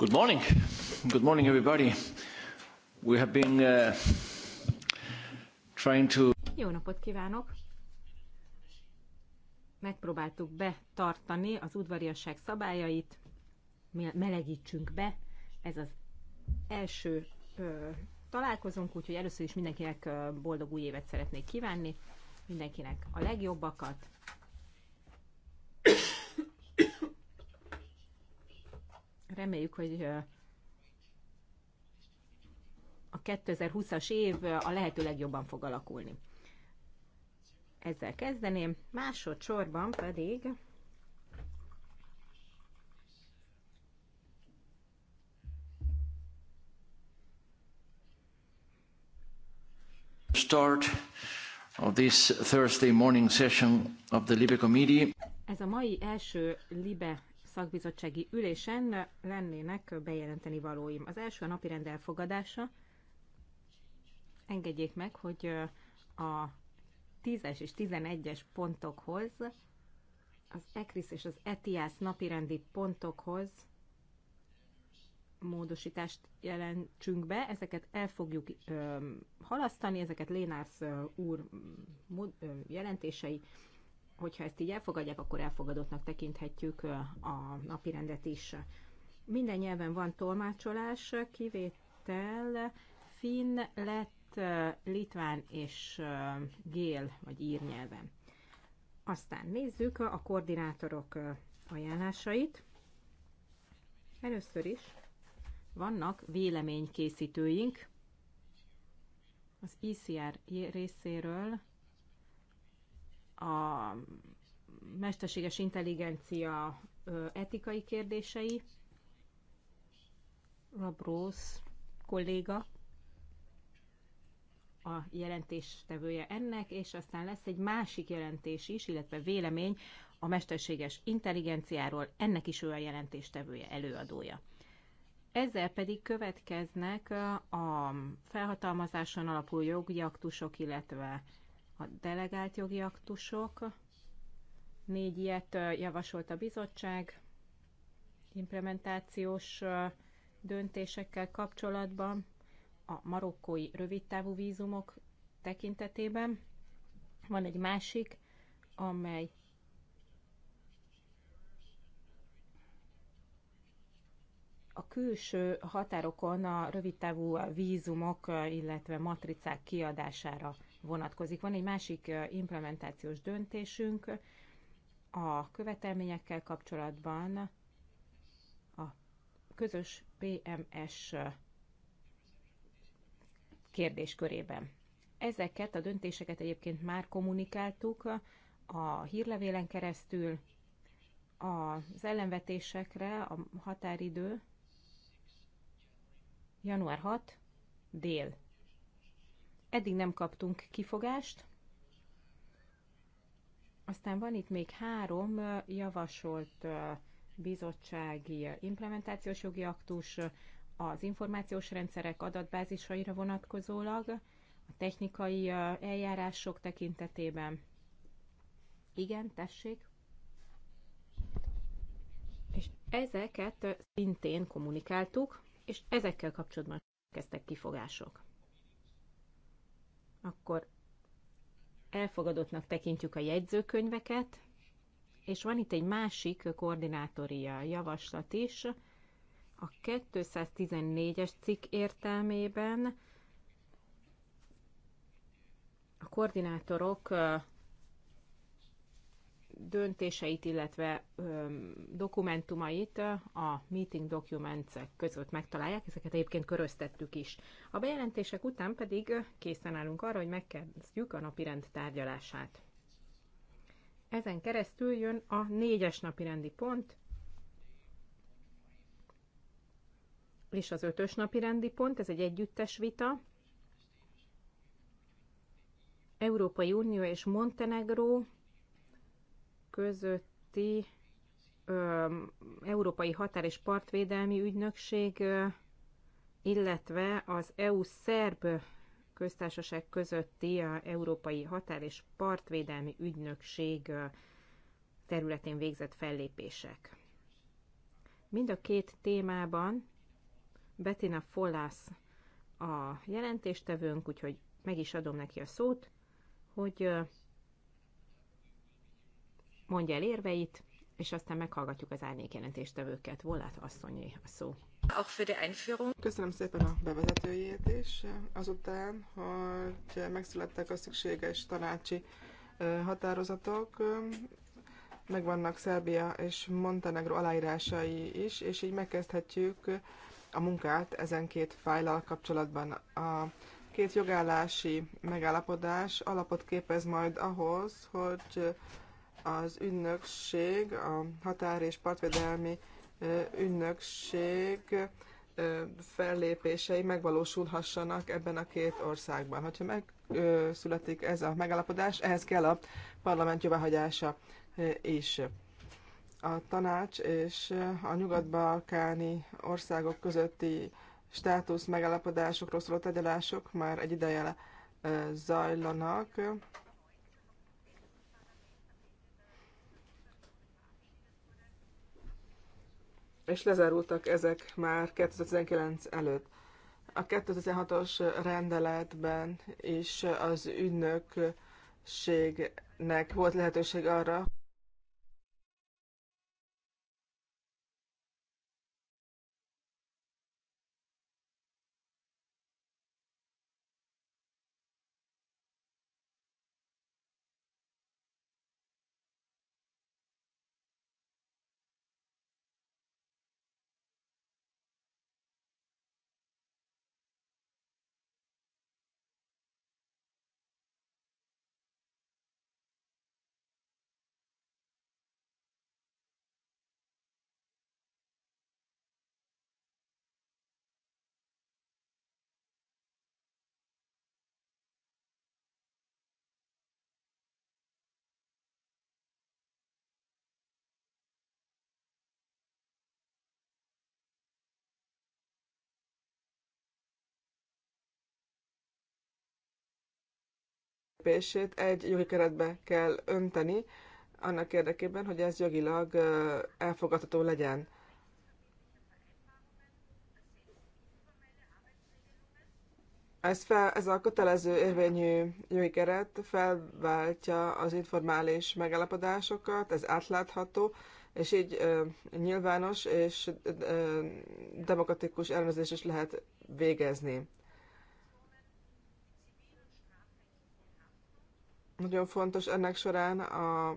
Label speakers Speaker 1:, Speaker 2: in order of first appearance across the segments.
Speaker 1: Good morning. Good morning, everybody. We have been uh, trying to...
Speaker 2: Jó napot kívánok! Megpróbáltuk betartani az udvariasság szabályait, melegítsünk be. Ez az első ö, találkozunk, úgyhogy először is mindenkinek boldog új évet szeretnék kívánni, mindenkinek a legjobbakat, Reméljük, hogy a 2020-as év a lehető legjobban fog alakulni. Ezzel kezdeném. Másodszorban pedig
Speaker 1: start of this Thursday morning session of the Libe Committee.
Speaker 2: Ez a mai első Libe szakbizottsági ülésen lennének bejelenteni valóim. Az első a napi rend elfogadása. Engedjék meg, hogy a 10-es és 11-es pontokhoz, az ECRIS és az ETIAS napirendi pontokhoz módosítást jelentsünk be, ezeket el fogjuk ö, halasztani, ezeket Lénász úr mód, ö, jelentései hogyha ezt így elfogadják, akkor elfogadottnak tekinthetjük a napirendet is. Minden nyelven van tolmácsolás, kivétel finn, lett, litván és gél, vagy ír nyelven. Aztán nézzük a koordinátorok ajánlásait. Először is vannak véleménykészítőink az ICR e részéről a mesterséges intelligencia etikai kérdései. Rob Rose kolléga a jelentéstevője ennek, és aztán lesz egy másik jelentés is, illetve vélemény a mesterséges intelligenciáról, ennek is ő a jelentéstevője, előadója. Ezzel pedig következnek a felhatalmazáson alapuló jogi aktusok, illetve a delegált jogi aktusok, négy ilyet javasolt a bizottság, implementációs döntésekkel kapcsolatban, a marokkói rövidtávú vízumok tekintetében. Van egy másik, amely a külső határokon a rövidtávú vízumok, illetve matricák kiadására vonatkozik. Van egy másik implementációs döntésünk a követelményekkel kapcsolatban a közös PMS kérdéskörében. Ezeket a döntéseket egyébként már kommunikáltuk a hírlevélen keresztül, az ellenvetésekre a határidő január 6 dél Eddig nem kaptunk kifogást. Aztán van itt még három javasolt bizottsági implementációs jogi aktus az információs rendszerek adatbázisaira vonatkozólag, a technikai eljárások tekintetében. Igen, tessék. És ezeket szintén kommunikáltuk, és ezekkel kapcsolatban kezdtek kifogások akkor elfogadottnak tekintjük a jegyzőkönyveket, és van itt egy másik koordinátori javaslat is, a 214-es cikk értelmében a koordinátorok döntéseit, illetve dokumentumait a meeting documents között megtalálják, ezeket egyébként köröztettük is. A bejelentések után pedig készen állunk arra, hogy megkezdjük a napirend tárgyalását. Ezen keresztül jön a négyes napirendi pont, és az ötös napirendi pont, ez egy együttes vita, Európai Unió és Montenegró közötti ö, Európai Határ és Partvédelmi Ügynökség, ö, illetve az EU-szerb köztársaság közötti a Európai Határ és Partvédelmi Ügynökség ö, területén végzett fellépések. Mind a két témában Bettina Follász a jelentéstevőnk, úgyhogy meg is adom neki a szót, hogy mondja el érveit, és aztán meghallgatjuk az árnyékjelentéstevőket. Volát asszonyé a szó.
Speaker 3: Köszönöm szépen a bevezetőjét, és azután, hogy megszülettek a szükséges tanácsi határozatok, megvannak Szerbia és Montenegro aláírásai is, és így megkezdhetjük a munkát ezen két fájlal kapcsolatban. A két jogállási megállapodás alapot képez majd ahhoz, hogy az ünnökség, a határ és partvédelmi ünnökség fellépései megvalósulhassanak ebben a két országban. Hogyha megszületik ez a megállapodás, ehhez kell a parlament jóváhagyása is. A tanács és a nyugat-balkáni országok közötti státusz megállapodásokról szóló tegyelások már egy ideje zajlanak. és lezárultak ezek már 2019 előtt. A 2016-os rendeletben is az ügynökségnek volt lehetőség arra, lépését egy jogi keretbe kell önteni, annak érdekében, hogy ez jogilag elfogadható legyen. Ez, fel, ez a kötelező érvényű jogi keret felváltja az informális megállapodásokat, ez átlátható, és így ö, nyilvános és ö, demokratikus ellenőrzés is lehet végezni. Nagyon fontos ennek során a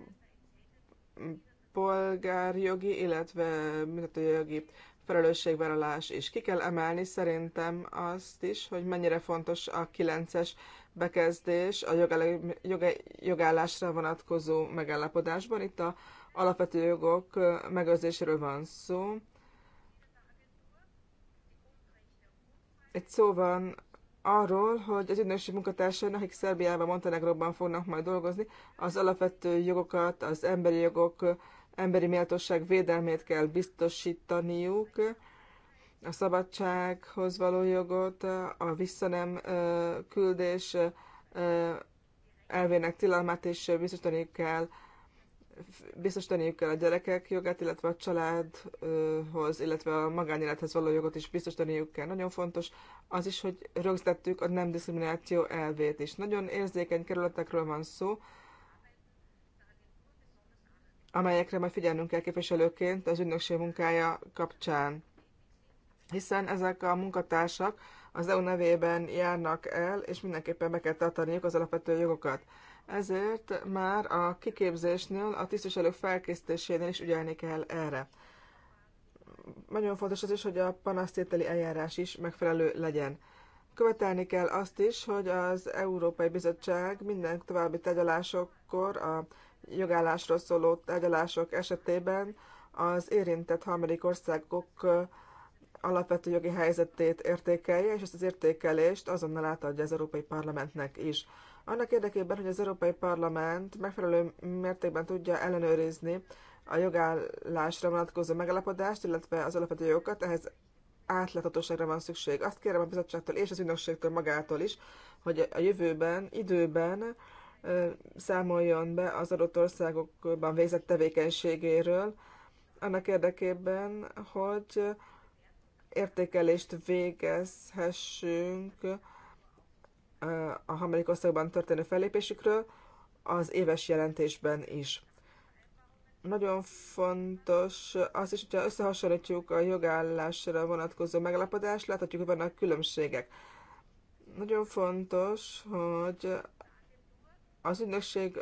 Speaker 3: polgárjogi, illetve jogi felelősségvállalás is. Ki kell emelni szerintem azt is, hogy mennyire fontos a 9-es bekezdés a jogállásra vonatkozó megállapodásban. Itt a alapvető jogok megőrzéséről van szó. Egy szó van arról, hogy az ügynökség munkatársai, akik Szerbiában, Montenegróban fognak majd dolgozni, az alapvető jogokat, az emberi jogok, emberi méltóság védelmét kell biztosítaniuk, a szabadsághoz való jogot, a visszanem küldés elvének tilalmát is biztosítani kell biztosítaniuk kell a gyerekek jogát, illetve a családhoz, illetve a magánélethez való jogot is biztosítaniuk kell. Nagyon fontos az is, hogy rögzítettük a nem diszkrimináció elvét is. Nagyon érzékeny kerületekről van szó, amelyekre majd figyelnünk kell képviselőként az ügynökség munkája kapcsán. Hiszen ezek a munkatársak az EU nevében járnak el, és mindenképpen be kell tartaniuk az alapvető jogokat ezért már a kiképzésnél, a tisztviselők felkészítésénél is ügyelni kell erre. Nagyon fontos az is, hogy a panasztételi eljárás is megfelelő legyen. Követelni kell azt is, hogy az Európai Bizottság minden további tegyalásokkor a jogállásról szóló tegyalások esetében az érintett harmadik országok alapvető jogi helyzetét értékelje, és ezt az értékelést azonnal átadja az Európai Parlamentnek is annak érdekében, hogy az Európai Parlament megfelelő mértékben tudja ellenőrizni a jogállásra vonatkozó megállapodást, illetve az alapvető jogokat, ehhez átláthatóságra van szükség. Azt kérem a bizottságtól és az ügynökségtől magától is, hogy a jövőben, időben számoljon be az adott országokban végzett tevékenységéről, annak érdekében, hogy értékelést végezhessünk a harmadik országban történő fellépésükről az éves jelentésben is. Nagyon fontos az is, hogyha összehasonlítjuk a jogállásra vonatkozó megalapodást, láthatjuk, hogy vannak különbségek. Nagyon fontos, hogy az ügynökség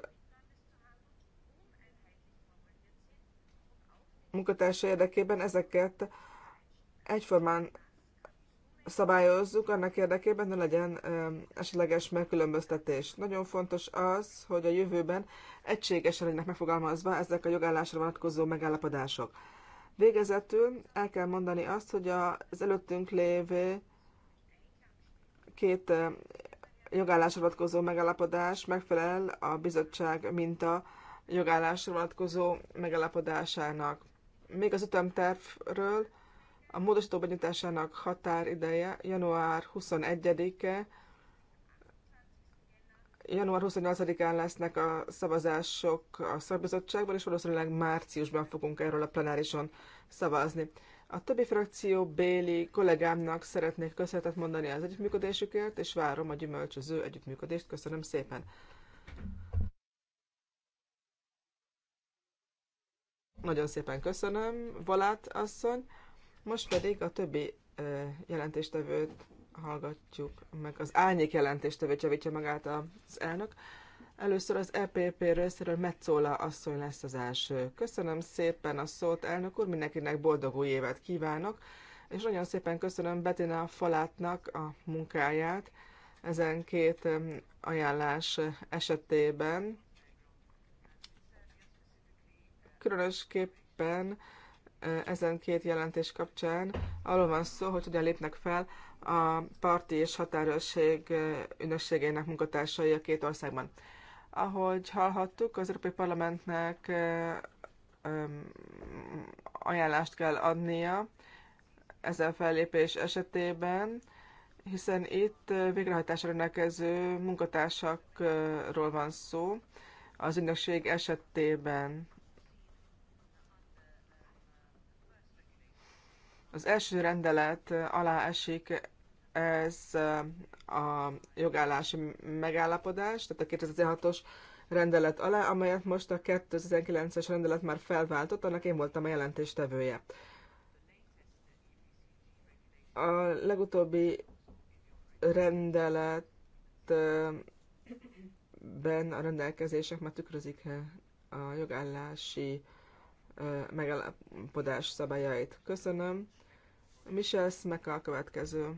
Speaker 3: munkatársa érdekében ezeket egyformán szabályozzuk annak érdekében, hogy legyen esetleges megkülönböztetés. Nagyon fontos az, hogy a jövőben egységesen legyenek megfogalmazva ezek a jogállásra vonatkozó megállapodások. Végezetül el kell mondani azt, hogy az előttünk lévő két jogállásra vonatkozó megállapodás megfelel a bizottság minta jogállásra vonatkozó megállapodásának. Még az ütemtervről a módosító benyújtásának határideje január 21-e, január 28-án lesznek a szavazások a szakbizottságban, és valószínűleg márciusban fogunk erről a plenárison szavazni. A többi frakció béli kollégámnak szeretnék köszönetet mondani az együttműködésükért, és várom a gyümölcsöző együttműködést. Köszönöm szépen! Nagyon szépen köszönöm, Valát asszony! Most pedig a többi jelentéstevőt hallgatjuk meg. Az álnyék jelentéstevőt javítja magát az elnök. Először az EPP részéről Metzola asszony lesz az első. Köszönöm szépen a szót, elnök úr, mindenkinek boldog új évet kívánok, és nagyon szépen köszönöm Betina Falátnak a munkáját ezen két ajánlás esetében. Különösképpen ezen két jelentés kapcsán arról van szó, hogy hogyan lépnek fel a parti és határőrség ügynökségének munkatársai a két országban. Ahogy hallhattuk, az Európai Parlamentnek ajánlást kell adnia ezen fellépés esetében, hiszen itt végrehajtásra rendelkező munkatársakról van szó az ügynökség esetében. Az első rendelet alá esik ez a jogállási megállapodás, tehát a 2016-os rendelet alá, amelyet most a 2019-es rendelet már felváltott, annak én voltam a jelentéstevője. A legutóbbi rendeletben a rendelkezések már tükrözik a jogállási megállapodás szabályait. Köszönöm. Michelle Smeka a következő.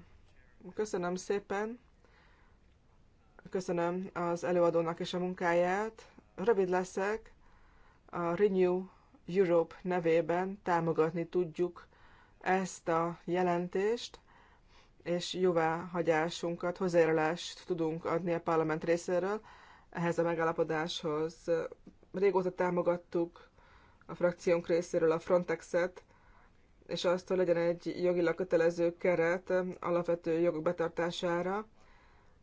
Speaker 3: Köszönöm szépen. Köszönöm az előadónak és a munkáját. Rövid leszek. A Renew Europe nevében támogatni tudjuk ezt a jelentést, és jóváhagyásunkat, hozzájárulást tudunk adni a parlament részéről ehhez a megállapodáshoz. Régóta támogattuk a frakciónk részéről a Frontexet, és azt, hogy legyen egy jogilag kötelező keret eh, alapvető jogok betartására,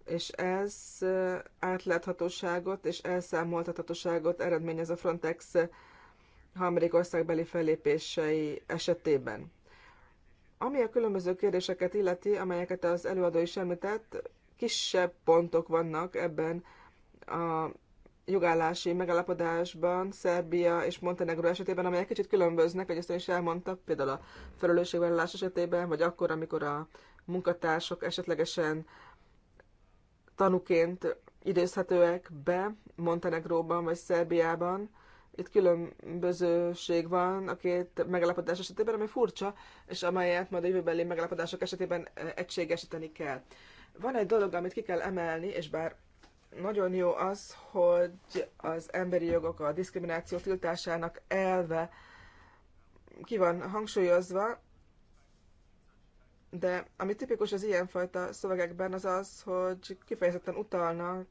Speaker 3: és ez eh, átláthatóságot és elszámoltathatóságot eredményez a Frontex eh, harmadik országbeli fellépései esetében. Ami a különböző kérdéseket illeti, amelyeket az előadó is említett, kisebb pontok vannak ebben a jogállási megállapodásban Szerbia és Montenegro esetében, amelyek kicsit különböznek, hogy ezt is elmondtam, például a felelősségvállalás esetében, vagy akkor, amikor a munkatársok esetlegesen tanuként idézhetőek be Montenegróban vagy Szerbiában. Itt különbözőség van a két megállapodás esetében, ami furcsa, és amelyet majd a jövőbeli megállapodások esetében eh, egységesíteni kell. Van egy dolog, amit ki kell emelni, és bár nagyon jó az, hogy az emberi jogok a diszkrimináció tiltásának elve ki van hangsúlyozva, de ami tipikus az ilyenfajta szövegekben az az, hogy kifejezetten utalnak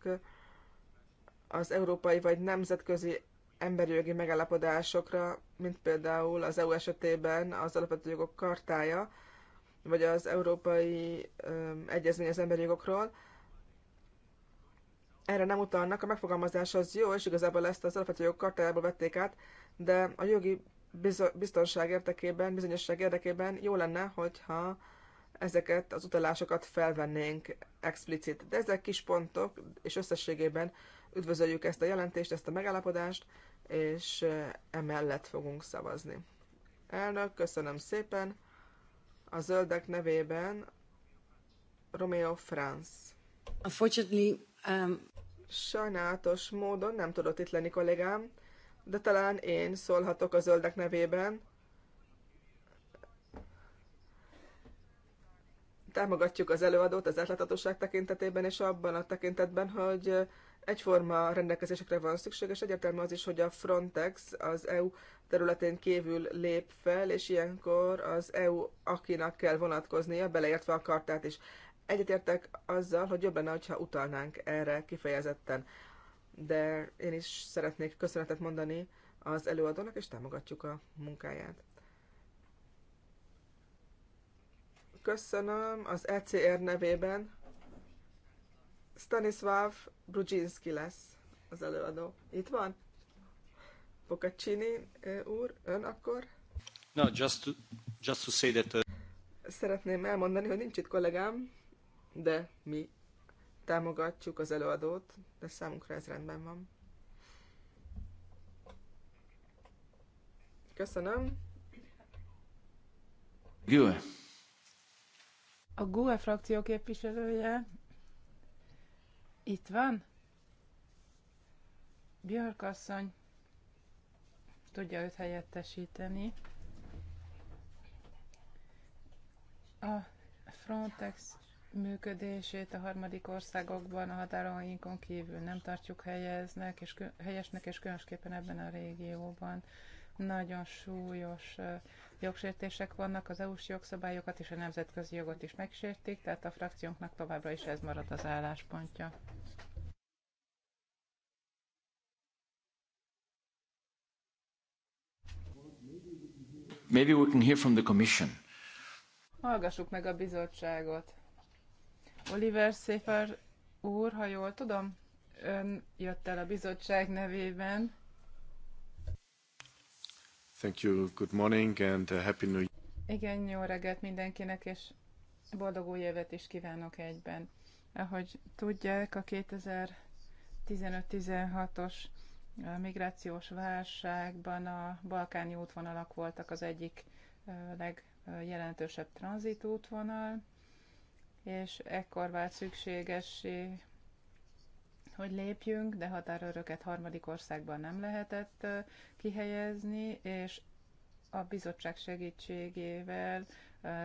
Speaker 3: az európai vagy nemzetközi emberi jogi megállapodásokra, mint például az EU esetében az alapvető jogok kartája, vagy az Európai Egyezmény az emberi jogokról, erre nem utalnak, a megfogalmazás az jó, és igazából ezt az alapvető jogkartájából vették át, de a jogi biztonság érdekében, bizonyosság érdekében jó lenne, hogyha ezeket az utalásokat felvennénk explicit. De ezek kis pontok, és összességében üdvözöljük ezt a jelentést, ezt a megállapodást, és emellett fogunk szavazni. Elnök, köszönöm szépen. A zöldek nevében Romeo Franz. Unfortunately, um... Sajnálatos módon nem tudott itt lenni kollégám, de talán én szólhatok a zöldek nevében. Támogatjuk az előadót az átláthatóság tekintetében és abban a tekintetben, hogy egyforma rendelkezésekre van szükség, és egyértelmű az is, hogy a Frontex az EU területén kívül lép fel, és ilyenkor az EU akinak kell vonatkoznia, beleértve a kartát is. Egyetértek azzal, hogy jobb lenne, ha utalnánk erre kifejezetten, de én is szeretnék köszönetet mondani az előadónak, és támogatjuk a munkáját. Köszönöm az ECR nevében. Stanislav Brudzinski lesz az előadó. Itt van? Pocaccini eh, úr, ön akkor?
Speaker 1: No, just to, just to say that... Uh...
Speaker 3: Szeretném elmondani, hogy nincs itt kollégám, de mi támogatjuk az előadót, de számunkra ez rendben van. Köszönöm.
Speaker 1: Gül.
Speaker 4: A GUE frakció képviselője itt van. Björk asszony tudja őt helyettesíteni. A Frontex működését a harmadik országokban, a határainkon kívül nem tartjuk helyeznek és, helyesnek, és különösképpen ebben a régióban nagyon súlyos jogsértések vannak, az EU-s jogszabályokat és a nemzetközi jogot is megsértik, tehát a frakciónknak továbbra is ez marad az álláspontja.
Speaker 1: Maybe we can hear from the commission. Hallgassuk
Speaker 4: meg a bizottságot. Oliver Széfer úr, ha jól tudom, ön jött el a bizottság nevében.
Speaker 3: Thank you, good morning and uh, happy new year.
Speaker 4: Igen, jó reggelt mindenkinek, és boldog új évet is kívánok egyben. Ahogy tudják, a 2015-16-os uh, migrációs válságban a balkáni útvonalak voltak az egyik uh, legjelentősebb tranzitútvonal, és ekkor vált szükségessé, hogy lépjünk, de határőröket harmadik országban nem lehetett kihelyezni, és a bizottság segítségével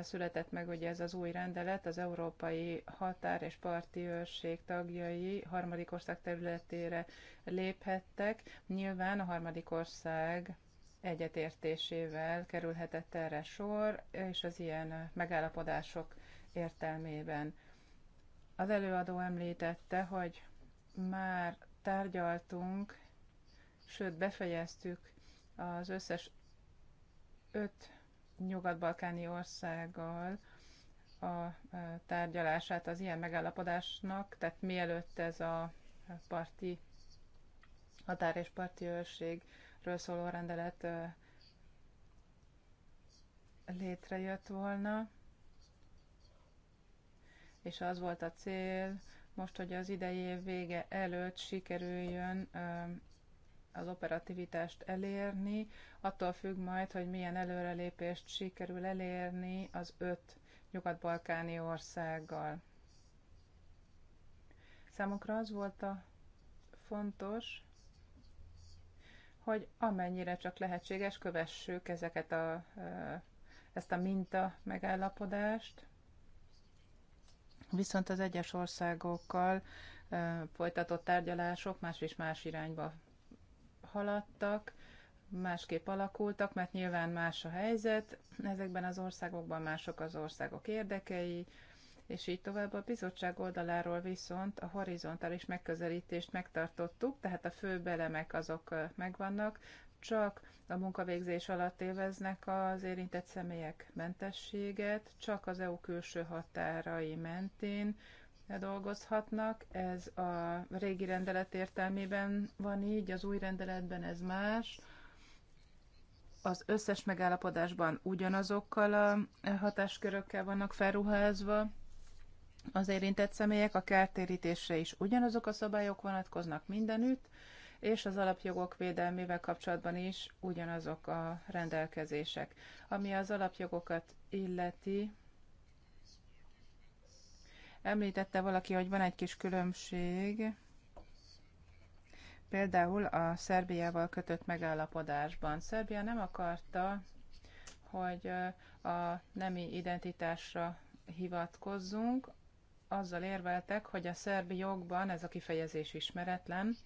Speaker 4: született meg ugye ez az új rendelet, az Európai Határ és Parti Őrség tagjai harmadik ország területére léphettek. Nyilván a harmadik ország egyetértésével kerülhetett erre sor, és az ilyen megállapodások értelmében. Az előadó említette, hogy már tárgyaltunk, sőt befejeztük az összes öt nyugat-balkáni országgal a e, tárgyalását az ilyen megállapodásnak, tehát mielőtt ez a parti határ és parti őrségről szóló rendelet e, létrejött volna és az volt a cél most, hogy az idei év vége előtt sikerüljön az operativitást elérni, attól függ majd, hogy milyen előrelépést sikerül elérni az öt nyugat-balkáni országgal. Számukra az volt a fontos, hogy amennyire csak lehetséges, kövessük ezeket a, ezt a minta megállapodást, Viszont az egyes országokkal folytatott tárgyalások más és más irányba haladtak, másképp alakultak, mert nyilván más a helyzet, ezekben az országokban mások az országok érdekei, és így tovább a bizottság oldaláról viszont a horizontális megközelítést megtartottuk, tehát a fő belemek azok megvannak, csak a munkavégzés alatt élveznek az érintett személyek mentességet, csak az EU külső határai mentén dolgozhatnak. Ez a régi rendelet értelmében van így, az új rendeletben ez más. Az összes megállapodásban ugyanazokkal a hatáskörökkel vannak felruházva, az érintett személyek a kártérítésre is ugyanazok a szabályok vonatkoznak mindenütt, és az alapjogok védelmével kapcsolatban is ugyanazok a rendelkezések. Ami az alapjogokat illeti, említette valaki, hogy van egy kis különbség, például a Szerbiával kötött megállapodásban. Szerbia nem akarta, hogy a nemi identitásra hivatkozzunk, azzal érveltek, hogy a szerbi jogban ez a kifejezés ismeretlen,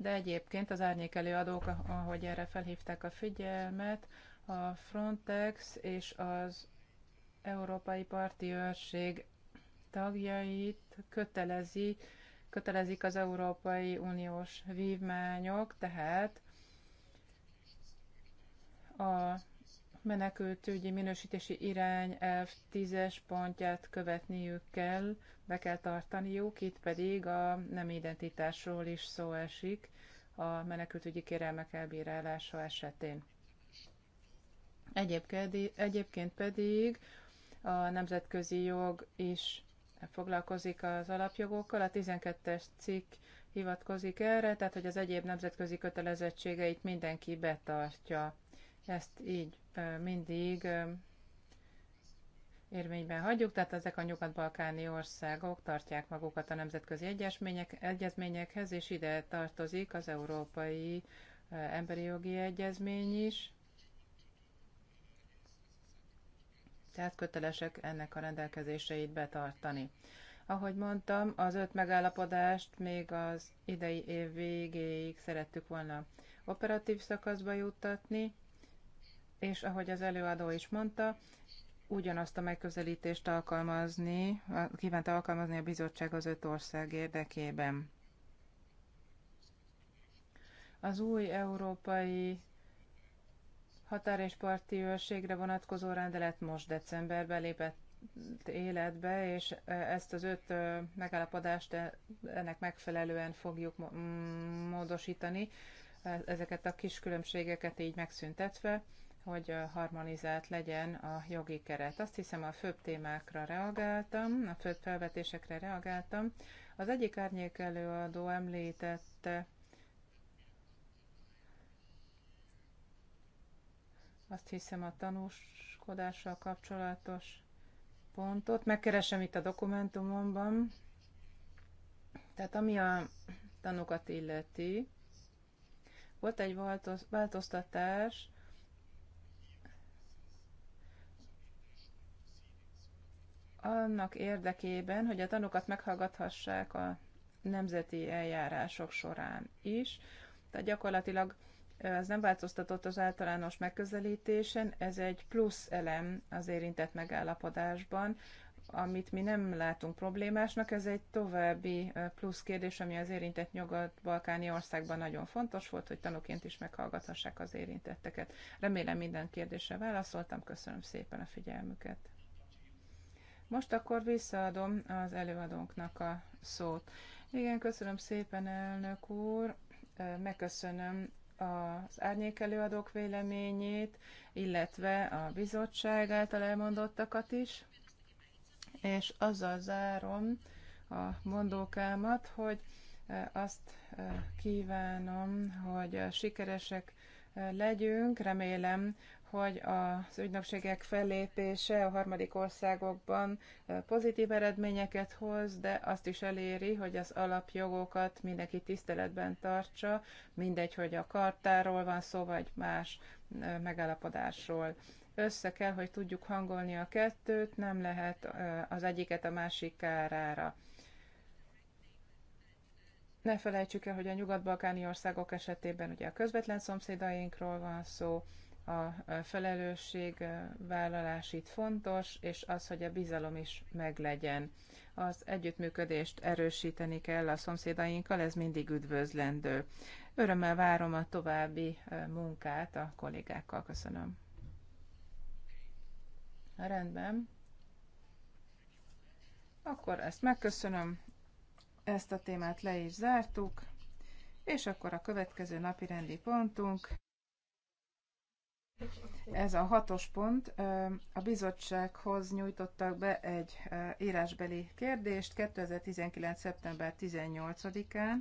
Speaker 4: de egyébként az árnyék előadók, ahogy erre felhívták a figyelmet, a Frontex és az Európai Parti Őrség tagjait kötelezi, kötelezik az Európai Uniós vívmányok, tehát a menekültügyi minősítési irány 10-es pontját követniük kell, be kell tartaniuk, itt pedig a nem identitásról is szó esik a menekültügyi kérelmek elbírálása esetén. Egyébként pedig a nemzetközi jog is foglalkozik az alapjogokkal, a 12-es cikk hivatkozik erre, tehát hogy az egyéb nemzetközi kötelezettségeit mindenki betartja. Ezt így mindig érvényben hagyjuk, tehát ezek a nyugat-balkáni országok tartják magukat a nemzetközi egyezmények, egyezményekhez, és ide tartozik az Európai Emberi Jogi Egyezmény is. Tehát kötelesek ennek a rendelkezéseit betartani. Ahogy mondtam, az öt megállapodást még az idei év végéig szerettük volna operatív szakaszba juttatni, és ahogy az előadó is mondta, ugyanazt a megközelítést alkalmazni, kívánta alkalmazni a bizottság az öt ország érdekében. Az új európai határ és parti őrségre vonatkozó rendelet most decemberben lépett életbe, és ezt az öt megállapodást e, ennek megfelelően fogjuk módosítani, ezeket a kis különbségeket így megszüntetve hogy harmonizált legyen a jogi keret. Azt hiszem a főbb témákra reagáltam, a főbb felvetésekre reagáltam. Az egyik árnyék előadó említette azt hiszem a tanúskodással kapcsolatos pontot. Megkeresem itt a dokumentumomban. Tehát ami a tanukat illeti, volt egy változtatás, annak érdekében, hogy a tanúkat meghallgathassák a nemzeti eljárások során is. Tehát gyakorlatilag ez nem változtatott az általános megközelítésen, ez egy plusz elem az érintett megállapodásban, amit mi nem látunk problémásnak, ez egy további plusz kérdés, ami az érintett nyugat-balkáni országban nagyon fontos volt, hogy tanúként is meghallgathassák az érintetteket. Remélem minden kérdésre válaszoltam, köszönöm szépen a figyelmüket. Most akkor visszaadom az előadónknak a szót. Igen, köszönöm szépen, elnök úr. Megköszönöm az árnyék előadók véleményét, illetve a bizottság által elmondottakat is. És azzal zárom a mondókámat, hogy azt kívánom, hogy sikeresek legyünk. Remélem, hogy az ügynökségek fellépése a harmadik országokban pozitív eredményeket hoz, de azt is eléri, hogy az alapjogokat mindenki tiszteletben tartsa, mindegy, hogy a kartáról van szó, vagy más megállapodásról. Össze kell, hogy tudjuk hangolni a kettőt, nem lehet az egyiket a másik kárára. Ne felejtsük el, hogy a nyugat-balkáni országok esetében ugye a közvetlen szomszédainkról van szó, a felelősség vállalás itt fontos, és az, hogy a bizalom is meglegyen. Az együttműködést erősíteni kell a szomszédainkkal, ez mindig üdvözlendő. Örömmel várom a további munkát a kollégákkal. Köszönöm. Rendben. Akkor ezt megköszönöm. Ezt a témát le is zártuk. És akkor a következő napi rendi pontunk. Ez a hatos pont. A bizottsághoz nyújtottak be egy írásbeli kérdést 2019. szeptember 18-án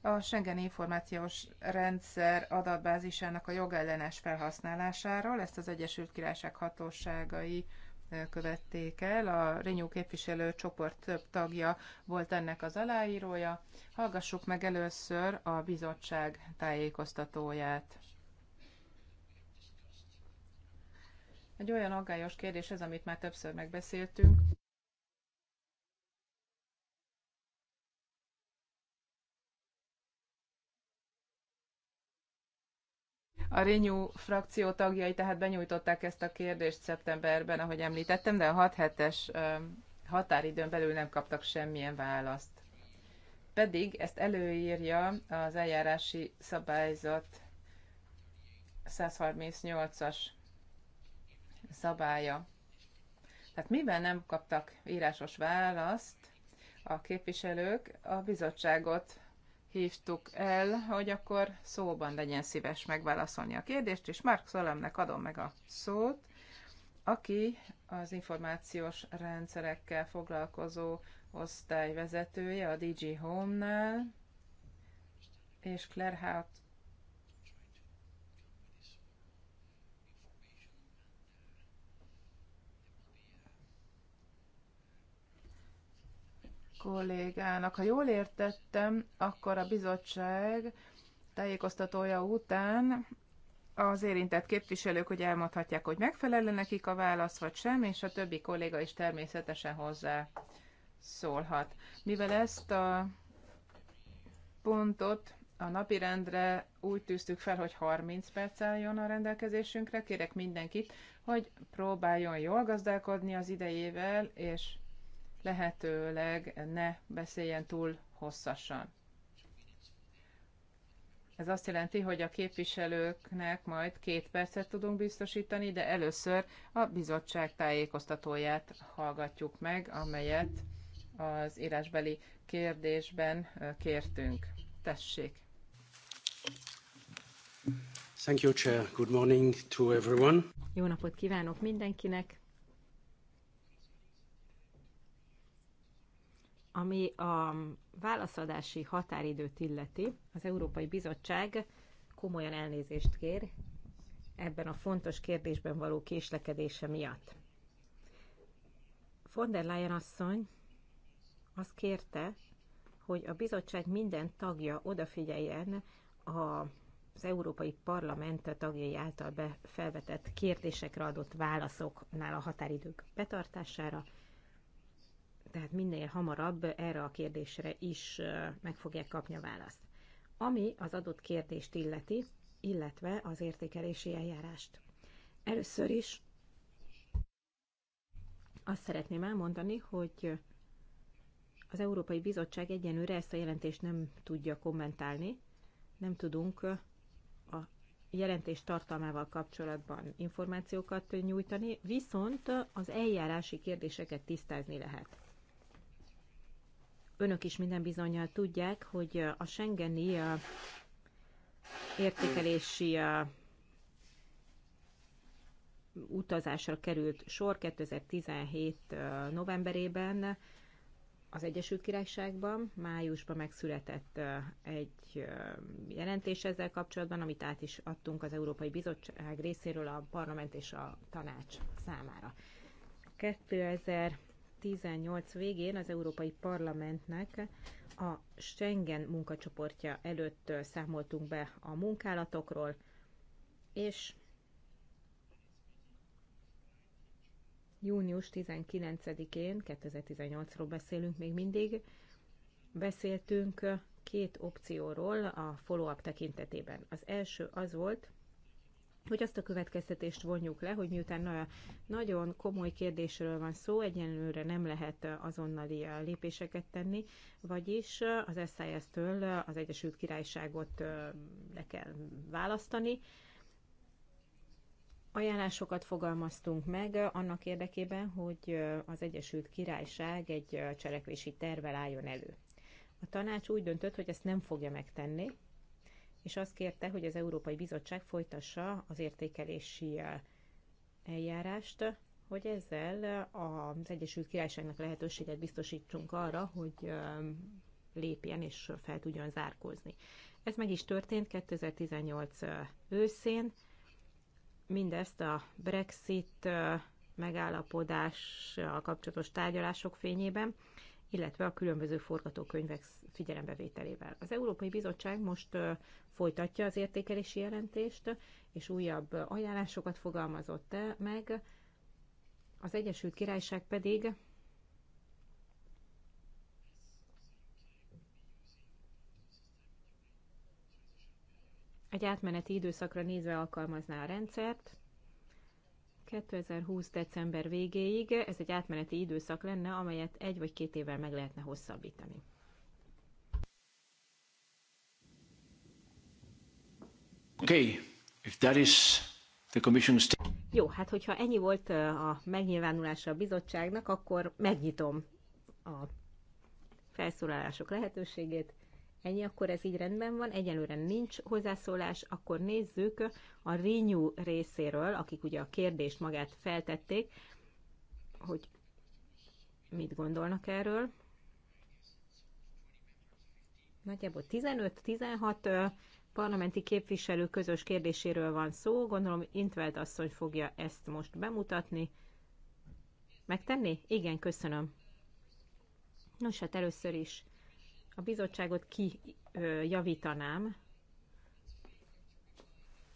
Speaker 4: a Schengen információs rendszer adatbázisának a jogellenes felhasználásáról. Ezt az Egyesült Királyság hatóságai követték el. A Renew képviselő csoport több tagja volt ennek az aláírója. Hallgassuk meg először a bizottság tájékoztatóját. Egy olyan aggályos kérdés ez, amit már többször megbeszéltünk. A Renew frakció tagjai tehát benyújtották ezt a kérdést szeptemberben, ahogy említettem, de a 6 hetes határidőn belül nem kaptak semmilyen választ. Pedig ezt előírja az eljárási szabályzat 138-as szabálya. Tehát mivel nem kaptak írásos választ a képviselők, a bizottságot hívtuk el, hogy akkor szóban legyen szíves megválaszolni a kérdést, és Mark Szolemnek adom meg a szót, aki az információs rendszerekkel foglalkozó osztályvezetője a DG Home-nál, és Claire kollégának. Ha jól értettem, akkor a bizottság tájékoztatója után az érintett képviselők hogy elmondhatják, hogy megfelelő nekik a válasz, vagy sem, és a többi kolléga is természetesen hozzá szólhat. Mivel ezt a pontot a napirendre úgy tűztük fel, hogy 30 perc álljon a rendelkezésünkre, kérek mindenkit, hogy próbáljon jól gazdálkodni az idejével, és lehetőleg ne beszéljen túl hosszasan. Ez azt jelenti, hogy a képviselőknek majd két percet tudunk biztosítani, de először a bizottság tájékoztatóját hallgatjuk meg, amelyet az írásbeli kérdésben kértünk. Tessék!
Speaker 1: Thank you, Chair. Good morning to everyone.
Speaker 2: Jó napot kívánok mindenkinek! Ami a válaszadási határidőt illeti, az Európai Bizottság komolyan elnézést kér ebben a fontos kérdésben való késlekedése miatt. Von der Leyen asszony azt kérte, hogy a bizottság minden tagja odafigyeljen a az Európai Parlament tagjai által be felvetett kérdésekre adott válaszoknál a határidők betartására, tehát minél hamarabb erre a kérdésre is meg fogják kapni a választ. Ami az adott kérdést illeti, illetve az értékelési eljárást. Először is azt szeretném elmondani, hogy az Európai Bizottság egyenlőre ezt a jelentést nem tudja kommentálni, nem tudunk a jelentés tartalmával kapcsolatban információkat nyújtani, viszont az eljárási kérdéseket tisztázni lehet önök is minden bizonyal tudják, hogy a Schengeni értékelési utazásra került sor 2017 novemberében az Egyesült Királyságban. Májusban megszületett egy jelentés ezzel kapcsolatban, amit át is adtunk az Európai Bizottság részéről a parlament és a tanács számára. 2000 2018 végén az Európai Parlamentnek a Schengen munkacsoportja előtt számoltunk be a munkálatokról, és június 19-én, 2018-ról beszélünk még mindig, beszéltünk két opcióról a follow-up tekintetében. Az első az volt, hogy azt a következtetést vonjuk le, hogy miután nagyon komoly kérdésről van szó, egyenlőre nem lehet azonnali eh, lépéseket tenni, vagyis eh, az sis től eh, az Egyesült Királyságot le kell választani. Ajánlásokat fogalmaztunk meg annak érdekében, hogy az Egyesült Királyság egy cselekvési tervel álljon elő. A tanács úgy döntött, hogy ezt nem fogja megtenni, és azt kérte, hogy az Európai Bizottság folytassa az értékelési eh, eljárást, hogy ezzel az Egyesült Királyságnak lehetőséget biztosítsunk arra, hogy eh, lépjen és fel tudjon zárkózni. Ez meg is történt 2018 eh, őszén. Mindezt a Brexit a kapcsolatos tárgyalások fényében illetve a különböző forgatókönyvek figyelembevételével. Az Európai Bizottság most folytatja az értékelési jelentést, és újabb ajánlásokat fogalmazott meg. Az Egyesült Királyság pedig egy átmeneti időszakra nézve alkalmazná a rendszert, 2020. december végéig ez egy átmeneti időszak lenne, amelyet egy vagy két évvel meg lehetne hosszabbítani.
Speaker 1: Okay, if that is the commission's...
Speaker 2: Jó, hát hogyha ennyi volt a megnyilvánulása a bizottságnak, akkor megnyitom a felszólalások lehetőségét. Ennyi, akkor ez így rendben van, egyelőre nincs hozzászólás, akkor nézzük a Renew részéről, akik ugye a kérdést magát feltették, hogy mit gondolnak erről. Nagyjából 15-16 parlamenti képviselő közös kérdéséről van szó. Gondolom Intveld asszony fogja ezt most bemutatni. Megtenni? Igen, köszönöm. Nos, hát először is a bizottságot kijavítanám.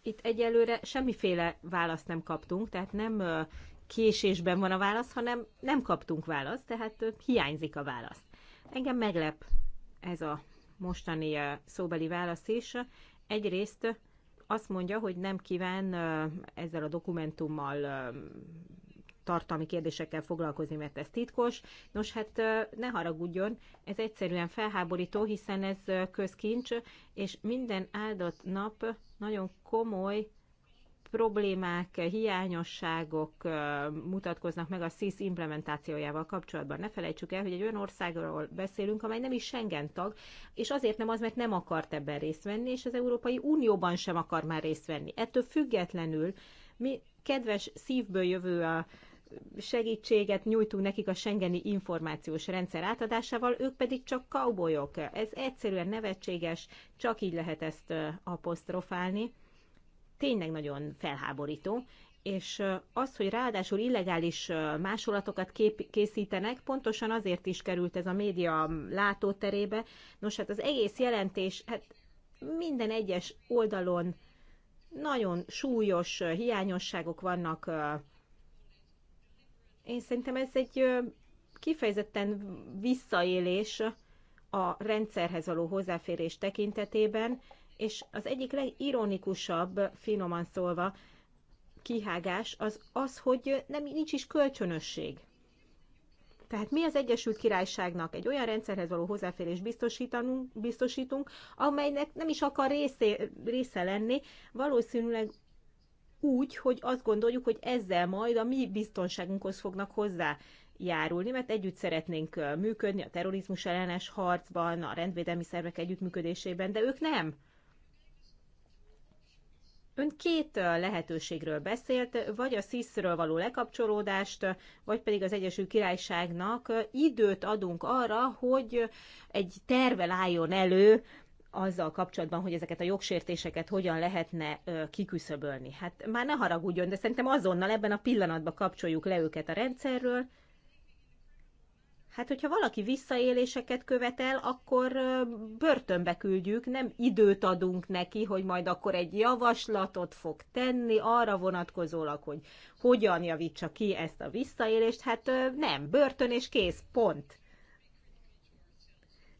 Speaker 2: Itt egyelőre semmiféle választ nem kaptunk, tehát nem késésben van a válasz, hanem nem kaptunk választ, tehát hiányzik a válasz. Engem meglep ez a mostani szóbeli válasz is. Egyrészt azt mondja, hogy nem kíván ezzel a dokumentummal tartalmi kérdésekkel foglalkozni, mert ez titkos. Nos, hát ne haragudjon, ez egyszerűen felháborító, hiszen ez közkincs, és minden áldott nap nagyon komoly problémák, hiányosságok mutatkoznak meg a SIS implementációjával kapcsolatban. Ne felejtsük el, hogy egy olyan országról beszélünk, amely nem is Schengen tag, és azért nem az, mert nem akart ebben részt venni, és az Európai Unióban sem akar már részt venni. Ettől függetlenül mi kedves szívből jövő a segítséget nyújtunk nekik a Schengeni információs rendszer átadásával, ők pedig csak kaubolyok. Ez egyszerűen nevetséges, csak így lehet ezt apostrofálni. Tényleg nagyon felháborító. És az, hogy ráadásul illegális másolatokat kép- készítenek, pontosan azért is került ez a média látóterébe. Nos, hát az egész jelentés, hát minden egyes oldalon nagyon súlyos hiányosságok vannak én szerintem ez egy kifejezetten visszaélés a rendszerhez való hozzáférés tekintetében, és az egyik legironikusabb, finoman szólva, kihágás az az, hogy nem, nincs is kölcsönösség. Tehát mi az Egyesült Királyságnak egy olyan rendszerhez való hozzáférés biztosítanunk, biztosítunk, amelynek nem is akar része, része lenni, valószínűleg úgy, hogy azt gondoljuk, hogy ezzel majd a mi biztonságunkhoz fognak hozzá járulni, mert együtt szeretnénk működni a terrorizmus ellenes harcban, a rendvédelmi szervek együttműködésében, de ők nem. Ön két lehetőségről beszélt, vagy a SZISZ-ről való lekapcsolódást, vagy pedig az Egyesült Királyságnak időt adunk arra, hogy egy tervel álljon elő azzal kapcsolatban, hogy ezeket a jogsértéseket hogyan lehetne kiküszöbölni. Hát már ne haragudjon, de szerintem azonnal ebben a pillanatban kapcsoljuk le őket a rendszerről. Hát, hogyha valaki visszaéléseket követel, akkor börtönbe küldjük, nem időt adunk neki, hogy majd akkor egy javaslatot fog tenni arra vonatkozólag, hogy hogyan javítsa ki ezt a visszaélést. Hát nem, börtön és kész, pont.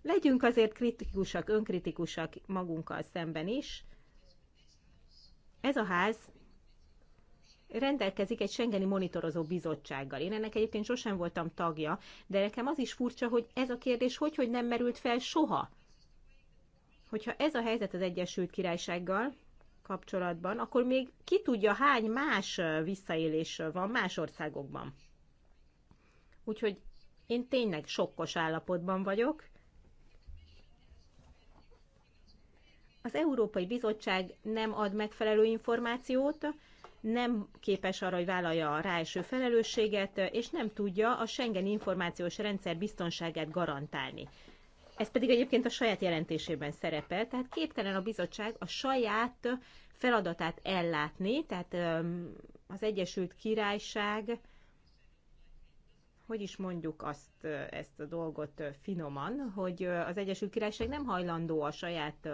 Speaker 2: Legyünk azért kritikusak, önkritikusak magunkkal szemben is. Ez a ház rendelkezik egy Schengeni Monitorozó Bizottsággal. Én ennek egyébként sosem voltam tagja, de nekem az is furcsa, hogy ez a kérdés hogy, hogy nem merült fel soha. Hogyha ez a helyzet az Egyesült Királysággal kapcsolatban, akkor még ki tudja, hány más visszaélés van más országokban. Úgyhogy én tényleg sokkos állapotban vagyok, az Európai Bizottság nem ad megfelelő információt, nem képes arra, hogy vállalja a ráeső felelősséget, és nem tudja a Schengen információs rendszer biztonságát garantálni. Ez pedig egyébként a saját jelentésében szerepel, tehát képtelen a bizottság a saját feladatát ellátni, tehát az Egyesült Királyság hogy is mondjuk azt, ezt a dolgot finoman, hogy az Egyesült Királyság nem hajlandó a saját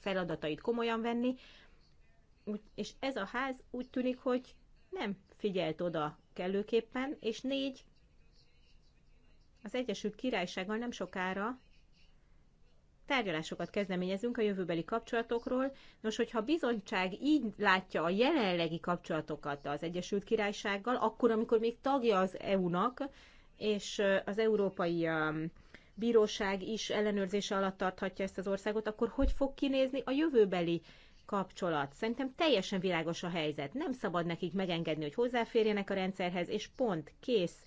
Speaker 2: feladatait komolyan venni, és ez a ház úgy tűnik, hogy nem figyelt oda kellőképpen, és négy, az Egyesült Királysággal nem sokára tárgyalásokat kezdeményezünk a jövőbeli kapcsolatokról. Nos, hogyha a bizottság így látja a jelenlegi kapcsolatokat az Egyesült Királysággal, akkor, amikor még tagja az EU-nak, és az Európai Bíróság is ellenőrzése alatt tarthatja ezt az országot, akkor hogy fog kinézni a jövőbeli kapcsolat. Szerintem teljesen világos a helyzet. Nem szabad nekik megengedni, hogy hozzáférjenek a rendszerhez, és pont, kész.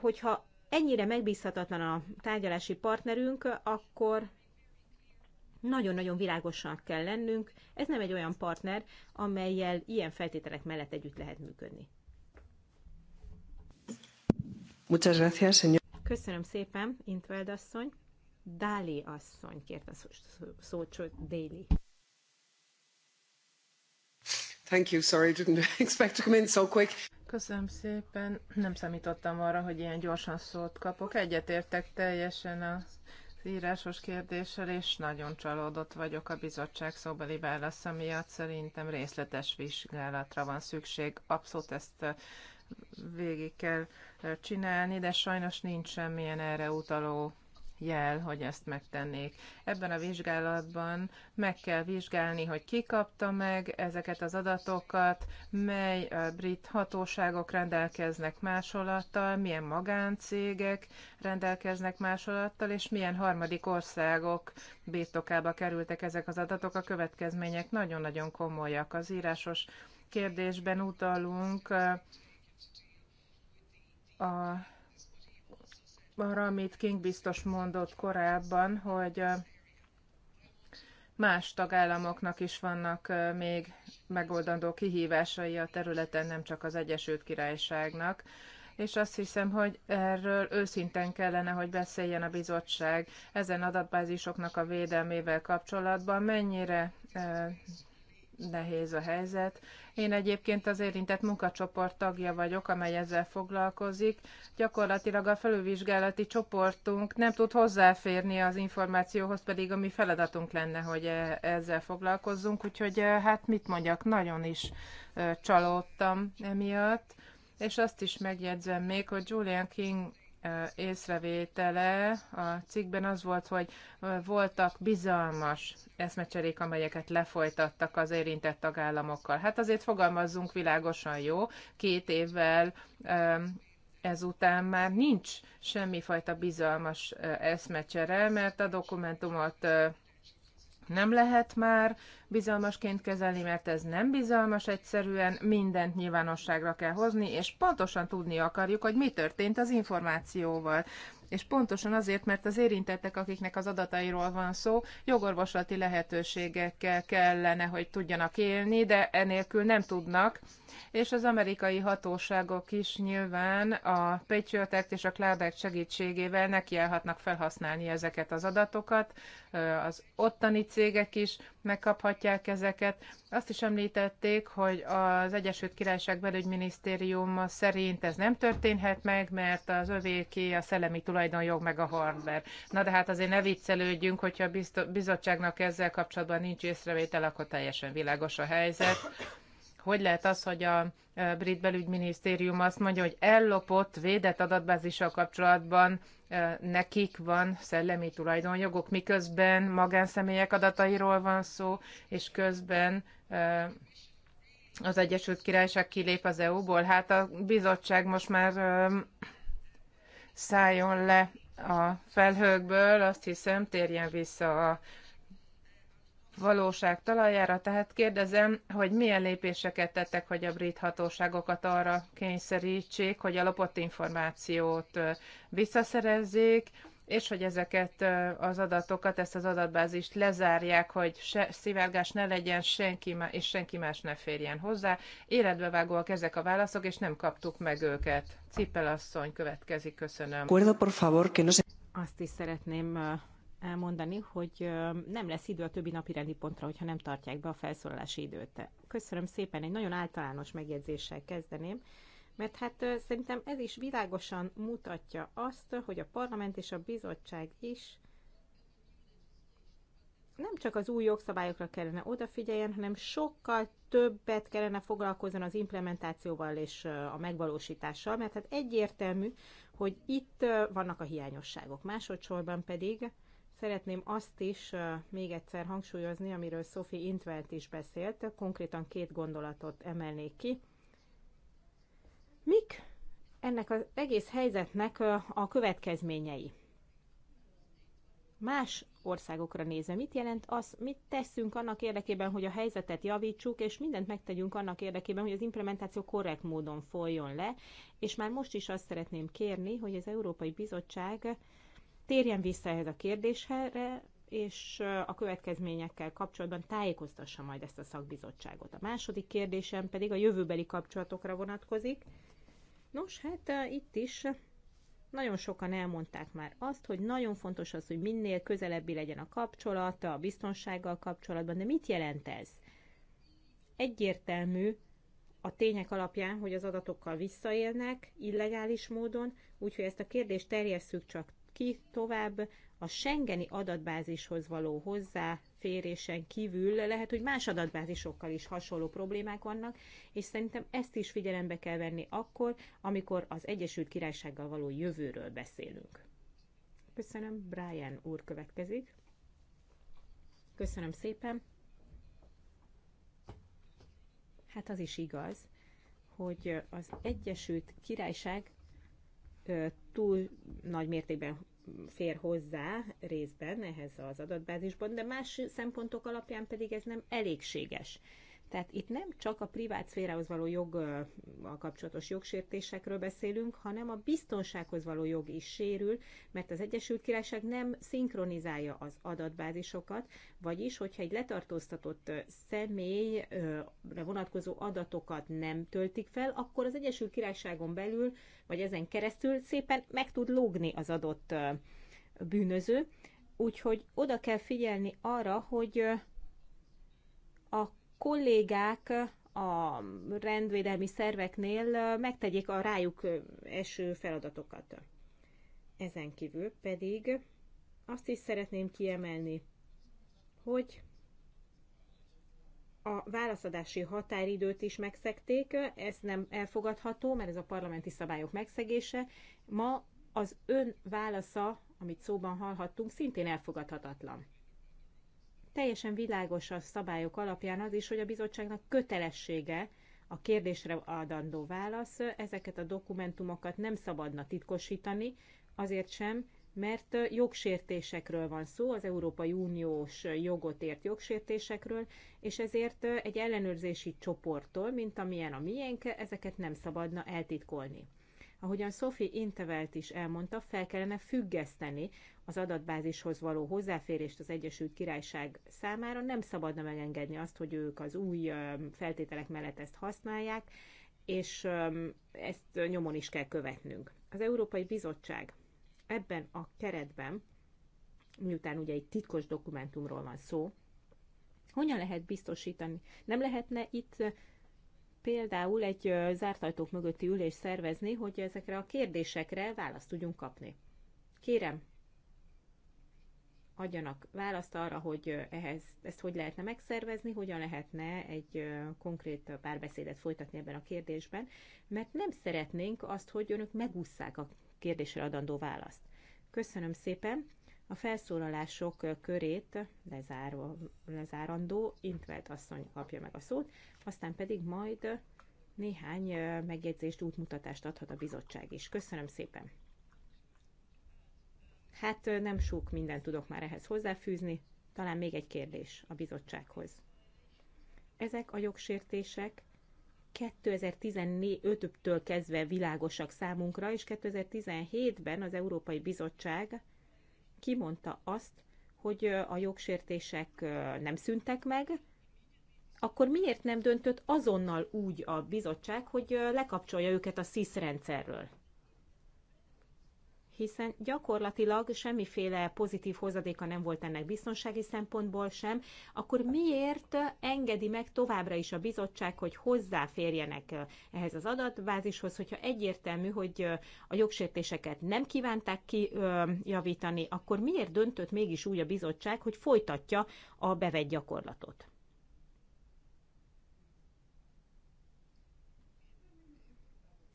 Speaker 2: Hogyha ennyire megbízhatatlan a tárgyalási partnerünk, akkor nagyon-nagyon világosnak kell lennünk. Ez nem egy olyan partner, amelyel ilyen feltételek mellett együtt lehet működni.
Speaker 3: Muchas gracias, señor.
Speaker 2: Köszönöm szépen, Intveld asszony. Dáli asszony kért a szót, szó, Déli.
Speaker 3: Thank you, sorry, didn't expect to come in so quick.
Speaker 2: Köszönöm szépen.
Speaker 4: Nem számítottam arra, hogy ilyen gyorsan szót kapok. Egyetértek teljesen a írásos kérdéssel, és nagyon csalódott vagyok a bizottság szóbeli válasza miatt. Szerintem részletes vizsgálatra van szükség. Abszolút ezt végig kell csinálni, de sajnos nincs semmilyen erre utaló jel, hogy ezt megtennék. Ebben a vizsgálatban meg kell vizsgálni, hogy ki kapta meg ezeket az adatokat, mely brit hatóságok rendelkeznek másolattal, milyen magáncégek rendelkeznek másolattal, és milyen harmadik országok birtokába kerültek ezek az adatok. A következmények nagyon-nagyon komolyak. Az írásos kérdésben utalunk a arra, amit King biztos mondott korábban, hogy más tagállamoknak is vannak még megoldandó kihívásai a területen, nem csak az Egyesült Királyságnak és azt hiszem, hogy erről őszinten kellene, hogy beszéljen a bizottság ezen adatbázisoknak a védelmével kapcsolatban, mennyire nehéz a helyzet. Én egyébként az érintett munkacsoport tagja vagyok, amely ezzel foglalkozik. Gyakorlatilag a felülvizsgálati csoportunk nem tud hozzáférni az információhoz, pedig a mi feladatunk lenne, hogy e- ezzel foglalkozzunk. Úgyhogy e, hát mit mondjak, nagyon is e, csalódtam emiatt. És azt is megjegyzem még, hogy Julian King észrevétele a cikkben az volt, hogy voltak bizalmas eszmecserék, amelyeket lefolytattak az érintett tagállamokkal. Hát azért fogalmazzunk világosan jó, két évvel ezután már nincs semmifajta bizalmas eszmecsere, mert a dokumentumot nem lehet már bizalmasként kezelni, mert ez nem bizalmas egyszerűen, mindent nyilvánosságra kell hozni, és pontosan tudni akarjuk, hogy mi történt az információval. És pontosan azért, mert az érintettek, akiknek az adatairól van szó, jogorvoslati lehetőségekkel kellene, hogy tudjanak élni, de enélkül nem tudnak. És az amerikai hatóságok is nyilván a Patriot Act és a Cloud Act segítségével nekiállhatnak felhasználni ezeket az adatokat, az ottani cégek is, megkaphatják ezeket. Azt is említették, hogy az Egyesült Királyság belügyminisztériuma szerint ez nem történhet meg, mert az övéké a szellemi tulajdonjog meg a hardware. Na de hát azért ne viccelődjünk, hogyha a bizottságnak ezzel kapcsolatban nincs észrevétel, akkor teljesen világos a helyzet. Hogy lehet az, hogy a brit belügyminisztérium azt mondja, hogy ellopott, védett adatbázissal kapcsolatban nekik van szellemi tulajdonjogok, miközben magánszemélyek adatairól van szó, és közben az Egyesült Királyság kilép az EU-ból. Hát a bizottság most már szálljon le a felhőkből, azt hiszem térjen vissza a valóság talajára, tehát kérdezem, hogy milyen lépéseket tettek, hogy a brit hatóságokat arra kényszerítsék, hogy a lopott információt visszaszerezzék, és hogy ezeket az adatokat, ezt az adatbázist lezárják, hogy se szivárgás ne legyen, senki má, és senki más ne férjen hozzá. Életbevágóak ezek a válaszok, és nem kaptuk meg őket.
Speaker 2: Cipel asszony következik, köszönöm. Azt is szeretném elmondani, hogy nem lesz idő a többi napi rendi pontra, hogyha nem tartják be a felszólalási időt. Köszönöm szépen, egy nagyon általános megjegyzéssel kezdeném, mert hát szerintem ez is világosan mutatja azt, hogy a parlament és a bizottság is nem csak az új jogszabályokra kellene odafigyeljen, hanem sokkal többet kellene foglalkozni az implementációval és a megvalósítással, mert hát egyértelmű, hogy itt vannak a hiányosságok. Másodszorban pedig Szeretném azt is még egyszer hangsúlyozni, amiről Sophie Intvert is beszélt, konkrétan két gondolatot emelnék ki. Mik ennek az egész helyzetnek a következményei? Más országokra nézve, mit jelent az, mit teszünk annak érdekében, hogy a helyzetet javítsuk, és mindent megtegyünk annak érdekében, hogy az implementáció korrekt módon folyjon le, és már most is azt szeretném kérni, hogy az Európai Bizottság térjen vissza ehhez a kérdésre, és a következményekkel kapcsolatban tájékoztassa majd ezt a szakbizottságot. A második kérdésem pedig a jövőbeli kapcsolatokra vonatkozik. Nos, hát itt is nagyon sokan elmondták már azt, hogy nagyon fontos az, hogy minél közelebbi legyen a kapcsolata a biztonsággal kapcsolatban, de mit jelent ez? Egyértelmű a tények alapján, hogy az adatokkal visszaélnek illegális módon, úgyhogy ezt a kérdést terjesszük csak ki tovább a Schengeni adatbázishoz való hozzáférésen kívül lehet, hogy más adatbázisokkal is hasonló problémák vannak, és szerintem ezt is figyelembe kell venni akkor, amikor az Egyesült Királysággal való jövőről beszélünk. Köszönöm, Brian úr következik. Köszönöm szépen. Hát az is igaz, hogy az Egyesült Királyság túl nagy mértékben fér hozzá részben ehhez az adatbázisban, de más szempontok alapján pedig ez nem elégséges. Tehát itt nem csak a privát szférához való joggal kapcsolatos jogsértésekről beszélünk, hanem a biztonsághoz való jog is sérül, mert az Egyesült Királyság nem szinkronizálja az adatbázisokat, vagyis, hogyha egy letartóztatott személyre vonatkozó adatokat nem töltik fel, akkor az Egyesült Királyságon belül, vagy ezen keresztül szépen meg tud lógni az adott bűnöző. Úgyhogy oda kell figyelni arra, hogy kollégák a rendvédelmi szerveknél megtegyék a rájuk eső feladatokat. Ezen kívül pedig azt is szeretném kiemelni, hogy a válaszadási határidőt is megszekték, ez nem elfogadható, mert ez a parlamenti szabályok megszegése. Ma az ön válasza, amit szóban hallhattunk, szintén elfogadhatatlan teljesen világos a szabályok alapján az is, hogy a bizottságnak kötelessége a kérdésre adandó válasz, ezeket a dokumentumokat nem szabadna titkosítani, azért sem, mert jogsértésekről van szó, az Európai Uniós jogot ért jogsértésekről, és ezért egy ellenőrzési csoporttól, mint amilyen a miénk, ezeket nem szabadna eltitkolni. Ahogyan Sophie Intevelt is elmondta, fel kellene függeszteni az adatbázishoz való hozzáférést az Egyesült Királyság számára. Nem szabadna megengedni azt, hogy ők az új feltételek mellett ezt használják, és ezt nyomon is kell követnünk. Az Európai Bizottság ebben a keretben, miután ugye egy titkos dokumentumról van szó, hogyan lehet biztosítani? Nem lehetne itt például egy zárt ajtók mögötti ülés szervezni, hogy ezekre a kérdésekre választ tudjunk kapni. Kérem, adjanak választ arra, hogy ehhez, ezt hogy lehetne megszervezni, hogyan lehetne egy konkrét párbeszédet folytatni ebben a kérdésben, mert nem szeretnénk azt, hogy önök megúszszák a kérdésre adandó választ. Köszönöm szépen! A felszólalások körét lezáró, lezárandó Intvelt asszony kapja meg a szót, aztán pedig majd néhány megjegyzést, útmutatást adhat a bizottság is. Köszönöm szépen! Hát nem sok mindent tudok már ehhez hozzáfűzni, talán még egy kérdés a bizottsághoz. Ezek a jogsértések 2015-től kezdve világosak számunkra, és 2017-ben az Európai Bizottság kimondta azt, hogy a jogsértések nem szűntek meg, akkor miért nem döntött azonnal úgy a bizottság, hogy lekapcsolja őket a SZISZ rendszerről? hiszen gyakorlatilag semmiféle pozitív hozadéka nem volt ennek biztonsági szempontból sem, akkor miért engedi meg továbbra is a bizottság, hogy hozzáférjenek eh, ehhez az adatbázishoz, hogyha egyértelmű, hogy eh, a jogsértéseket nem kívánták kijavítani, akkor miért döntött mégis úgy a bizottság, hogy folytatja a bevett gyakorlatot?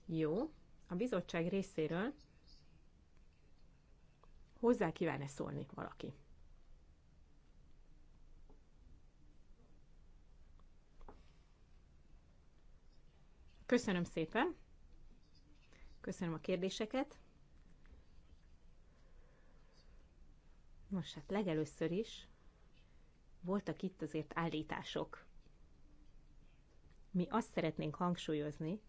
Speaker 2: Jó, a bizottság részéről Hozzá kíván-e szólni valaki? Köszönöm szépen. Köszönöm a kérdéseket. Most hát legelőször is voltak itt azért állítások. Mi azt szeretnénk hangsúlyozni,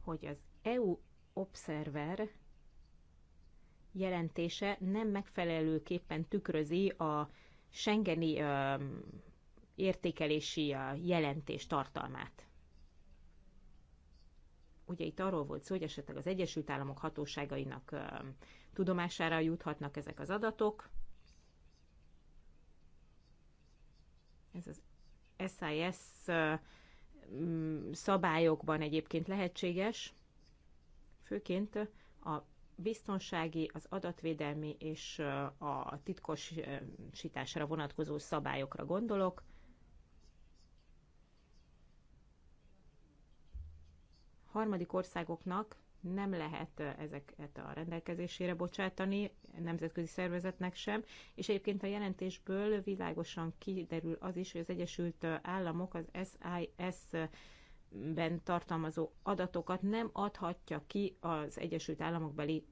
Speaker 2: hogy az EU Observer jelentése nem megfelelőképpen tükrözi a Schengeni értékelési jelentés tartalmát. Ugye itt arról volt szó, hogy esetleg az Egyesült Államok hatóságainak tudomására juthatnak ezek az adatok. Ez az SIS szabályokban egyébként lehetséges, főként a biztonsági, az adatvédelmi és a titkosításra vonatkozó szabályokra gondolok. Harmadik országoknak nem lehet ezeket a rendelkezésére bocsátani, nemzetközi szervezetnek sem, és egyébként a jelentésből világosan kiderül az is, hogy az Egyesült Államok az SIS ben tartalmazó adatokat nem adhatja ki az Egyesült Államokbeli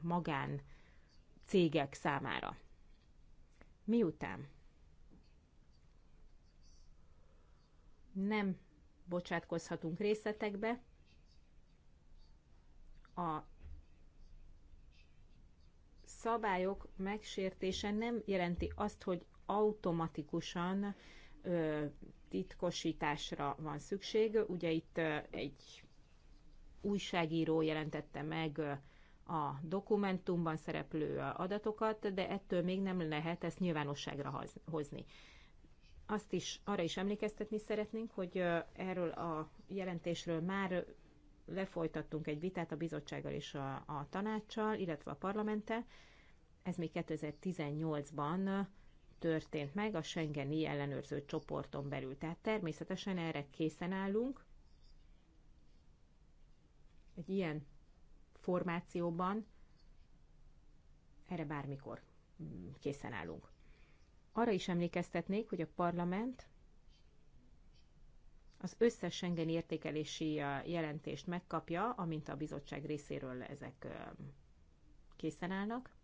Speaker 2: magán cégek számára. Miután nem bocsátkozhatunk részletekbe, a szabályok megsértése nem jelenti azt, hogy automatikusan ö, titkosításra van szükség. Ugye itt egy újságíró jelentette meg a dokumentumban szereplő adatokat, de ettől még nem lehet ezt nyilvánosságra hozni. Azt is arra is emlékeztetni szeretnénk, hogy erről a jelentésről már lefolytattunk egy vitát a bizottsággal és a, a tanácssal, illetve a parlamenttel. Ez még 2018-ban történt meg a Schengeni ellenőrző csoporton belül. Tehát természetesen erre készen állunk. Egy ilyen formációban erre bármikor mm, készen állunk. Arra is emlékeztetnék, hogy a parlament az összes Schengen értékelési jelentést megkapja, amint a bizottság részéről ezek készen állnak.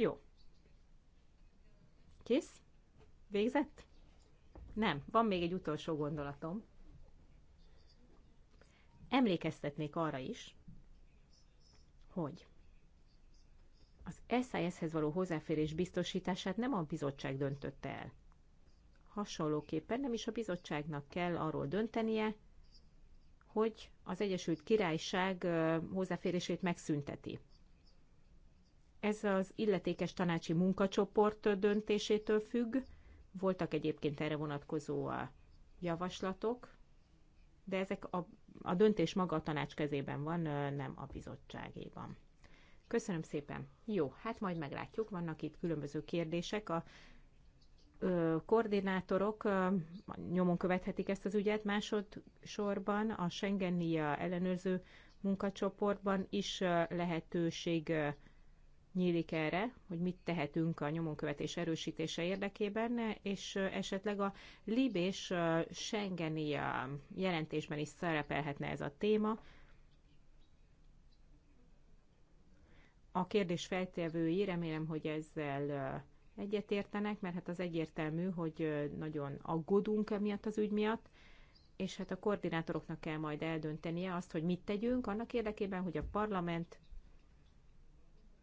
Speaker 2: Jó. Kész? Végzett? Nem, van még egy utolsó gondolatom. Emlékeztetnék arra is, hogy az SIS-hez való hozzáférés biztosítását nem a bizottság döntötte el. Hasonlóképpen nem is a bizottságnak kell arról döntenie, hogy az Egyesült Királyság hozzáférését megszünteti. Ez az illetékes tanácsi munkacsoport döntésétől függ. Voltak egyébként erre vonatkozó a javaslatok, de ezek a, a döntés maga a tanács kezében van, nem a bizottságéban. Köszönöm szépen. Jó, hát majd meglátjuk. Vannak itt különböző kérdések. A ö, koordinátorok ö, nyomon követhetik ezt az ügyet. Másodszorban a Schengenia ellenőrző munkacsoportban is lehetőség nyílik erre, hogy mit tehetünk a nyomonkövetés erősítése érdekében, és esetleg a LIB és Schengeni jelentésben is szerepelhetne ez a téma. A kérdés feltevői remélem, hogy ezzel egyetértenek, mert hát az egyértelmű, hogy nagyon aggódunk emiatt az ügy miatt, és hát a koordinátoroknak kell majd eldöntenie azt, hogy mit tegyünk annak érdekében, hogy a parlament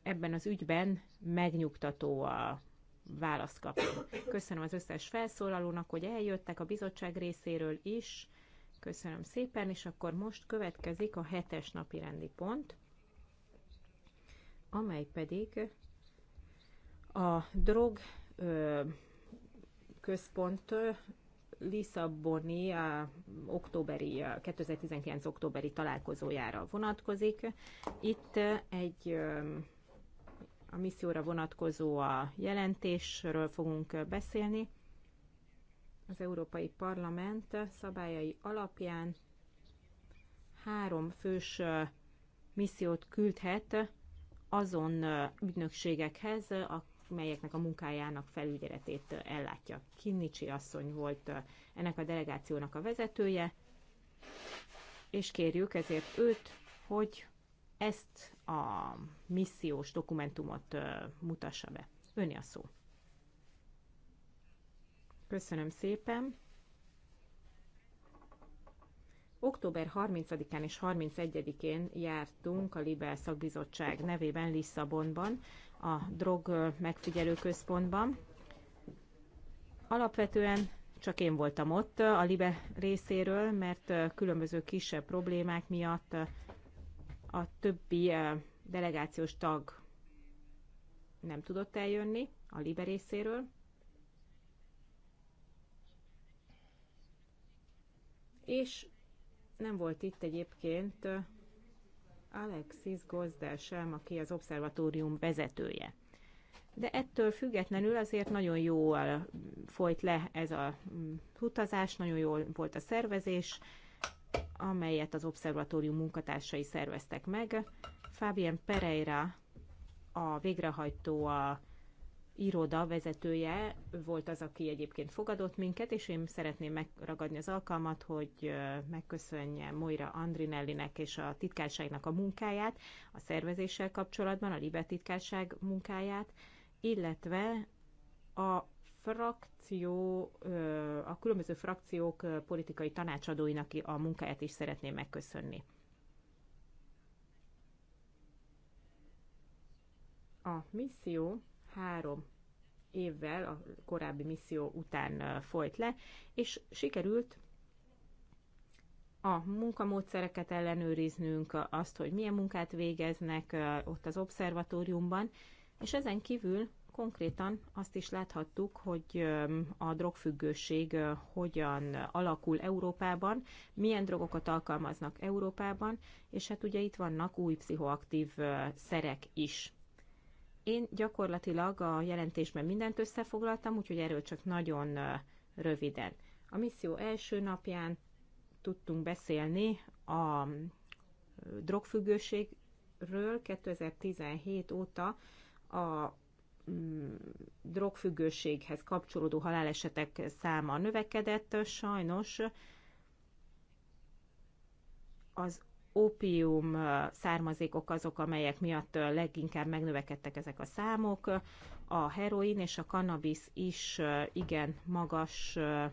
Speaker 2: ebben az ügyben megnyugtató a választ kapni. Köszönöm az összes felszólalónak, hogy eljöttek a bizottság részéről is. Köszönöm szépen, és akkor most következik a hetes napi rendi pont, amely pedig a drog ö, központ Lisszaboni a, októberi, a 2019. októberi találkozójára vonatkozik. Itt egy ö, a misszióra vonatkozó a jelentésről fogunk beszélni. Az Európai Parlament szabályai alapján három fős missziót küldhet azon ügynökségekhez, melyeknek a munkájának felügyeletét ellátja. Kinnicsi asszony volt ennek a delegációnak a vezetője, és kérjük ezért őt, hogy ezt a missziós dokumentumot mutassa be. Öni a szó. Köszönöm szépen. Október 30-án és 31-én jártunk a Libel Szakbizottság nevében Lisszabonban, a Drog Megfigyelő Központban. Alapvetően csak én voltam ott a Libe részéről, mert különböző kisebb problémák miatt a többi delegációs tag nem tudott eljönni a Libe részéről. És nem volt itt egyébként Alexis Gozdel sem, aki az obszervatórium vezetője. De ettől függetlenül azért nagyon jól folyt le ez a mm, utazás, nagyon jól volt a szervezés, amelyet az obszervatórium munkatársai szerveztek meg. Fábien Pereira, a végrehajtó a iroda vezetője volt az, aki egyébként fogadott minket, és én szeretném megragadni az alkalmat, hogy megköszönjem Moira Andrinellinek és a titkárságnak a munkáját, a szervezéssel kapcsolatban, a Libet titkárság munkáját, illetve a frakció, a különböző frakciók politikai tanácsadóinak a munkáját is szeretném megköszönni. A misszió három évvel a korábbi misszió után folyt le, és sikerült a munkamódszereket ellenőriznünk, azt, hogy milyen munkát végeznek ott az obszervatóriumban, és ezen kívül Konkrétan azt is láthattuk, hogy a drogfüggőség hogyan alakul Európában, milyen drogokat alkalmaznak Európában, és hát ugye itt vannak új pszichoaktív szerek is. Én gyakorlatilag a jelentésben mindent összefoglaltam, úgyhogy erről csak nagyon röviden. A misszió első napján tudtunk beszélni a drogfüggőségről 2017 óta a Mm, drogfüggőséghez kapcsolódó halálesetek száma növekedett, sajnos az ópium származékok azok, amelyek miatt leginkább megnövekedtek ezek a számok. A heroin és a cannabis is eh, igen magas eh,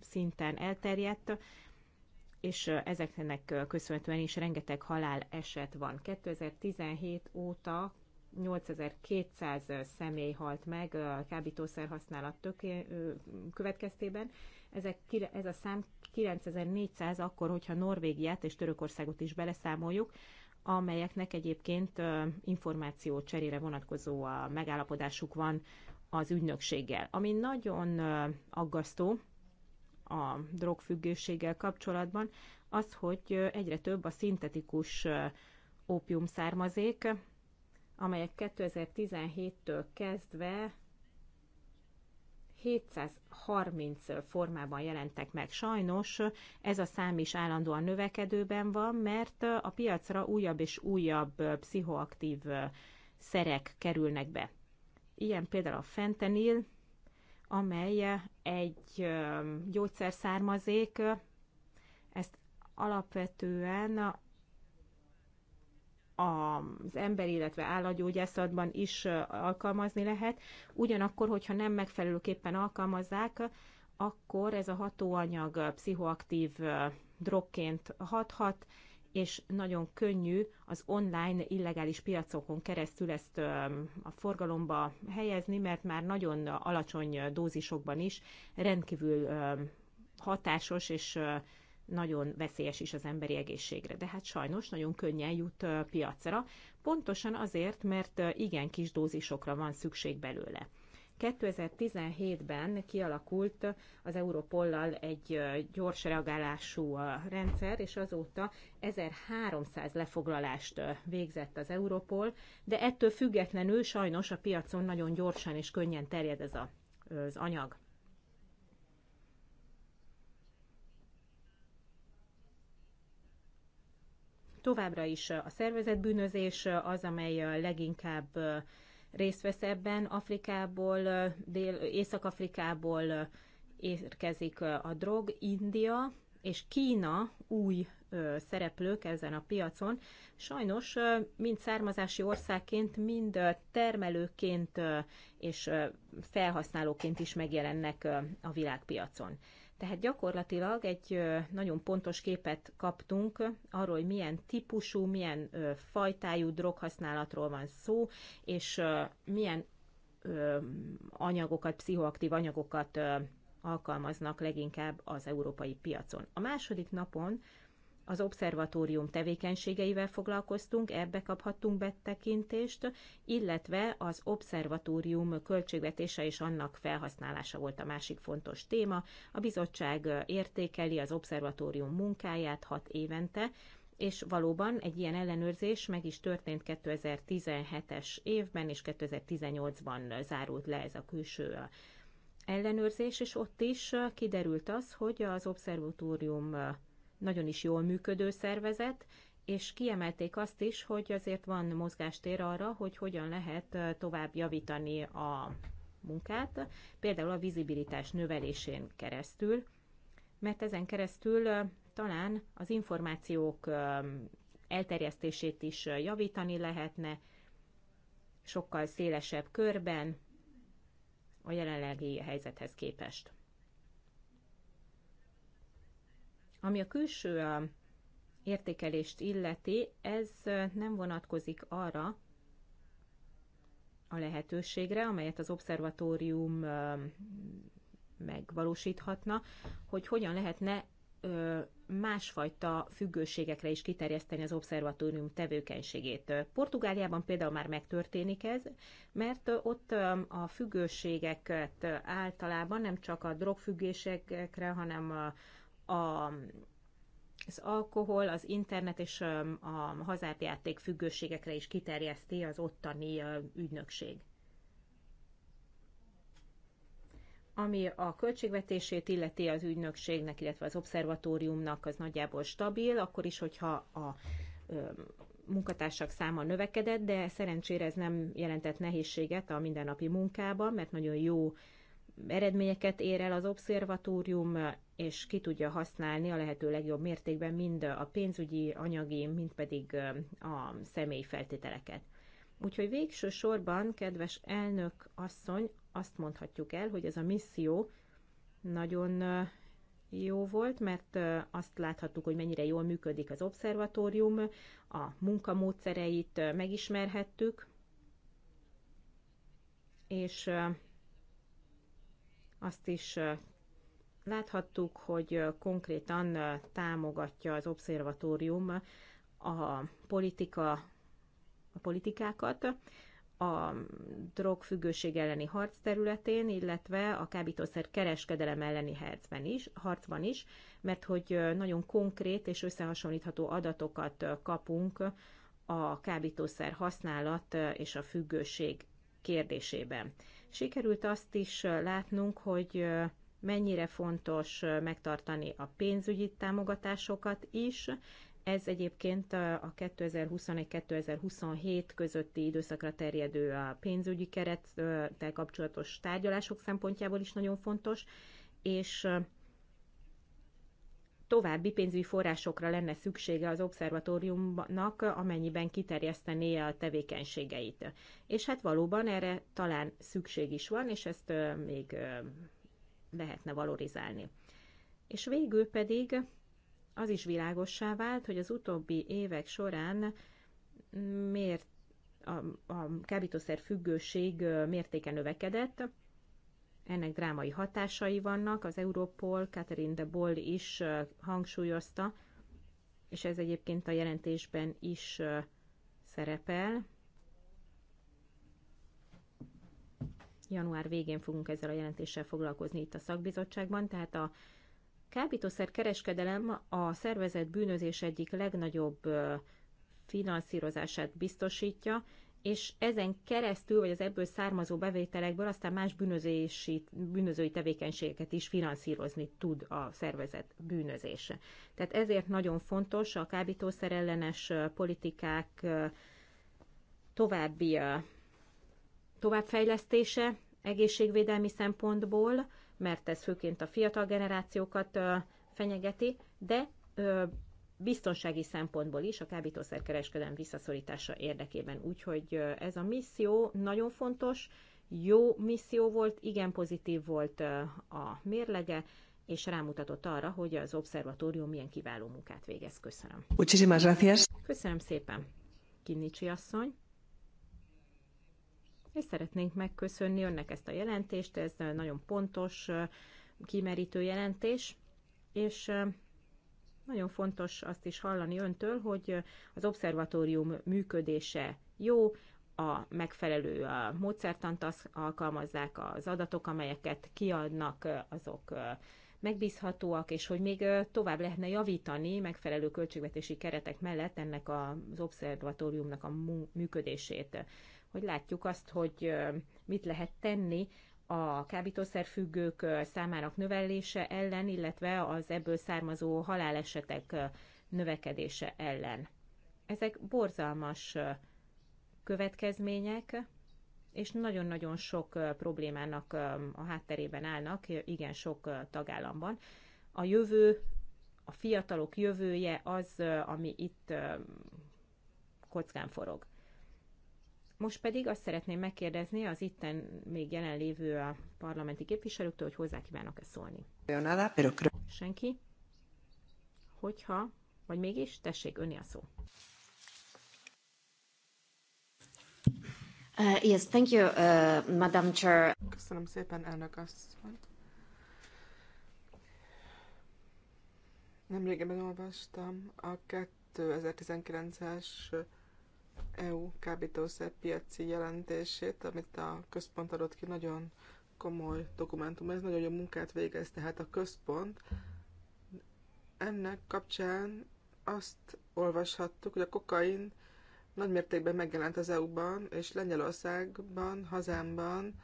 Speaker 2: szinten elterjedt, és eh, ezeknek köszönhetően is rengeteg halál eset van. 2017 óta 8200 személy halt meg a kábítószer használat töké, következtében. Ezek, ez a szám 9400 akkor, hogyha Norvégiát és Törökországot is beleszámoljuk, amelyeknek egyébként információ cserére vonatkozó a megállapodásuk van az ügynökséggel. Ami nagyon aggasztó a drogfüggőséggel kapcsolatban, az, hogy egyre több a szintetikus ópium származék, amelyek 2017-től kezdve 730 formában jelentek meg. Sajnos ez a szám is állandóan növekedőben van, mert a piacra újabb és újabb pszichoaktív szerek kerülnek be. Ilyen például a fentanil, amely egy gyógyszerszármazék, ezt alapvetően az ember, illetve állatgyógyászatban is alkalmazni lehet. Ugyanakkor, hogyha nem megfelelőképpen alkalmazzák, akkor ez a hatóanyag pszichoaktív drogként hathat, és nagyon könnyű az online illegális piacokon keresztül ezt a forgalomba helyezni, mert már nagyon alacsony dózisokban is rendkívül hatásos és nagyon veszélyes is az emberi egészségre, de hát sajnos nagyon könnyen jut piacra, pontosan azért, mert igen kis dózisokra van szükség belőle. 2017-ben kialakult az Europollal egy gyors reagálású rendszer, és azóta 1300 lefoglalást végzett az Europol, de ettől függetlenül sajnos a piacon nagyon gyorsan és könnyen terjed ez a, az anyag. Továbbra is a szervezetbűnözés az, amely leginkább részt vesz ebben Afrikából, Dél- Észak-Afrikából érkezik a drog, India és Kína új szereplők ezen a piacon. Sajnos mind származási országként, mind termelőként és felhasználóként is megjelennek a világpiacon. Tehát gyakorlatilag egy nagyon pontos képet kaptunk arról, hogy milyen típusú, milyen fajtájú droghasználatról van szó, és milyen anyagokat, pszichoaktív anyagokat alkalmaznak leginkább az európai piacon. A második napon az obszervatórium tevékenységeivel foglalkoztunk, ebbe kaphattunk betekintést, illetve az obszervatórium költségvetése és annak felhasználása volt a másik fontos téma. A bizottság értékeli az obszervatórium munkáját hat évente, és valóban egy ilyen ellenőrzés meg is történt 2017-es évben, és 2018-ban zárult le ez a külső ellenőrzés, és ott is kiderült az, hogy az obszervatórium nagyon is jól működő szervezet, és kiemelték azt is, hogy azért van mozgástér arra, hogy hogyan lehet tovább javítani a munkát, például a vizibilitás növelésén keresztül, mert ezen keresztül talán az információk elterjesztését is javítani lehetne sokkal szélesebb körben a jelenlegi helyzethez képest. Ami a külső értékelést illeti, ez nem vonatkozik arra a lehetőségre, amelyet az obszervatórium megvalósíthatna, hogy hogyan lehetne másfajta függőségekre is kiterjeszteni az obszervatórium tevékenységét. Portugáliában például már megtörténik ez, mert ott a függőségeket általában nem csak a drogfüggésekre, hanem a a az alkohol, az internet és a hazárjáték függőségekre is kiterjeszti az ottani ügynökség. Ami a költségvetését illeti az ügynökségnek, illetve az obszervatóriumnak, az nagyjából stabil, akkor is, hogyha a munkatársak száma növekedett, de szerencsére ez nem jelentett nehézséget a mindennapi munkában, mert nagyon jó eredményeket ér el az obszervatórium, és ki tudja használni a lehető legjobb mértékben mind a pénzügyi, anyagi, mind pedig a személyi feltételeket. Úgyhogy végső sorban, kedves elnök asszony, azt mondhatjuk el, hogy ez a misszió nagyon jó volt, mert azt láthattuk, hogy mennyire jól működik az obszervatórium, a munkamódszereit megismerhettük, és azt is Láthattuk, hogy konkrétan támogatja az obszervatórium a politika, a politikákat, a drogfüggőség elleni harc területén, illetve a kábítószer kereskedelem elleni harcban is, harcban is, mert hogy nagyon konkrét és összehasonlítható adatokat kapunk a kábítószer használat és a függőség kérdésében. Sikerült azt is látnunk, hogy mennyire fontos megtartani a pénzügyi támogatásokat is. Ez egyébként a 2021-2027 közötti időszakra terjedő a pénzügyi kerettel kapcsolatos tárgyalások szempontjából is nagyon fontos, és további pénzügyi forrásokra lenne szüksége az obszervatóriumnak, amennyiben kiterjesztené a tevékenységeit. És hát valóban erre talán szükség is van, és ezt még lehetne valorizálni. És végül pedig az is világossá vált, hogy az utóbbi évek során miért a, a kábítószer függőség mértéke növekedett, ennek drámai hatásai vannak, az Europol, Catherine de Boll is hangsúlyozta, és ez egyébként a jelentésben is szerepel, január végén fogunk ezzel a jelentéssel foglalkozni itt a szakbizottságban, tehát a kábítószer kereskedelem a szervezet bűnözés egyik legnagyobb finanszírozását biztosítja, és ezen keresztül, vagy az ebből származó bevételekből aztán más bűnözési, bűnözői tevékenységeket is finanszírozni tud a szervezet bűnözése. Tehát ezért nagyon fontos a kábítószer ellenes politikák további továbbfejlesztése egészségvédelmi szempontból, mert ez főként a fiatal generációkat fenyegeti, de biztonsági szempontból is a kábítószerkereskedelem visszaszorítása érdekében. Úgyhogy ez a misszió nagyon fontos, jó misszió volt, igen pozitív volt a mérlege, és rámutatott arra, hogy az obszervatórium milyen kiváló munkát végez. Köszönöm. Köszönöm szépen, Kinnicsi asszony és szeretnénk megköszönni önnek ezt a jelentést, ez nagyon pontos, kimerítő jelentés, és nagyon fontos azt is hallani öntől, hogy az obszervatórium működése jó, a megfelelő módszertant alkalmazzák, az adatok, amelyeket kiadnak, azok megbízhatóak, és hogy még tovább lehetne javítani megfelelő költségvetési keretek mellett ennek az obszervatóriumnak a működését hogy látjuk azt, hogy mit lehet tenni a kábítószerfüggők számának növelése ellen, illetve az ebből származó halálesetek növekedése ellen. Ezek borzalmas következmények, és nagyon-nagyon sok problémának a hátterében állnak, igen sok tagállamban. A jövő, a fiatalok jövője az, ami itt kockán forog. Most pedig azt szeretném megkérdezni az itten még jelenlévő a parlamenti képviselőktől, hogy hozzá kívánok-e szólni. Senki? Hogyha, vagy mégis, tessék, önni a szó.
Speaker 3: Uh, yes, thank you, uh, Madam Chair. Köszönöm szépen, elnök asszony. Nemrégeben olvastam a 2019-es EU kábítószer piaci jelentését, amit a központ adott ki, nagyon komoly dokumentum, ez nagyon jó munkát végez, tehát a központ. Ennek kapcsán azt olvashattuk, hogy a kokain nagy mértékben megjelent az EU-ban, és Lengyelországban, hazámban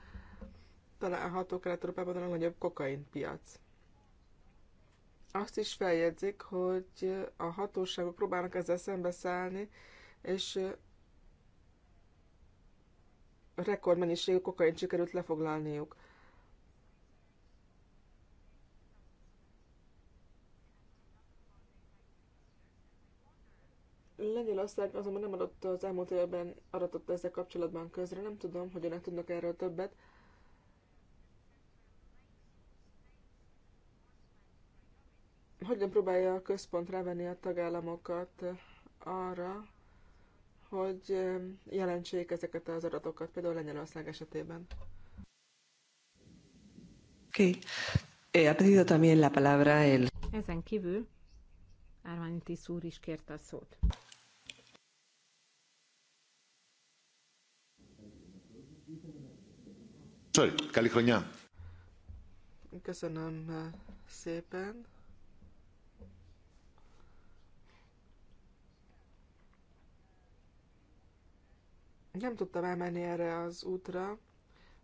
Speaker 3: található Kelet-Európában a legnagyobb kokainpiac. Azt is feljegyzik, hogy a hatóságok próbálnak ezzel szembeszállni, és rekordmennyiségű kokain sikerült lefoglalniuk. Lengyelország azonban nem adott az elmúlt évben aratott ezzel kapcsolatban közre. Nem tudom, hogy önök tudnak erről többet. Hogyan próbálja a központ rávenni a tagállamokat arra, hogy jelentsék ezeket az adatokat, például Lengyelország esetében. Okay. Eh, ha pedido también la palabra el... Ezen kívül
Speaker 2: Árványtis úr is kérte a szót. Sorry,
Speaker 3: Köszönöm szépen. Nem tudtam elmenni erre az útra,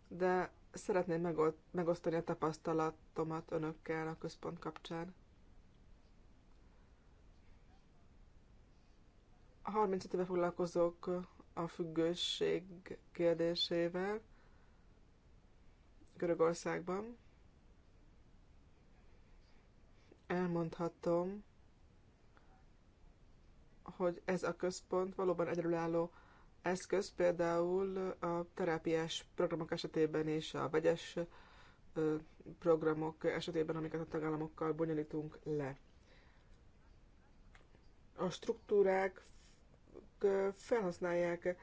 Speaker 3: de szeretném megosztani a tapasztalatomat önökkel a központ kapcsán. A 35 éve foglalkozok a függőség kérdésével Görögországban. Elmondhatom, hogy ez a központ valóban egyedülálló eszköz, például a terápiás programok esetében és a vegyes programok esetében, amiket a tagállamokkal bonyolítunk le. A struktúrák felhasználják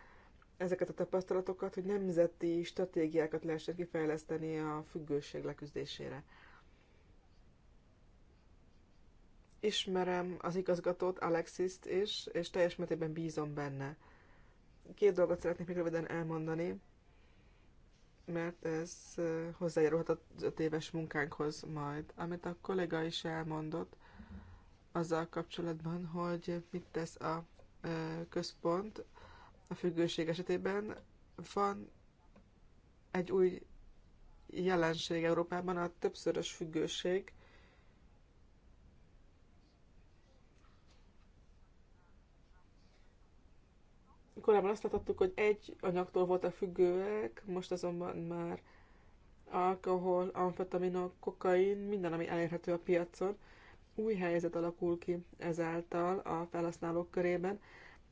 Speaker 3: ezeket a tapasztalatokat, hogy nemzeti stratégiákat lehessen kifejleszteni a függőség leküzdésére. Ismerem az igazgatót, Alexiszt is, és teljes mértékben bízom benne. Két dolgot szeretnék még röviden elmondani, mert ez hozzájárulhat az öt éves munkánkhoz majd. Amit a kollega is elmondott azzal kapcsolatban, hogy mit tesz a központ a függőség esetében, van egy új jelenség Európában, a többszörös függőség, korábban azt láthattuk, hogy egy anyagtól voltak függőek, most azonban már alkohol, amfetaminok, kokain, minden, ami elérhető a piacon. Új helyzet alakul ki ezáltal a felhasználók körében,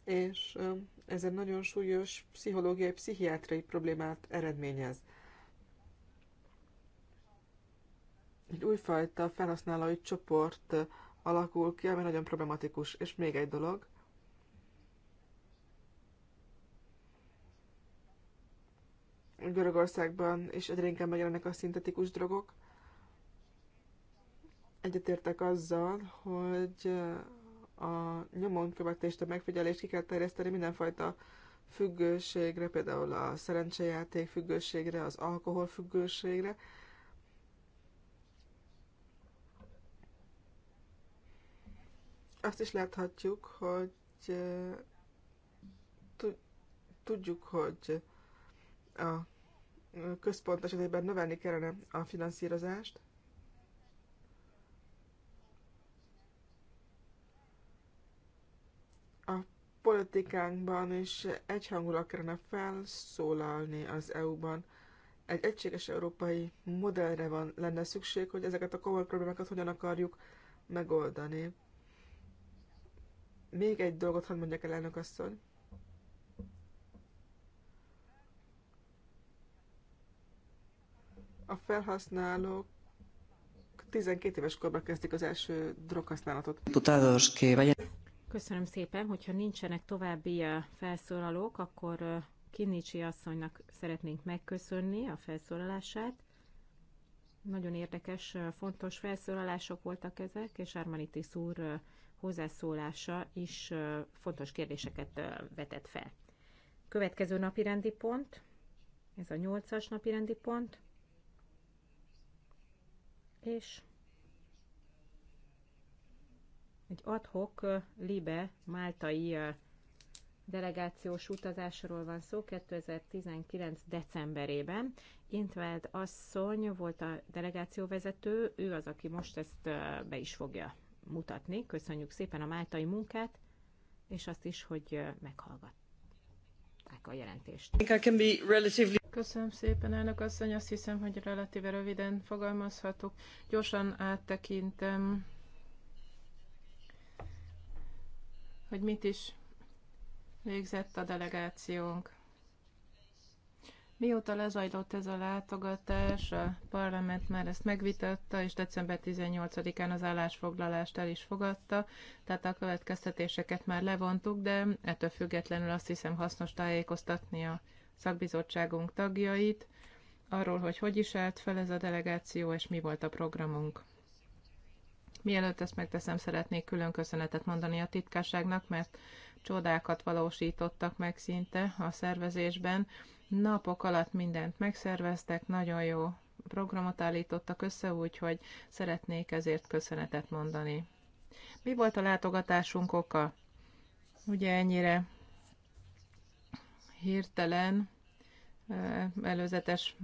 Speaker 3: és ez egy nagyon súlyos pszichológiai, pszichiátriai problémát eredményez. Egy újfajta felhasználói csoport alakul ki, ami nagyon problematikus. És még egy dolog, Görögországban is egyre inkább megjelennek a szintetikus drogok. Egyetértek azzal, hogy eh, a követést, a megfigyelést ki kell terjeszteni mindenfajta függőségre, például a szerencsejáték függőségre, az alkohol függőségre. Azt is láthatjuk, hogy eh, tudjuk, hogy a központ esetében növelni kellene a finanszírozást. A politikánkban is egyhangulag kellene felszólalni az EU-ban. Egy egységes európai modellre van, lenne szükség, hogy ezeket a komoly problémákat hogyan akarjuk megoldani. Még egy dolgot hadd mondjak el, elnök asszony. a felhasználók 12 éves korban kezdik az első droghasználatot.
Speaker 2: Köszönöm szépen, hogyha nincsenek további eh, felszólalók, akkor eh, Kinnicsi asszonynak szeretnénk megköszönni a felszólalását. Nagyon érdekes, eh, fontos felszólalások voltak ezek, és Armanitis úr hozzászólása is fontos kérdéseket vetett fel. Következő napirendi pont, ez a nyolcas napirendi pont és egy adhok Libe máltai delegációs utazásról van szó 2019. decemberében. Intveld asszony volt a delegációvezető, ő az, aki most ezt be is fogja mutatni. Köszönjük szépen a máltai munkát, és azt is, hogy meghallgat támogatták a
Speaker 4: jelentést. Köszönöm szépen, elnök asszony. Azt hiszem, hogy relatíve röviden fogalmazhatok. Gyorsan áttekintem, hogy mit is végzett a delegációnk. Mióta lezajlott ez a látogatás, a parlament már ezt megvitatta, és december 18-án az állásfoglalást el is fogadta, tehát a következtetéseket már levontuk, de ettől függetlenül azt hiszem hasznos tájékoztatni a szakbizottságunk tagjait arról, hogy hogy is állt fel ez a delegáció, és mi volt a programunk. Mielőtt ezt megteszem, szeretnék külön köszönetet mondani a titkárságnak, mert csodákat valósítottak meg szinte a szervezésben, napok alatt mindent megszerveztek, nagyon jó programot állítottak össze, úgyhogy szeretnék ezért köszönetet mondani. Mi volt a látogatásunk oka? Ugye ennyire hirtelen, előzetes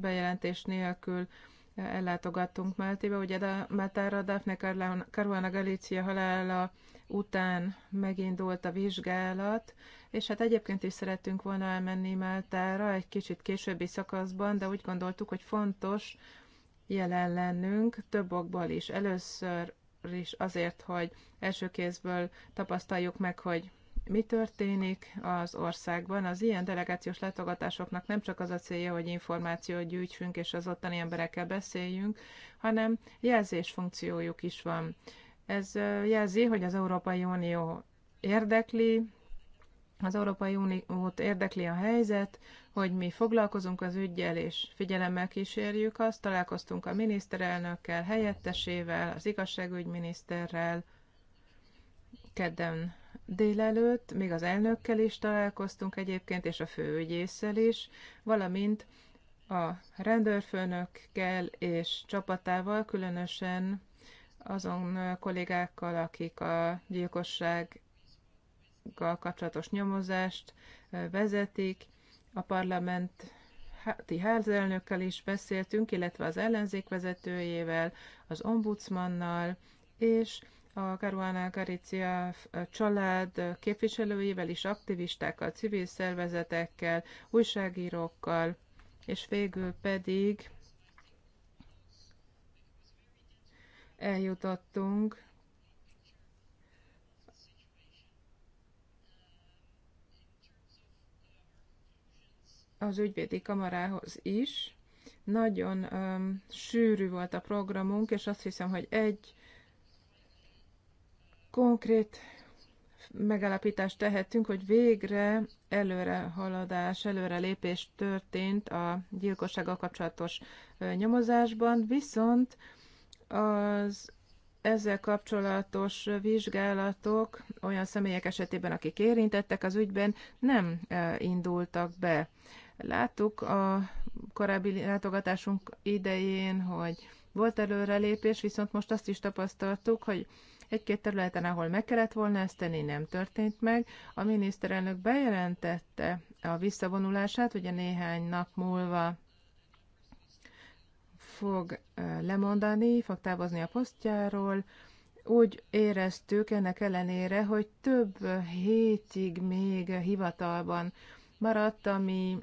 Speaker 4: bejelentés nélkül ellátogattunk Máltébe. Ugye a Mátára Daphne Caruana Galícia halála után megindult a vizsgálat, és hát egyébként is szerettünk volna elmenni Máltára egy kicsit későbbi szakaszban, de úgy gondoltuk, hogy fontos jelen lennünk több okból is. Először is azért, hogy első kézből tapasztaljuk meg, hogy mi történik az országban. Az ilyen delegációs látogatásoknak nem csak az a célja, hogy információt gyűjtsünk és az ottani emberekkel beszéljünk, hanem jelzés funkciójuk is van. Ez jelzi, hogy az Európai Unió érdekli az Európai Uniót érdekli a helyzet, hogy mi foglalkozunk az ügyjel és figyelemmel kísérjük azt. Találkoztunk a miniszterelnökkel, helyettesével, az igazságügyminiszterrel kedden délelőtt, még az elnökkel is találkoztunk egyébként, és a főügyészsel is, valamint a rendőrfőnökkel és csapatával, különösen azon kollégákkal, akik a gyilkosság kapcsolatos nyomozást vezetik. A parlamenti hát, házelnökkel is beszéltünk, illetve az ellenzék vezetőjével, az ombudsmannal, és a Caruana Garicia család képviselőjével is, aktivistákkal, civil szervezetekkel, újságírókkal, és végül pedig eljutottunk az ügyvédi kamarához is. Nagyon um, sűrű volt a programunk, és azt hiszem, hogy egy konkrét megállapítást tehetünk, hogy végre előre haladás, előre lépés történt a gyilkossággal kapcsolatos nyomozásban, viszont az ezzel kapcsolatos vizsgálatok olyan személyek esetében, akik érintettek az ügyben, nem indultak be. Láttuk a korábbi látogatásunk idején, hogy volt előrelépés, viszont most azt is tapasztaltuk, hogy egy-két területen, ahol meg kellett volna ezt tenni, nem történt meg. A miniszterelnök bejelentette a visszavonulását, ugye néhány nap múlva fog lemondani, fog távozni a posztjáról. Úgy éreztük ennek ellenére, hogy több hétig még hivatalban maradt, ami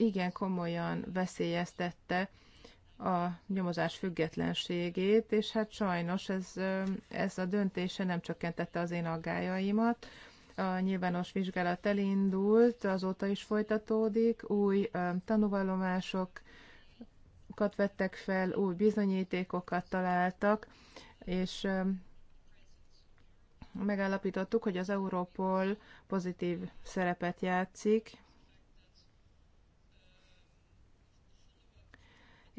Speaker 4: igen komolyan veszélyeztette a nyomozás függetlenségét, és hát sajnos ez, ez a döntése nem csökkentette az én aggájaimat. A nyilvános vizsgálat elindult, azóta is folytatódik, új tanúvallomásokat vettek fel, új bizonyítékokat találtak, és megállapítottuk, hogy az Európol pozitív szerepet játszik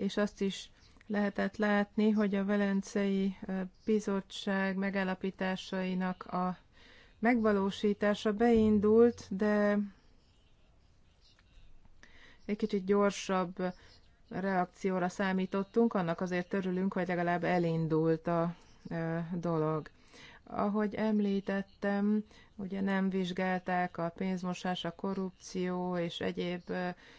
Speaker 4: és azt is lehetett látni, hogy a Velencei Bizottság megállapításainak a megvalósítása beindult, de egy kicsit gyorsabb reakcióra számítottunk, annak azért örülünk, hogy legalább elindult a dolog. Ahogy említettem, ugye nem vizsgálták a pénzmosás, a korrupció és egyéb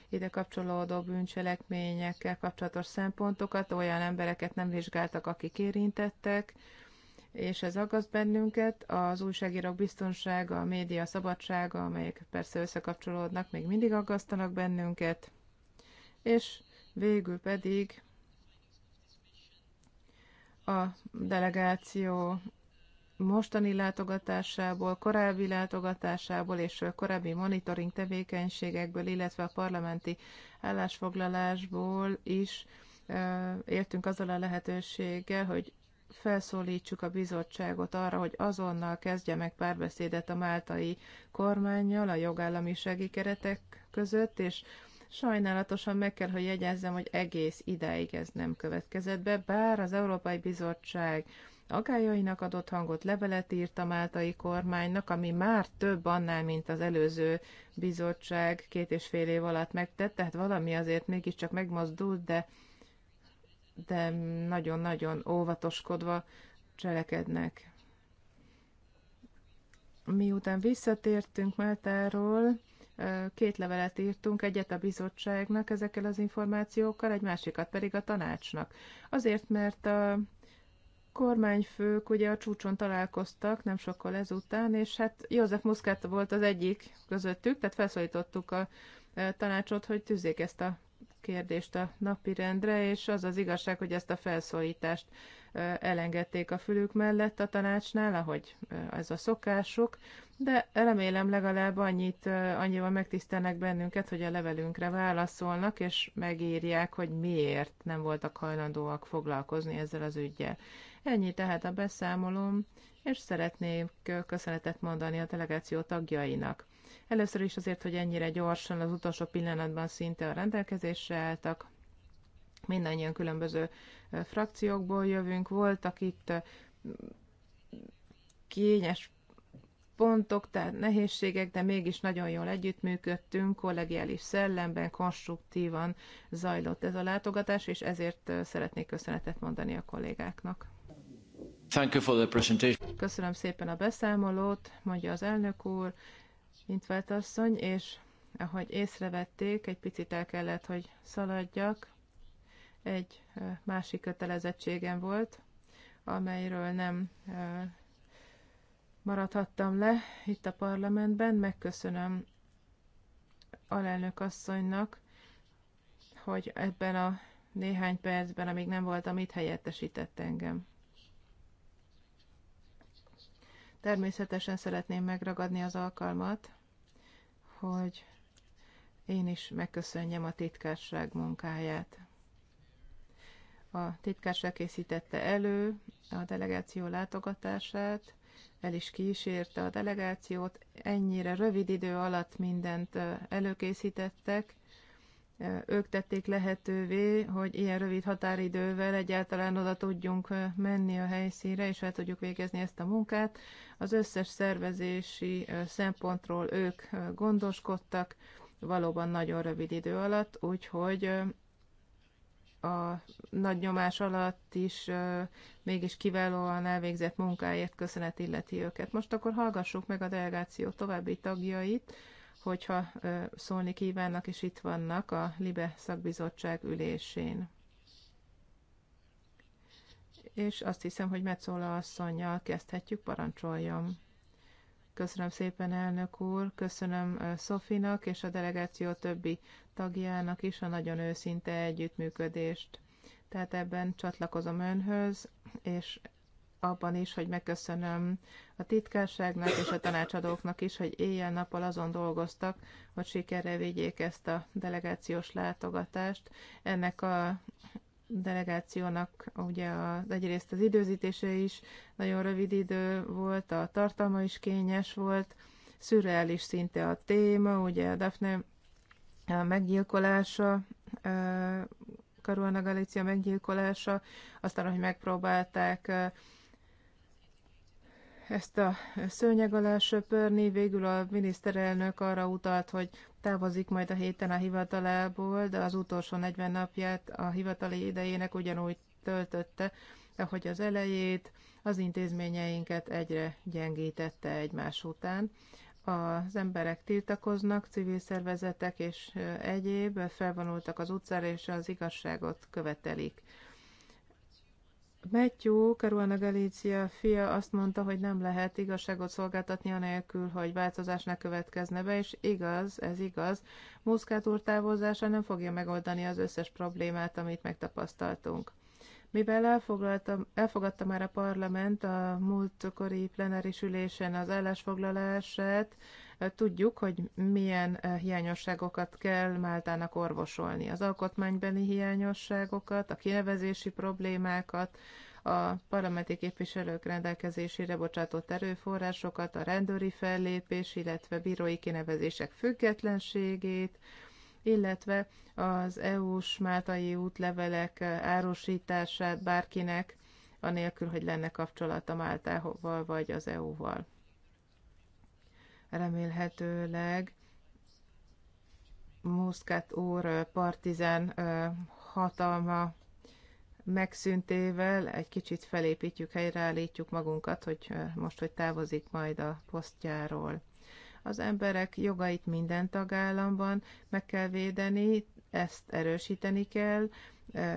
Speaker 4: ide kapcsolódó bűncselekményekkel kapcsolatos szempontokat, olyan embereket nem vizsgáltak, akik érintettek, és ez aggaszt bennünket. Az újságírók biztonsága, a média szabadsága, amelyek persze összekapcsolódnak, még mindig aggasztanak bennünket. És végül pedig a delegáció mostani látogatásából, korábbi látogatásából és korábbi monitoring tevékenységekből, illetve a parlamenti állásfoglalásból is értünk azzal a lehetőséggel, hogy felszólítsuk a bizottságot arra, hogy azonnal kezdje meg párbeszédet a máltai kormányjal a jogállamisági keretek között, és sajnálatosan meg kell, hogy jegyezzem, hogy egész ideig ez nem következett be, bár az Európai Bizottság agályainak adott hangot, levelet írt a máltai kormánynak, ami már több annál, mint az előző bizottság két és fél év alatt megtett, tehát valami azért mégiscsak megmozdult, de, de nagyon-nagyon óvatoskodva cselekednek. Miután visszatértünk Máltáról, két levelet írtunk, egyet a bizottságnak ezekkel az információkkal, egy másikat pedig a tanácsnak. Azért, mert a kormányfők ugye a csúcson találkoztak nem sokkal ezután, és hát József Muszkát volt az egyik közöttük, tehát felszólítottuk a e, tanácsot, hogy tűzzék ezt a kérdést a napirendre, és az az igazság, hogy ezt a felszólítást elengedték a fülük mellett a tanácsnál, ahogy ez a szokásuk, de remélem legalább annyit, annyival megtisztelnek bennünket, hogy a levelünkre válaszolnak, és megírják, hogy miért nem voltak hajlandóak foglalkozni ezzel az ügyjel. Ennyi tehát a beszámolom, és szeretnék köszönetet mondani a delegáció tagjainak. Először is azért, hogy ennyire gyorsan az utolsó pillanatban szinte a rendelkezésre álltak, mindannyian különböző frakciókból jövünk, voltak itt kényes pontok, tehát nehézségek, de mégis nagyon jól együttműködtünk, kollegiális szellemben, konstruktívan zajlott ez a látogatás, és ezért szeretnék köszönetet mondani a kollégáknak.
Speaker 1: Thank you for the presentation.
Speaker 4: Köszönöm szépen a beszámolót, mondja az elnök úr, Intvelt asszony, és ahogy észrevették, egy picit el kellett, hogy szaladjak. Egy másik kötelezettségem volt, amelyről nem maradhattam le itt a parlamentben. Megköszönöm alelnök asszonynak, hogy ebben a néhány percben, amíg nem voltam itt, helyettesített engem. Természetesen szeretném megragadni az alkalmat, hogy én is megköszönjem a titkárság munkáját a titkárság készítette elő a delegáció látogatását, el is kísérte a delegációt. Ennyire rövid idő alatt mindent előkészítettek. Ők tették lehetővé, hogy ilyen rövid határidővel egyáltalán oda tudjunk menni a helyszínre, és el tudjuk végezni ezt a munkát. Az összes szervezési szempontról ők gondoskodtak, valóban nagyon rövid idő alatt, úgyhogy a nagy nyomás alatt is mégis kiválóan elvégzett munkáért köszönet illeti őket. Most akkor hallgassuk meg a delegáció további tagjait, hogyha szólni kívánnak, és itt vannak a LIBE szakbizottság ülésén. És azt hiszem, hogy Metzola asszonynal kezdhetjük, parancsoljam. Köszönöm szépen, elnök úr, köszönöm Szofinak és a delegáció többi tagjának is a nagyon őszinte együttműködést. Tehát ebben csatlakozom önhöz, és abban is, hogy megköszönöm a titkárságnak és a tanácsadóknak is, hogy éjjel-nappal azon dolgoztak, hogy sikerre vigyék ezt a delegációs látogatást. Ennek a delegációnak ugye az, egyrészt az időzítése is nagyon rövid idő volt, a tartalma is kényes volt, szürreális szinte a téma, ugye a Daphne meggyilkolása, Caruana Galizia meggyilkolása, aztán, hogy megpróbálták ezt a szőnyeg alá söpörni. Végül a miniszterelnök arra utalt, hogy távozik majd a héten a hivatalából, de az utolsó 40 napját a hivatali idejének ugyanúgy töltötte, ahogy az elejét, az intézményeinket egyre gyengítette egymás után. Az emberek tiltakoznak, civil szervezetek és egyéb felvonultak az utcára, és az igazságot követelik. Matthew Caruana Galícia fia azt mondta, hogy nem lehet igazságot szolgáltatni anélkül, hogy változás ne következne be, és igaz, ez igaz. Muszkát úr távozása nem fogja megoldani az összes problémát, amit megtapasztaltunk. Mivel elfogadta már a parlament a múltkori plenáris ülésen az állásfoglalását, Tudjuk, hogy milyen eh, hiányosságokat kell Máltának orvosolni. Az alkotmánybeli hiányosságokat, a kinevezési problémákat, a parlamenti képviselők rendelkezésére bocsátott erőforrásokat, a rendőri fellépés, illetve bírói kinevezések függetlenségét, illetve az EU-s máltai útlevelek eh, árusítását bárkinek, anélkül, hogy lenne kapcsolata Máltával vagy az EU-val remélhetőleg Muszkát úr partizán hatalma megszüntével egy kicsit felépítjük, helyreállítjuk magunkat, hogy most, hogy távozik majd a posztjáról. Az emberek jogait minden tagállamban meg kell védeni, ezt erősíteni kell,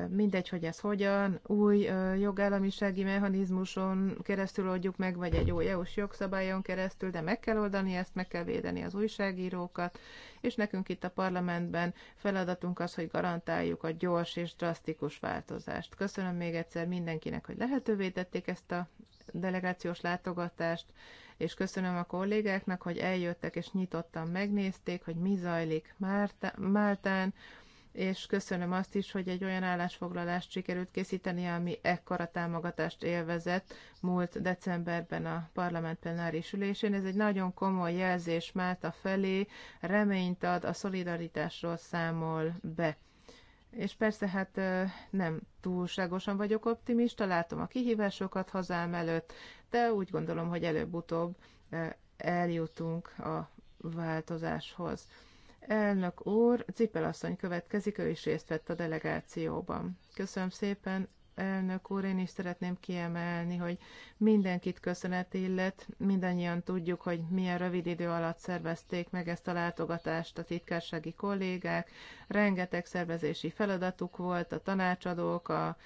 Speaker 4: mindegy, hogy ez hogyan, új jogállamisági mechanizmuson keresztül oldjuk meg, vagy egy új EU-s jogszabályon keresztül, de meg kell oldani ezt, meg kell védeni az újságírókat, és nekünk itt a parlamentben feladatunk az, hogy garantáljuk a gyors és drasztikus változást. Köszönöm még egyszer mindenkinek, hogy lehetővé tették ezt a delegációs látogatást, és köszönöm a kollégáknak, hogy eljöttek és nyitottan megnézték, hogy mi zajlik Márta, Máltán, és köszönöm azt is, hogy egy olyan állásfoglalást sikerült készíteni, ami ekkora támogatást élvezett múlt decemberben a parlament plenáris ülésén. Ez egy nagyon komoly jelzés Málta felé, reményt ad, a szolidaritásról számol be. És persze hát nem túlságosan vagyok optimista, látom a kihívásokat hazám előtt, de úgy gondolom, hogy előbb-utóbb eljutunk a változáshoz. Elnök úr, asszony következik, ő is részt vett a delegációban. Köszönöm szépen, elnök úr, én is szeretném kiemelni, hogy mindenkit köszönet illet, mindannyian tudjuk, hogy milyen rövid idő alatt szervezték meg ezt a látogatást a titkársági kollégák, rengeteg szervezési feladatuk volt, a tanácsadók, a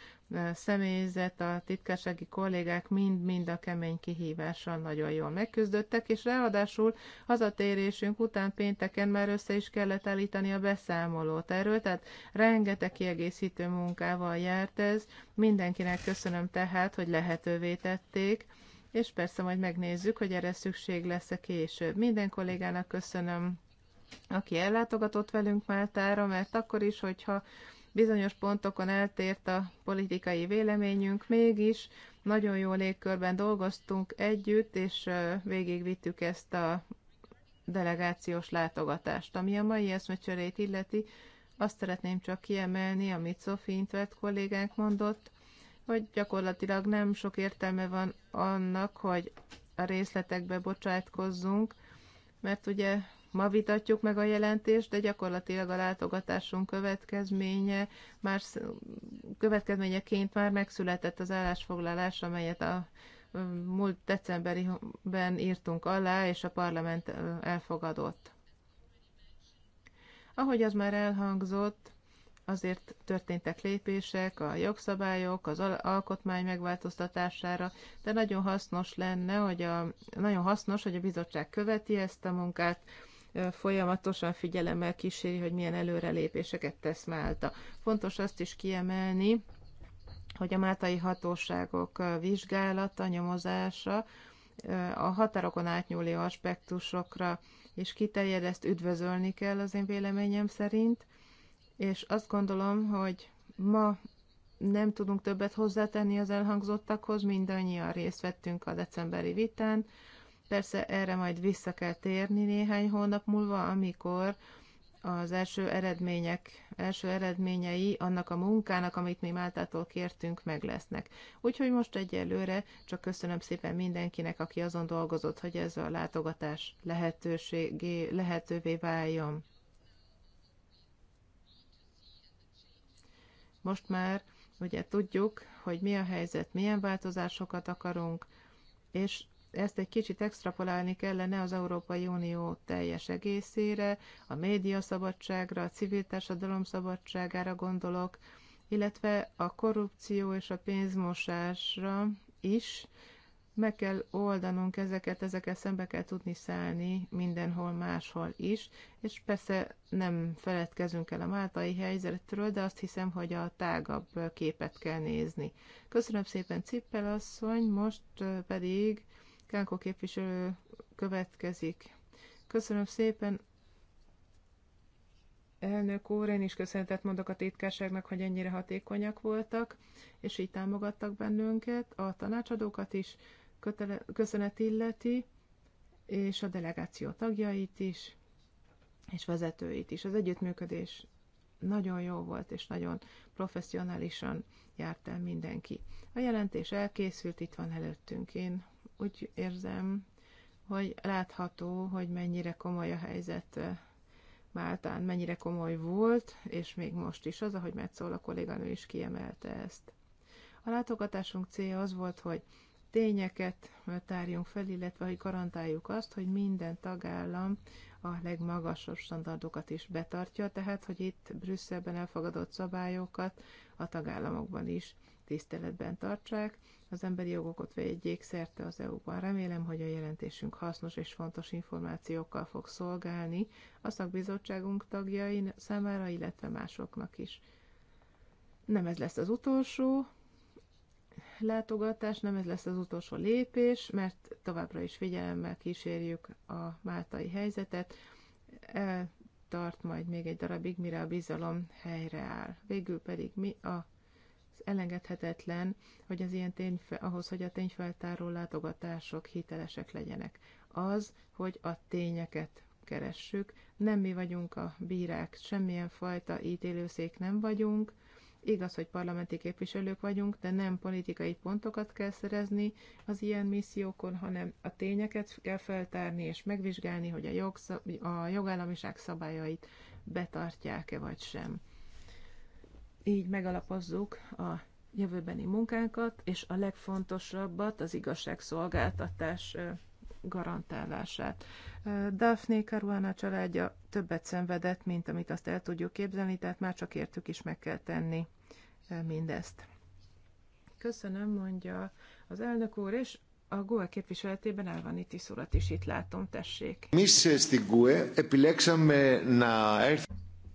Speaker 4: személyzet, a titkársági kollégák mind-mind a kemény kihívással nagyon jól megküzdöttek, és ráadásul hazatérésünk után pénteken már össze is kellett állítani a beszámolót erről, tehát rengeteg kiegészítő munkával járt ez. Mindenkinek köszönöm tehát, hogy lehetővé tették és persze majd megnézzük, hogy erre szükség lesz-e később. Minden kollégának köszönöm, aki ellátogatott velünk Máltára, mert akkor is, hogyha Bizonyos pontokon eltért a politikai véleményünk, mégis nagyon jó légkörben dolgoztunk együtt, és végigvittük ezt a delegációs látogatást. Ami a mai eszmecserét illeti, azt szeretném csak kiemelni, amit Sophie Intvert kollégánk mondott, hogy gyakorlatilag nem sok értelme van annak, hogy a részletekbe bocsátkozzunk, mert ugye ma vitatjuk meg a jelentést, de gyakorlatilag a látogatásunk következménye már következményeként már megszületett az állásfoglalás, amelyet a múlt decemberiben írtunk alá, és a parlament elfogadott. Ahogy az már elhangzott, azért történtek lépések, a jogszabályok, az alkotmány megváltoztatására, de nagyon hasznos lenne, hogy a, nagyon hasznos, hogy a bizottság követi ezt a munkát, folyamatosan figyelemmel kíséri, hogy milyen előrelépéseket tesz Málta. Fontos azt is kiemelni, hogy a máltai hatóságok vizsgálata, nyomozása a határokon átnyúló aspektusokra is kiterjed, ezt üdvözölni kell az én véleményem szerint, és azt gondolom, hogy ma nem tudunk többet hozzátenni az elhangzottakhoz, mindannyian részt vettünk a decemberi vitán, Persze erre majd vissza kell térni néhány hónap múlva, amikor az első eredmények, első eredményei annak a munkának, amit mi Máltától kértünk, meg lesznek. Úgyhogy most egyelőre csak köszönöm szépen mindenkinek, aki azon dolgozott, hogy ez a látogatás lehetőségé, lehetővé váljon. Most már ugye tudjuk, hogy mi a helyzet, milyen változásokat akarunk, és ezt egy kicsit extrapolálni kellene az Európai Unió teljes egészére, a média szabadságra, a civil társadalom szabadságára gondolok, illetve a korrupció és a pénzmosásra is. Meg kell oldanunk ezeket, ezeket szembe kell tudni szállni mindenhol máshol is, és persze nem feledkezünk el a máltai helyzetről, de azt hiszem, hogy a tágabb képet kell nézni. Köszönöm szépen Cippel asszony, most pedig Kálko képviselő következik. Köszönöm szépen, elnök úr, én is köszönetet mondok a titkárságnak, hogy ennyire hatékonyak voltak, és így támogattak bennünket, a tanácsadókat is kötele, köszönet illeti, és a delegáció tagjait is, és vezetőit is. Az együttműködés nagyon jó volt, és nagyon professzionálisan járt el mindenki. A jelentés elkészült, itt van előttünk. Én úgy érzem, hogy látható, hogy mennyire komoly a helyzet eh, Máltán, mennyire komoly volt, és még most is az, ahogy Metszól a kolléganő is kiemelte ezt. A látogatásunk célja az volt, hogy tényeket eh, tárjunk fel, illetve hogy garantáljuk azt, hogy minden tagállam a legmagasabb standardokat is betartja, tehát hogy itt Brüsszelben elfogadott szabályokat a tagállamokban is tiszteletben tartsák, az emberi jogokat védjék szerte az EU-ban. Remélem, hogy a jelentésünk hasznos és fontos információkkal fog szolgálni a szakbizottságunk tagjain számára, illetve másoknak is. Nem ez lesz az utolsó látogatás, nem ez lesz az utolsó lépés, mert továbbra is figyelemmel kísérjük a máltai helyzetet. Tart majd még egy darabig, mire a bizalom helyreáll. Végül pedig mi a elengedhetetlen, hogy az ilyen tényfe, ahhoz, hogy a tényfeltáró látogatások hitelesek legyenek. Az, hogy a tényeket keressük, nem mi vagyunk a bírák, semmilyen fajta ítélőszék nem vagyunk, Igaz, hogy parlamenti képviselők vagyunk, de nem politikai pontokat kell szerezni az ilyen missziókon, hanem a tényeket kell feltárni és megvizsgálni, hogy a, jogszab- a jogállamiság szabályait betartják-e vagy sem így megalapozzuk a jövőbeni munkánkat, és a legfontosabbat, az igazságszolgáltatás garantálását. Daphne Caruana családja többet szenvedett, mint amit azt el tudjuk képzelni, tehát már csak értük is meg kell tenni mindezt. Köszönöm, mondja az elnök úr, és a GUE képviseletében el van itt
Speaker 3: is urat is, itt látom, tessék.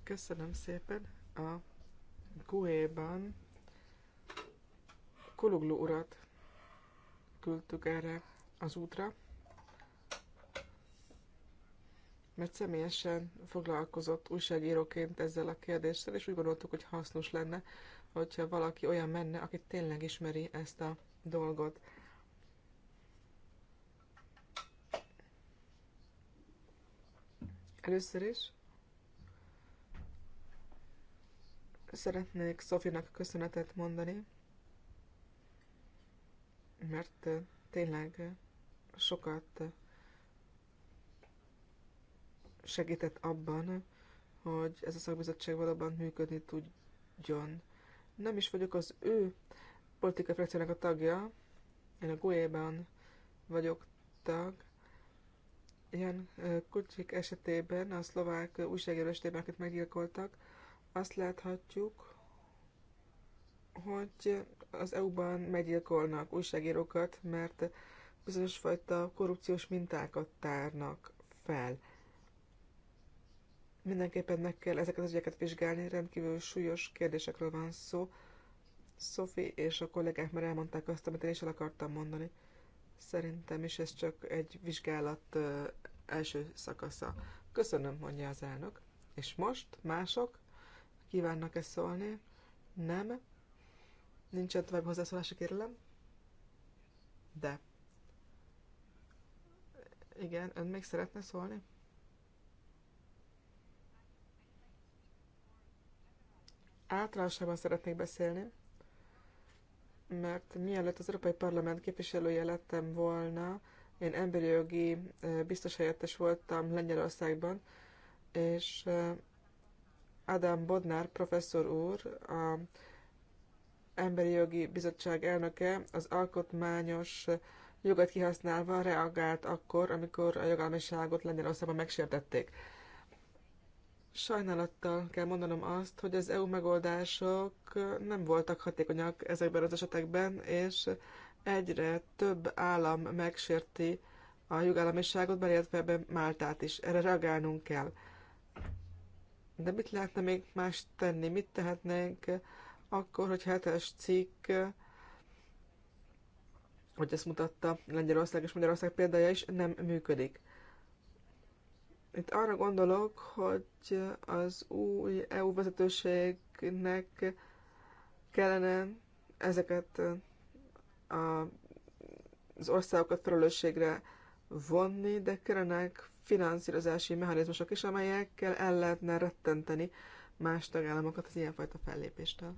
Speaker 3: Köszönöm szépen a Kuhéban Kulugló urat küldtük erre az útra, mert személyesen foglalkozott újságíróként ezzel a kérdéssel, és úgy gondoltuk, hogy hasznos lenne, hogyha valaki olyan menne, aki tényleg ismeri ezt a dolgot. Először is Szeretnék Szofinak köszönetet mondani, mert tényleg sokat segített abban, hogy ez a szakbizottság valóban működni tudjon. Nem is vagyok az ő politikai frakciónak a tagja, én a GUE-ban vagyok tag. Ilyen kutyik esetében, a szlovák újságíró esetében, akit meggyilkoltak, azt láthatjuk, hogy az EU-ban meggyilkolnak újságírókat, mert bizonyos fajta korrupciós mintákat tárnak fel. Mindenképpen meg kell ezeket az ügyeket vizsgálni, rendkívül súlyos kérdésekről van szó. Sophie és a kollégák már elmondták azt, amit én is el akartam mondani. Szerintem is ez csak egy vizsgálat első szakasza. Köszönöm, mondja az elnök. És most mások? Kívánnak-e szólni? Nem. Nincs ott tovább hozzászólási kérelem? De. Igen, ön még szeretne szólni? Általánosában szeretnék beszélni, mert mielőtt az Európai Parlament képviselője lettem volna, én emberi jogi biztos helyettes voltam Lengyelországban, és Adam Bodnár professzor úr, a Emberi Jogi Bizottság elnöke az alkotmányos jogot kihasználva reagált akkor, amikor a jogállamiságot Lengyelországban megsértették. Sajnálattal kell mondanom azt, hogy az EU megoldások nem voltak hatékonyak ezekben az esetekben, és egyre több állam megsérti a jogállamiságot, beleértve ebben Máltát is. Erre reagálnunk kell. De mit lehetne még más tenni? Mit tehetnénk akkor, hogy hetes cikk, hogy ezt mutatta Lengyelország és Magyarország példája is, nem működik. Itt arra gondolok, hogy az új EU vezetőségnek kellene ezeket a, az országokat felelősségre vonni, de kellenek finanszírozási mechanizmusok is, amelyekkel el lehetne rettenteni más tagállamokat az ilyenfajta fellépéstől.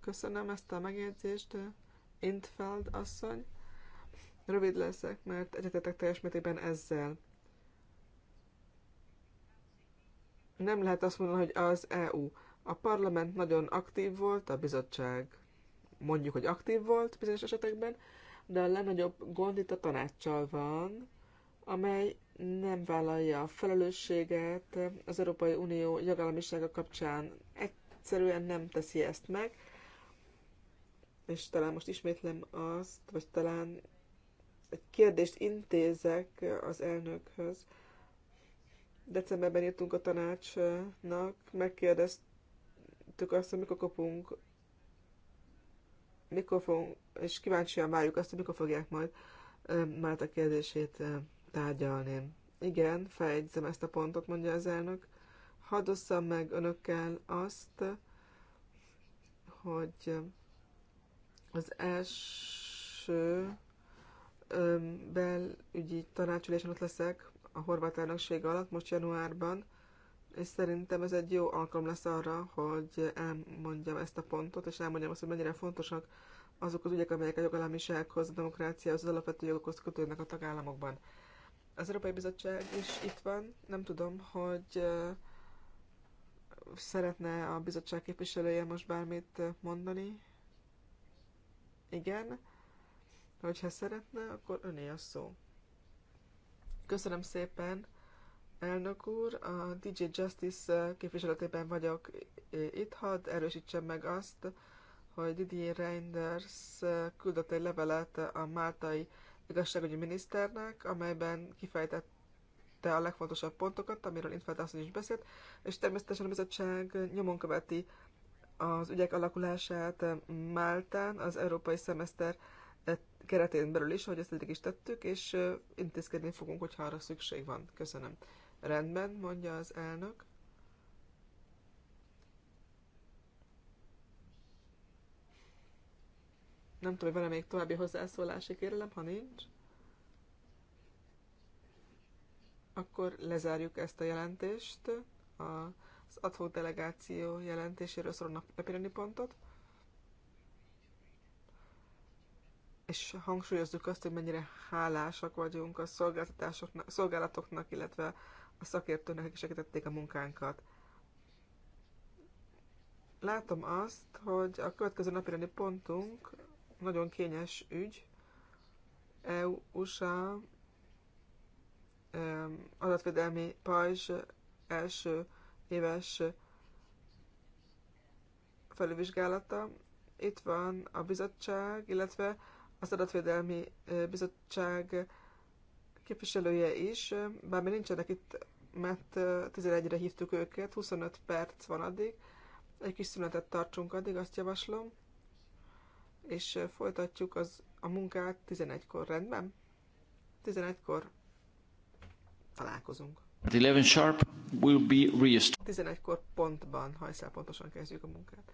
Speaker 3: Köszönöm ezt a megjegyzést, Intfeld asszony. Rövid leszek, mert egyetetek teljes mértékben ezzel. Nem lehet azt mondani, hogy az EU. A parlament nagyon aktív volt, a bizottság mondjuk, hogy aktív volt bizonyos esetekben, de a legnagyobb gond itt a tanácssal van, amely nem vállalja a felelősséget az Európai Unió jogállamisága kapcsán. Egyszerűen nem teszi ezt meg, és talán most ismétlem azt, vagy talán egy kérdést intézek az elnökhöz. Decemberben írtunk a tanácsnak, megkérdeztük azt, hogy mikor kapunk, mikor fogunk, és kíváncsian várjuk azt, hogy mikor fogják majd Málta kérdését tárgyalni. Igen, feljegyzem ezt a pontot, mondja az elnök. Hadd osszam meg önökkel azt, hogy az első belügyi tanácsülésen ott leszek a horvát elnökség alatt, most januárban, és szerintem ez egy jó alkalom lesz arra, hogy elmondjam ezt a pontot, és elmondjam azt, hogy mennyire fontosak azok az ügyek, amelyek a jogállamisághoz, a demokráciához, az alapvető jogokhoz kötődnek a tagállamokban. Az Európai Bizottság is itt van. Nem tudom, hogy szeretne a bizottság képviselője most bármit mondani. Igen. Hogyha szeretne, akkor öné a szó. Köszönöm szépen, elnök úr. A DJ Justice képviseletében vagyok itt. Hadd erősítsem meg azt, hogy Didier Reinders küldött egy levelet a máltai igazságügyi miniszternek, amelyben kifejtette a legfontosabb pontokat, amiről Intfeld asszony is beszélt, és természetesen a bizottság nyomon követi az ügyek alakulását Máltán, az európai szemeszter eh, keretén belül is, ahogy ezt eddig is tettük, és eh, intézkedni fogunk, hogyha arra szükség van. Köszönöm. Rendben, mondja az elnök. Nem tudom, hogy van-e még további hozzászólási kérelem, ha nincs. Akkor lezárjuk ezt a jelentést, az adhó delegáció jelentéséről szóló napirendi pontot. És hangsúlyozzuk azt, hogy mennyire hálásak vagyunk a szolgáltatásoknak, szolgálatoknak, illetve a szakértőnek, akik segítették a munkánkat látom azt, hogy a következő napirendi pontunk nagyon kényes ügy. EU-USA adatvédelmi pajzs első éves felülvizsgálata. Itt van a bizottság, illetve az adatvédelmi bizottság képviselője is, bár még nincsenek itt, mert 11-re hívtuk őket, 25 perc van addig, egy kis szünetet tartsunk addig, azt javaslom és folytatjuk az, a munkát 11-kor, rendben? 11-kor találkozunk.
Speaker 1: 11 sharp will be
Speaker 3: 11-kor pontban, hajszál pontosan kezdjük a munkát.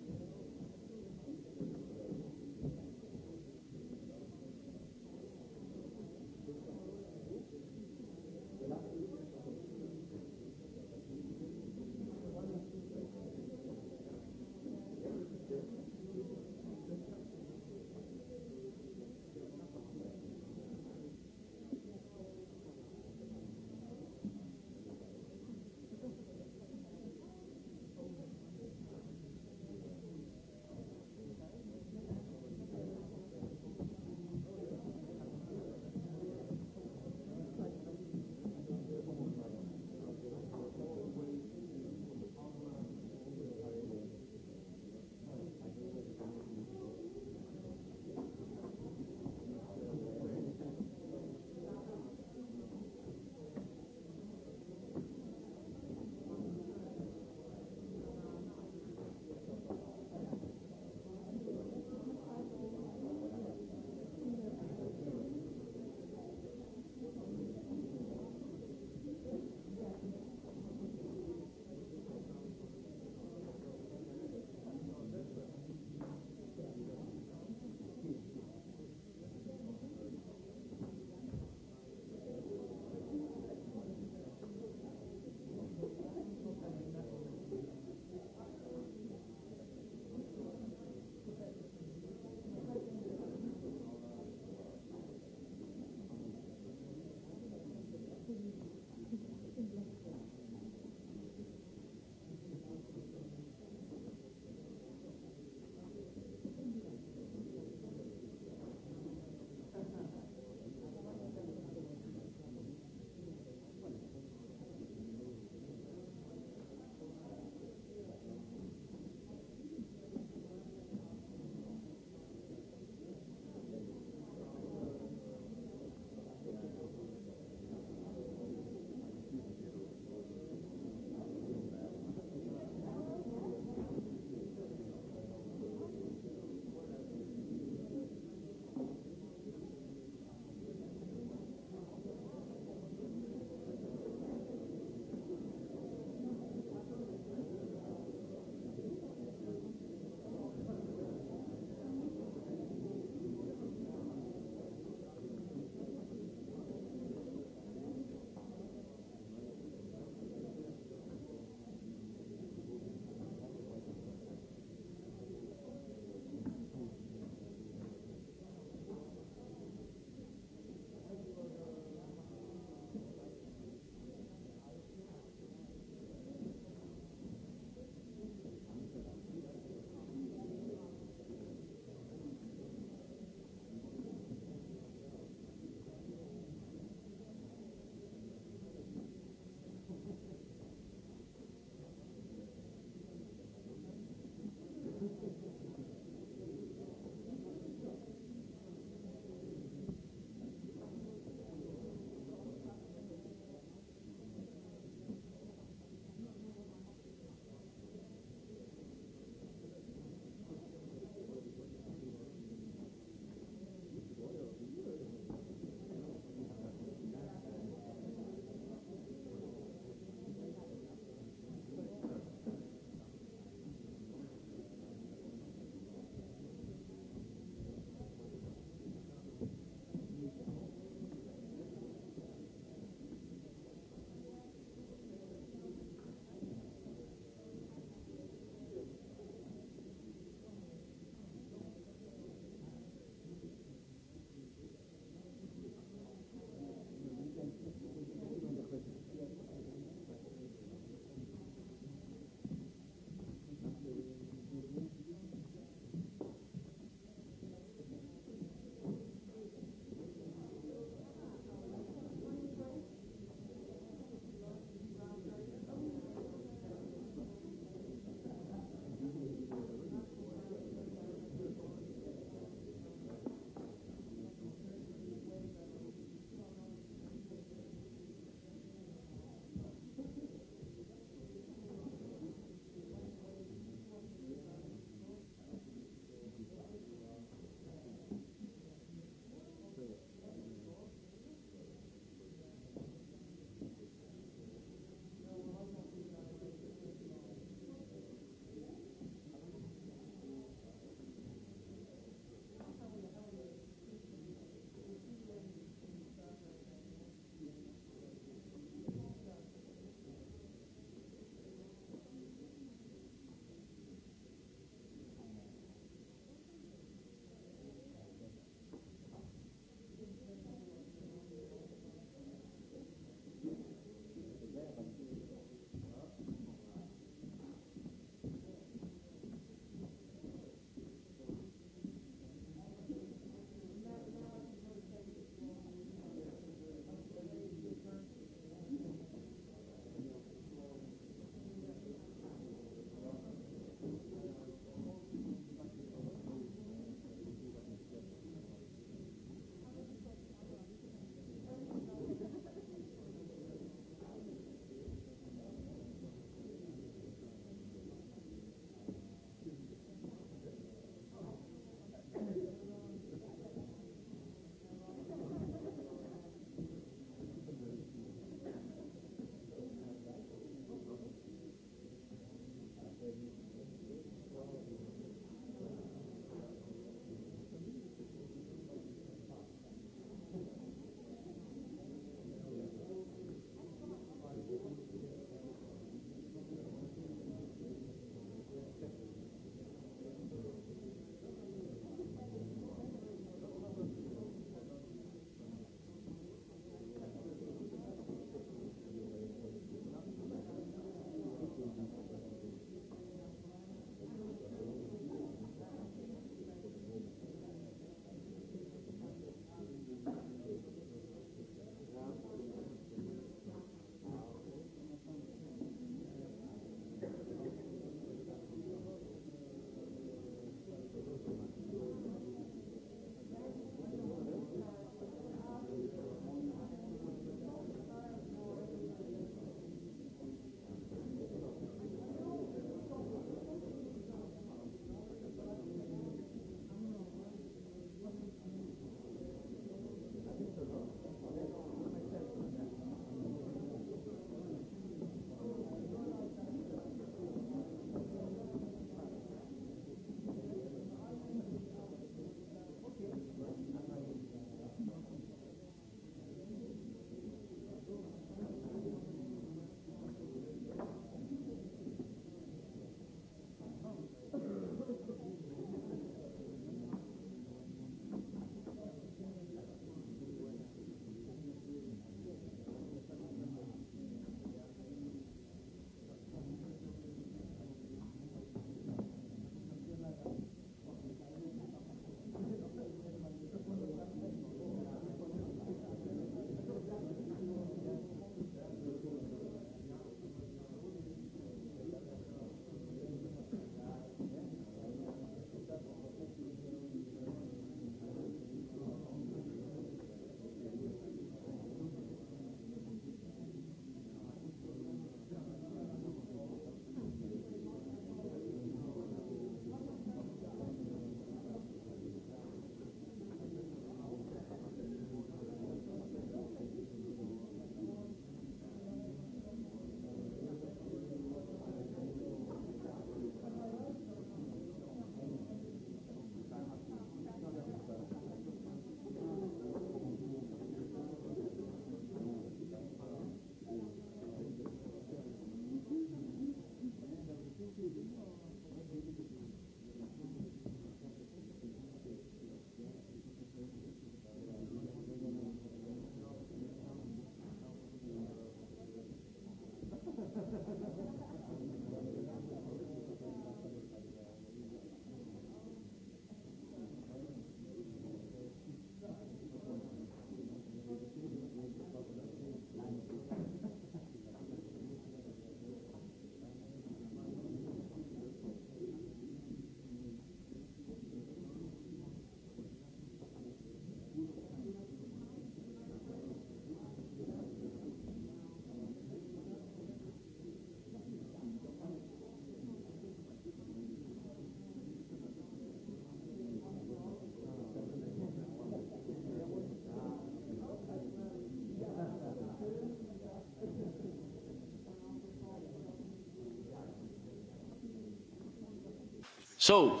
Speaker 1: So,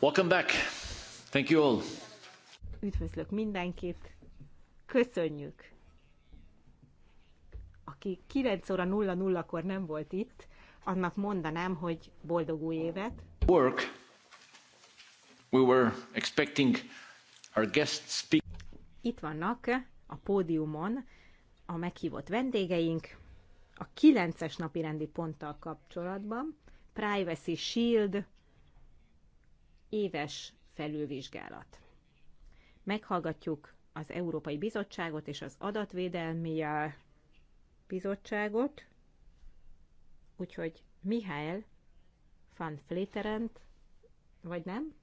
Speaker 1: welcome back. Thank you all.
Speaker 2: Üdvözlök mindenkit. Köszönjük. Aki 9 óra 00-kor nem volt itt, annak mondanám, hogy boldog új évet.
Speaker 1: Work. We were expecting our guest speak.
Speaker 2: Itt vannak a pódiumon a meghívott vendégeink a 9-es napi rendi ponttal kapcsolatban Privacy Shield éves felülvizsgálat. Meghallgatjuk az Európai Bizottságot és az Adatvédelmi Bizottságot, úgyhogy Mihály van Fléterent, vagy nem?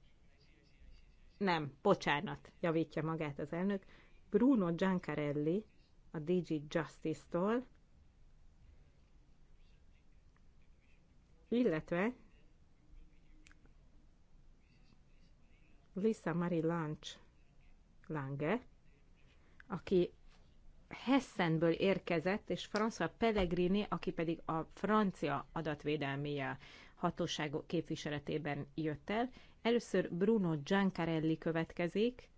Speaker 2: Nem, bocsánat, javítja magát az elnök. Bruno Giancarelli a DG Justice-tól, illetve Lisa Marie Lange, Lange aki Hessenből érkezett, és François Pellegrini, aki pedig a francia adatvédelmi hatóságok képviseletében jött el. Először Bruno Giancarelli következik,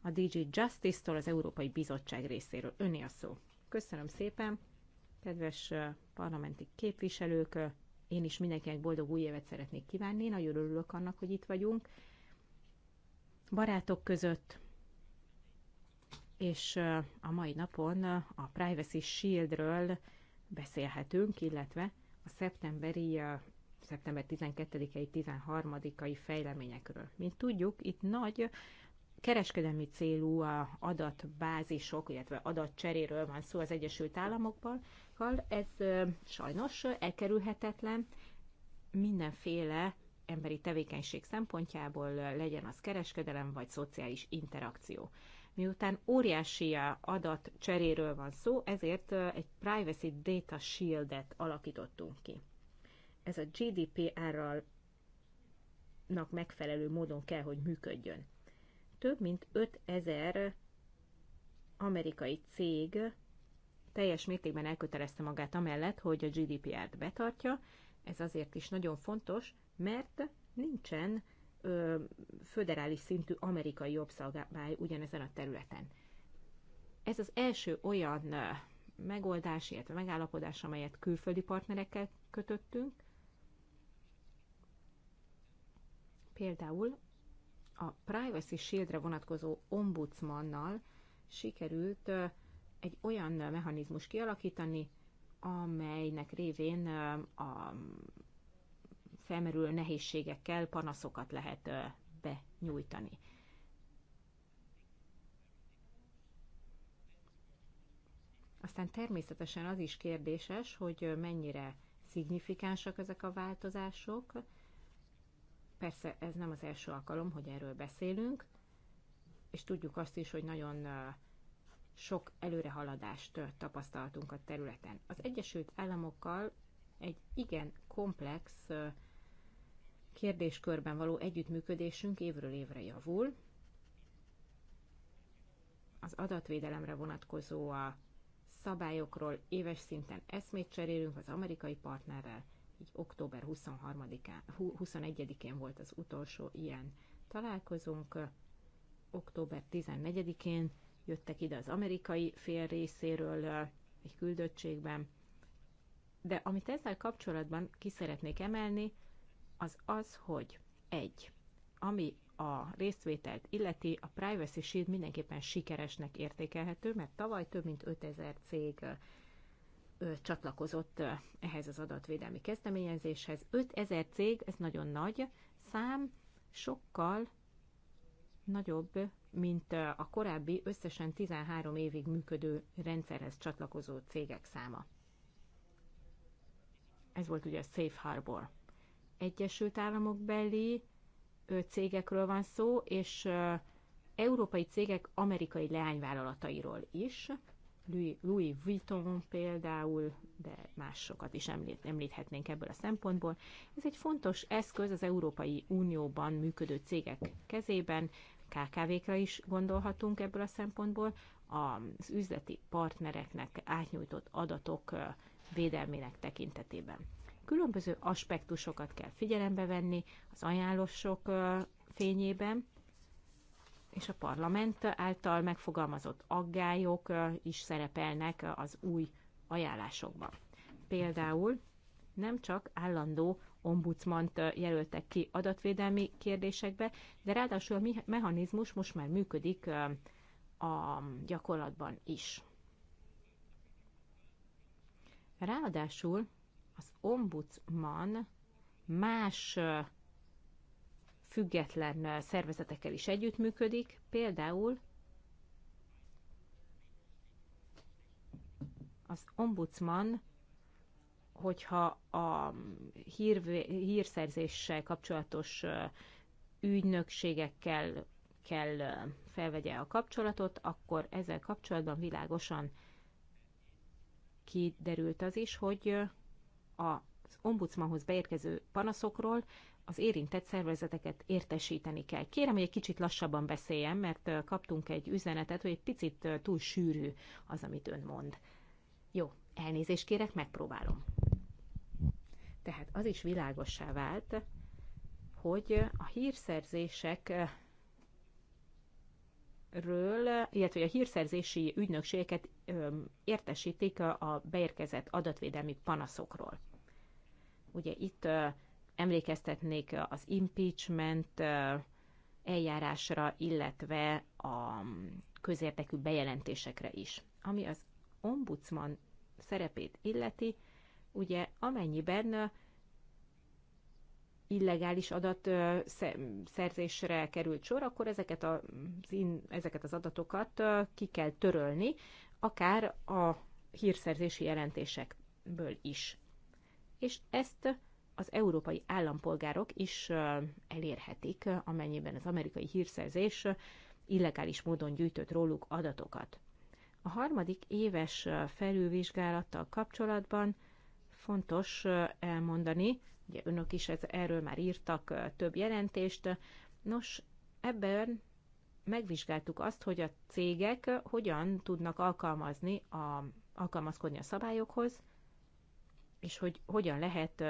Speaker 2: a DG Justice-tól az Európai Bizottság részéről. Öné a szó. Köszönöm szépen, kedves parlamenti képviselők, én is mindenkinek boldog új évet szeretnék kívánni, nagyon örülök annak, hogy itt vagyunk. Barátok között, és a mai napon a Privacy Shieldről beszélhetünk, illetve a szeptemberi szeptember 12-i, 13-ai fejleményekről. Mint tudjuk, itt nagy kereskedelmi célú adatbázisok, illetve adatcseréről van szó az Egyesült Államokban, állapotokkal, ez sajnos elkerülhetetlen mindenféle emberi tevékenység szempontjából, legyen az kereskedelem vagy szociális interakció. Miután óriási adat cseréről van szó, ezért egy Privacy Data Shield-et alakítottunk ki. Ez a GDPR-ral megfelelő módon kell, hogy működjön. Több mint 5000 amerikai cég teljes mértékben elkötelezte magát amellett, hogy a GDPR-t betartja. Ez azért is nagyon fontos, mert nincsen ö, föderális szintű amerikai jogszabály ugyanezen a területen. Ez az első olyan megoldás, illetve megállapodás, amelyet külföldi partnerekkel kötöttünk. Például a Privacy Shieldre vonatkozó ombudsmannal sikerült egy olyan mechanizmus kialakítani, amelynek révén a felmerülő nehézségekkel panaszokat lehet benyújtani. Aztán természetesen az is kérdéses, hogy mennyire szignifikánsak ezek a változások. Persze ez nem az első alkalom, hogy erről beszélünk, és tudjuk azt is, hogy nagyon sok előrehaladást tapasztaltunk a területen. Az Egyesült Államokkal egy igen komplex kérdéskörben való együttműködésünk évről évre javul. Az adatvédelemre vonatkozó a szabályokról éves szinten eszmét cserélünk az amerikai partnerrel, így október 23-án, 21-én volt az utolsó ilyen találkozunk, október 14-én jöttek ide az amerikai fél részéről egy küldöttségben. De amit ezzel kapcsolatban ki szeretnék emelni, az az, hogy egy, ami a részvételt illeti, a Privacy Shield mindenképpen sikeresnek értékelhető, mert tavaly több mint 5000 cég csatlakozott ehhez az adatvédelmi kezdeményezéshez. 5000 cég, ez nagyon nagy szám, sokkal nagyobb mint a korábbi összesen 13 évig működő rendszerhez csatlakozó cégek száma. Ez volt ugye a Safe Harbor. Egyesült Államok beli cégekről van szó, és európai cégek amerikai leányvállalatairól is. Louis Vuitton például, de másokat is említ, említhetnénk ebből a szempontból. Ez egy fontos eszköz az Európai Unióban működő cégek kezében, KKV-kra is gondolhatunk ebből a szempontból, az üzleti partnereknek átnyújtott adatok védelmének tekintetében. Különböző aspektusokat kell figyelembe venni az ajánlósok fényében, és a parlament által megfogalmazott aggályok is szerepelnek az új ajánlásokban. Például nem csak állandó ombudsmant jelöltek ki adatvédelmi kérdésekbe, de ráadásul a mechanizmus most már működik a gyakorlatban is. Ráadásul az ombudsman más független szervezetekkel is együttműködik, például az ombudsman hogyha a hír, hírszerzéssel kapcsolatos ügynökségekkel kell felvegye a kapcsolatot, akkor ezzel kapcsolatban világosan kiderült az is, hogy az ombudsmanhoz beérkező panaszokról az érintett szervezeteket értesíteni kell. Kérem, hogy egy kicsit lassabban beszéljen, mert kaptunk egy üzenetet, hogy egy picit túl sűrű az, amit ön mond. Jó, elnézést kérek, megpróbálom. Tehát az is világosá vált, hogy a hírszerzések ről, illetve a hírszerzési ügynökségeket értesítik a beérkezett adatvédelmi panaszokról. Ugye itt emlékeztetnék az impeachment eljárásra, illetve a közértekű bejelentésekre is. Ami az ombudsman szerepét illeti, ugye amennyiben illegális adat szerzésre került sor, akkor ezeket, a, ezeket az adatokat ki kell törölni, akár a hírszerzési jelentésekből is. És ezt az európai állampolgárok is elérhetik, amennyiben az amerikai hírszerzés illegális módon gyűjtött róluk adatokat. A harmadik éves felülvizsgálattal kapcsolatban fontos elmondani, ugye önök is ez, erről már írtak több jelentést, nos, ebben megvizsgáltuk azt, hogy a cégek hogyan tudnak alkalmazni a, alkalmazkodni a szabályokhoz, és hogy hogyan lehet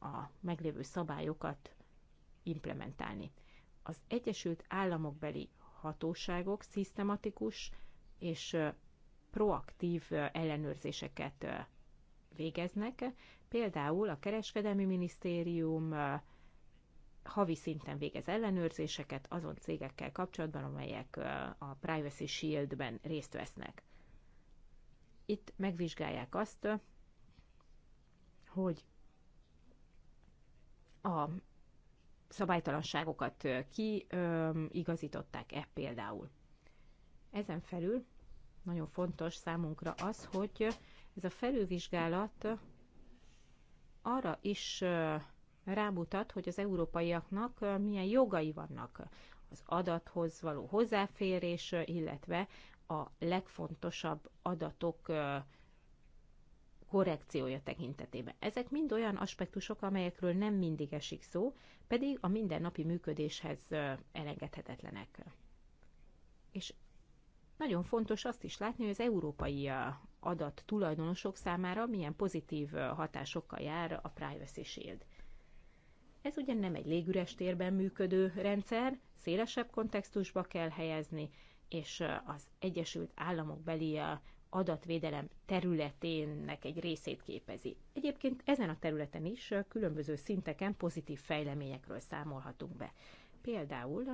Speaker 2: a meglévő szabályokat implementálni. Az Egyesült Államokbeli hatóságok szisztematikus és proaktív ellenőrzéseket végeznek. Például a Kereskedelmi Minisztérium havi szinten végez ellenőrzéseket azon cégekkel kapcsolatban, amelyek a Privacy Shield-ben részt vesznek. Itt megvizsgálják azt, hogy a szabálytalanságokat kiigazították-e például. Ezen felül nagyon fontos számunkra az, hogy ez a felülvizsgálat arra is rámutat, hogy az európaiaknak milyen jogai vannak az adathoz való hozzáférés, illetve a legfontosabb adatok korrekciója tekintetében. Ezek mind olyan aspektusok, amelyekről nem mindig esik szó, pedig a mindennapi működéshez elengedhetetlenek. És nagyon fontos azt is látni, hogy az európai adat tulajdonosok számára milyen pozitív hatásokkal jár a Privacy Shield. Ez ugye nem egy légüres térben működő rendszer, szélesebb kontextusba kell helyezni, és az Egyesült Államok beli adatvédelem területének egy részét képezi. Egyébként ezen a területen is különböző szinteken pozitív fejleményekről számolhatunk be. Például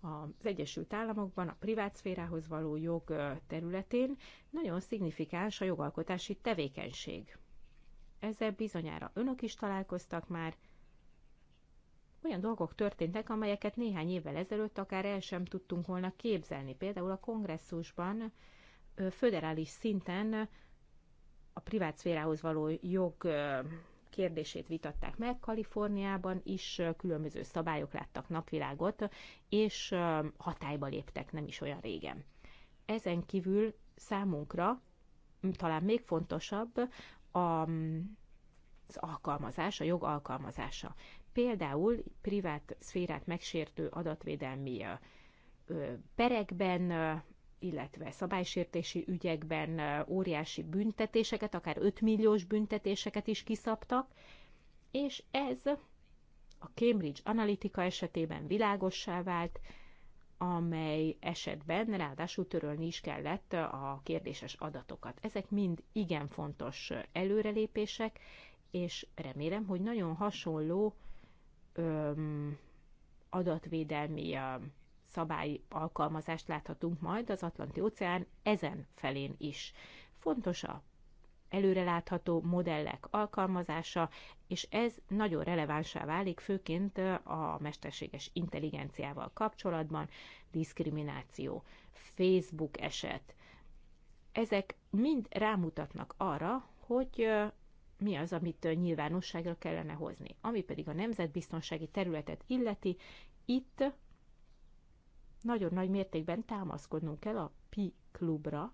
Speaker 2: az Egyesült Államokban a privát szférához való jog területén nagyon szignifikáns a jogalkotási tevékenység. Ezzel bizonyára önök is találkoztak már. Olyan dolgok történtek, amelyeket néhány évvel ezelőtt akár el sem tudtunk volna képzelni. Például a kongresszusban föderális szinten a privát szférához való jog kérdését vitatták meg, Kaliforniában is különböző szabályok láttak napvilágot, és hatályba léptek nem is olyan régen. Ezen kívül számunkra talán még fontosabb a az alkalmazás, a jog alkalmazása. Például privát szférát megsértő adatvédelmi perekben illetve szabálysértési ügyekben óriási büntetéseket, akár 5 milliós büntetéseket is kiszabtak, és ez a Cambridge Analytica esetében világossá vált, amely esetben ráadásul törölni is kellett a kérdéses adatokat. Ezek mind igen fontos előrelépések, és remélem, hogy nagyon hasonló öm, adatvédelmi öm, szabály alkalmazást láthatunk majd az Atlanti-óceán ezen felén is. Fontos a előrelátható modellek alkalmazása, és ez nagyon relevánsá válik, főként a mesterséges intelligenciával kapcsolatban, diszkrimináció, Facebook eset. Ezek mind rámutatnak arra, hogy mi az, amit nyilvánosságra kellene hozni. Ami pedig a nemzetbiztonsági területet illeti, itt nagyon nagy mértékben támaszkodnunk kell a Pi klubra,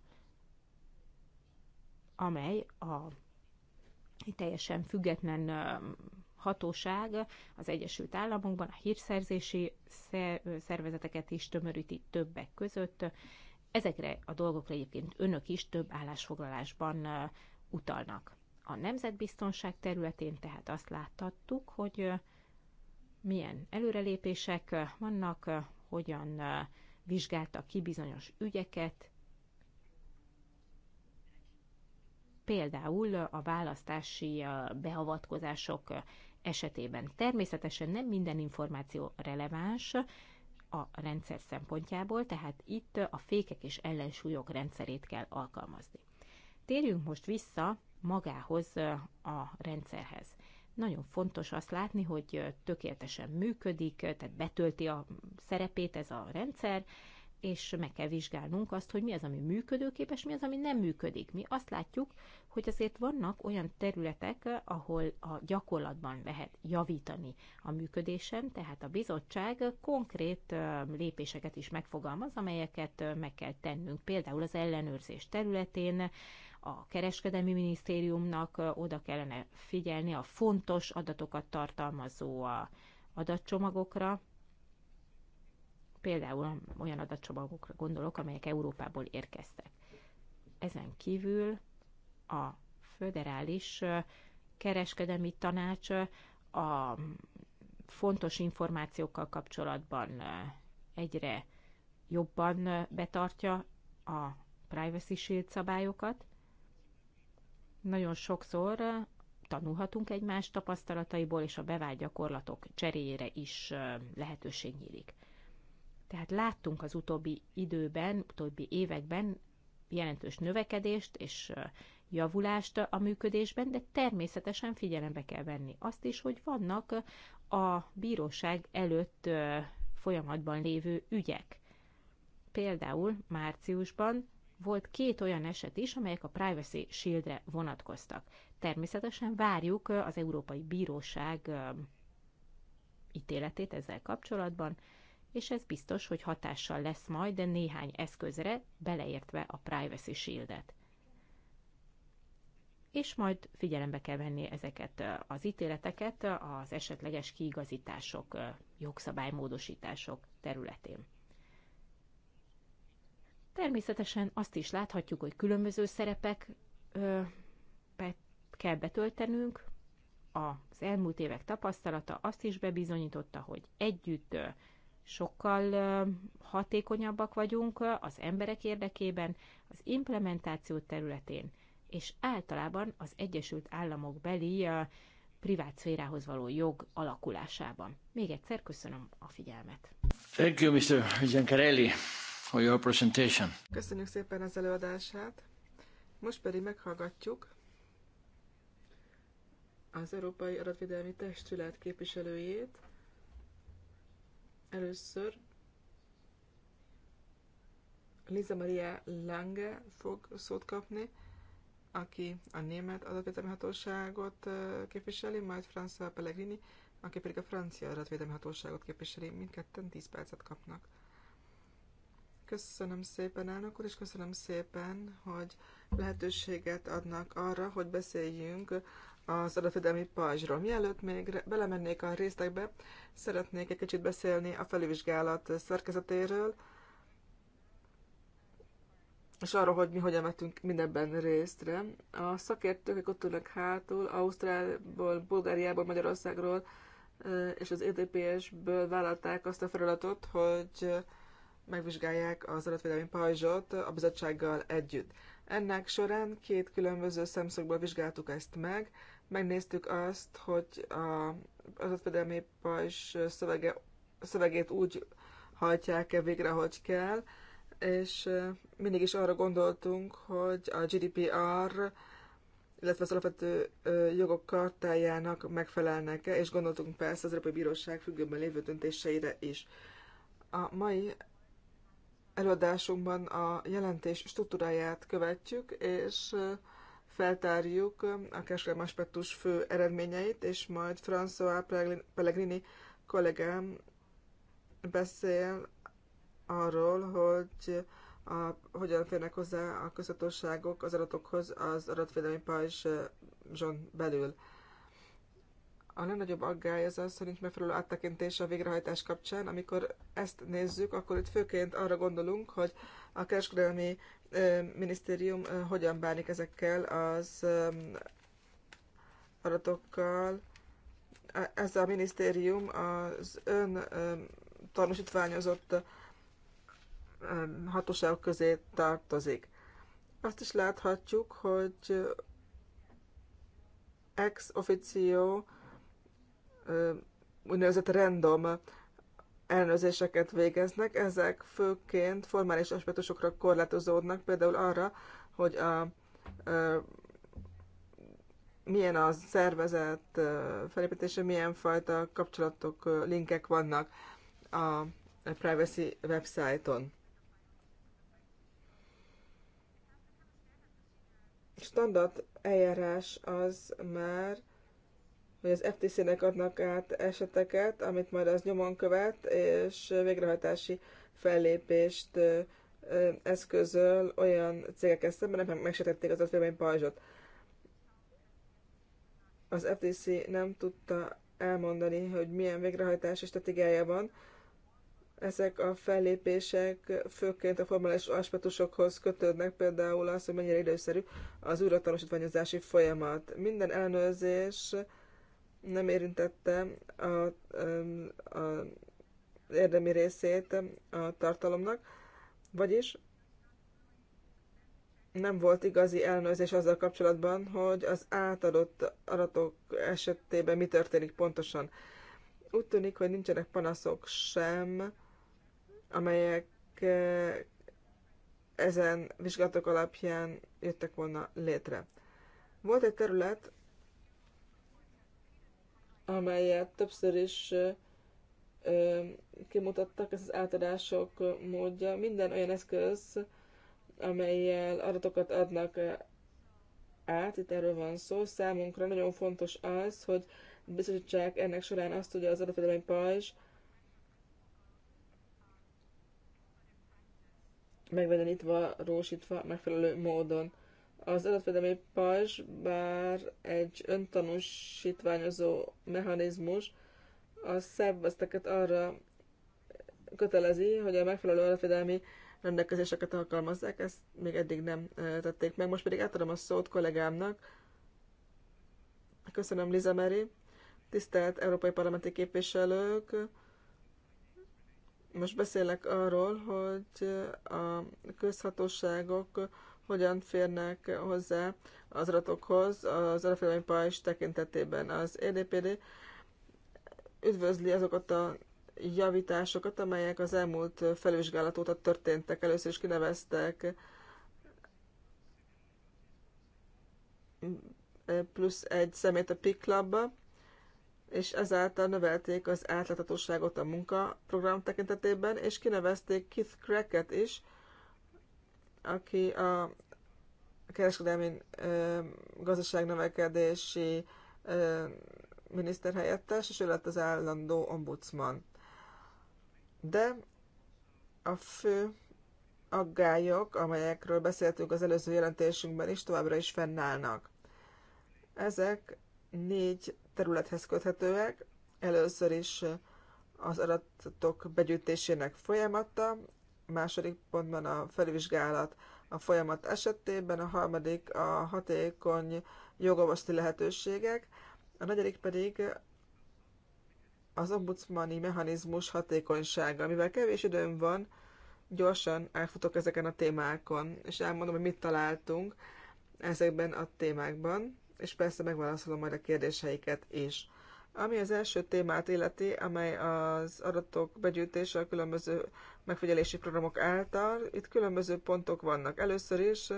Speaker 2: amely a teljesen független hatóság az Egyesült Államokban, a hírszerzési szervezeteket is tömöríti többek között. Ezekre a dolgokra egyébként önök is több állásfoglalásban utalnak. A nemzetbiztonság területén tehát azt láttattuk, hogy milyen előrelépések vannak, hogyan vizsgálta ki bizonyos ügyeket, például a választási beavatkozások esetében. Természetesen nem minden információ releváns a rendszer szempontjából, tehát itt a fékek és ellensúlyok rendszerét kell alkalmazni. Térjünk most vissza magához a rendszerhez. Nagyon fontos azt látni, hogy tökéletesen működik, tehát betölti a szerepét ez a rendszer, és meg kell vizsgálnunk azt, hogy mi az, ami működőképes, mi az, ami nem működik. Mi azt látjuk, hogy azért vannak olyan területek, ahol a gyakorlatban lehet javítani a működésen, tehát a bizottság konkrét lépéseket is megfogalmaz, amelyeket meg kell tennünk, például az ellenőrzés területén, a kereskedelmi minisztériumnak oda kellene figyelni a fontos adatokat tartalmazó a adatcsomagokra, például olyan adatcsomagokra gondolok, amelyek Európából érkeztek. Ezen kívül a föderális kereskedelmi tanács a fontos információkkal kapcsolatban egyre jobban betartja a privacy shield szabályokat, nagyon sokszor tanulhatunk egymás tapasztalataiból, és a bevált gyakorlatok cseréjére is lehetőség nyílik. Tehát láttunk az utóbbi időben, utóbbi években jelentős növekedést és javulást a működésben, de természetesen figyelembe kell venni azt is, hogy vannak a bíróság előtt folyamatban lévő ügyek. Például márciusban volt két olyan eset is, amelyek a Privacy Shieldre vonatkoztak. Természetesen várjuk az Európai Bíróság ítéletét ezzel kapcsolatban, és ez biztos, hogy hatással lesz majd de néhány eszközre, beleértve a Privacy Shieldet. És majd figyelembe kell venni ezeket az ítéleteket az esetleges kiigazítások, jogszabálymódosítások területén. Természetesen azt is láthatjuk, hogy különböző szerepek ö, be, kell betöltenünk. Az elmúlt évek tapasztalata azt is bebizonyította, hogy együtt ö, sokkal ö, hatékonyabbak vagyunk ö, az emberek érdekében, az implementáció területén, és általában az Egyesült Államok beli ö, privát szférához való jog alakulásában. Még egyszer köszönöm a
Speaker 3: figyelmet.
Speaker 1: Thank you, Mr. Giancarelli for your presentation.
Speaker 3: Köszönjük szépen az előadását. Most pedig meghallgatjuk az Európai Adatvédelmi Testület képviselőjét. Először Liza Maria Lange fog szót kapni, aki a Német Adatvédelmi Hatóságot képviseli, majd François Pellegrini, aki pedig a Francia Adatvédelmi Hatóságot képviseli. Mindketten 10 percet kapnak. Köszönöm szépen, elnök úr, és köszönöm szépen, hogy lehetőséget adnak arra, hogy beszéljünk az adatvédelmi pajzsról. Mielőtt még belemennék a részekbe. szeretnék egy kicsit beszélni a felülvizsgálat szerkezetéről, és arról, hogy mi hogyan vettünk mindenben résztre. A szakértők, akik ott ülnek hátul, Ausztrálból, Bulgáriából, Magyarországról és az EDPS-ből vállalták azt a feladatot, hogy megvizsgálják az adatvédelmi pajzsot a bizottsággal együtt. Ennek során két különböző szemszögből vizsgáltuk ezt meg. Megnéztük azt, hogy az adatvédelmi pajzs szövege, szövegét úgy hajtják-e végre, hogy kell, és mindig is arra gondoltunk, hogy a GDPR, illetve az alapvető jogok kartájának megfelelnek-e, és gondoltunk persze az Európai Bíróság függőben lévő döntéseire is. A mai előadásunkban a jelentés struktúráját követjük, és feltárjuk a kereskedelmi aspektus fő eredményeit, és majd François Pellegrini kollégám beszél arról, hogy a, hogyan férnek hozzá a közhatóságok az adatokhoz az adatvédelmi pajzson belül. A legnagyobb aggály az az, hogy nincs megfelelő áttekintés a végrehajtás kapcsán. Amikor ezt nézzük, akkor itt főként arra gondolunk, hogy a kereskedelmi minisztérium hogyan bánik ezekkel az adatokkal. E, ez a minisztérium az ön tanúsítványozott hatóságok közé tartozik. Azt is láthatjuk, hogy ex officio úgynevezett random ellenőrzéseket végeznek, ezek főként formális aspektusokra korlátozódnak, például arra, hogy a, a, milyen a szervezet felépítése, milyen fajta kapcsolatok, linkek vannak a privacy websájton. Standard eljárás az már hogy az FTC-nek adnak át eseteket, amit majd az nyomon követ, és végrehajtási fellépést eszközöl olyan cégekkel szemben, amelyek megsetették az ötvélemény pajzsot. Az FTC nem tudta elmondani, hogy milyen végrehajtási stratégiája van. Ezek a fellépések főként a formális aspektusokhoz kötődnek, például az, hogy mennyire időszerű az újratanúsítványozási folyamat. Minden ellenőrzés nem érintette a, a, a érdemi részét a tartalomnak, vagyis nem volt igazi elnőzés azzal kapcsolatban, hogy az átadott adatok esetében mi történik pontosan. Úgy tűnik, hogy nincsenek panaszok sem, amelyek eh, ezen vizsgálatok alapján jöttek volna létre. Volt egy terület, amelyet többször is kimutattak, ez az átadások módja. Minden olyan eszköz, amelyel adatokat adnak át, itt erről van szó, számunkra nagyon fontos az, hogy biztosítsák ennek során azt, hogy az adatvédelmi pajzs megvedenítva, rósítva, megfelelő módon. Az adatvédelmi pajzs bár egy öntanúsítványozó mechanizmus a szervezeteket arra kötelezi, hogy a megfelelő adatvédelmi rendelkezéseket alkalmazzák, ezt még eddig nem tették meg. Most pedig átadom a szót kollégámnak. Köszönöm, Liza Mary. Tisztelt Európai Parlamenti képviselők, most beszélek arról, hogy a közhatóságok hogyan férnek hozzá az adatokhoz az pajzs tekintetében. Az EDPD üdvözli azokat a javításokat, amelyek az elmúlt felvizsgálat óta történtek. Először is kineveztek plusz egy szemét a Club-ba, és ezáltal növelték az átláthatóságot a munkaprogram tekintetében, és kinevezték Keith Cracket is, aki a kereskedelmi ö, gazdaságnövekedési ö, miniszterhelyettes, és ő lett az állandó ombudsman. De a fő aggályok, amelyekről beszéltünk az előző jelentésünkben is, továbbra is fennállnak. Ezek négy területhez köthetőek. Először is az adatok begyűjtésének folyamata, második pontban a felvizsgálat a folyamat esetében, a harmadik a hatékony jogolvasati lehetőségek, a negyedik pedig az ombudsmani mechanizmus hatékonysága. Mivel kevés időm van, gyorsan elfutok ezeken a témákon, és elmondom, hogy mit találtunk ezekben a témákban, és persze megválaszolom majd a kérdéseiket is. Ami az első témát illeti, amely az adatok begyűjtése a különböző megfigyelési programok által, itt különböző pontok vannak. Először is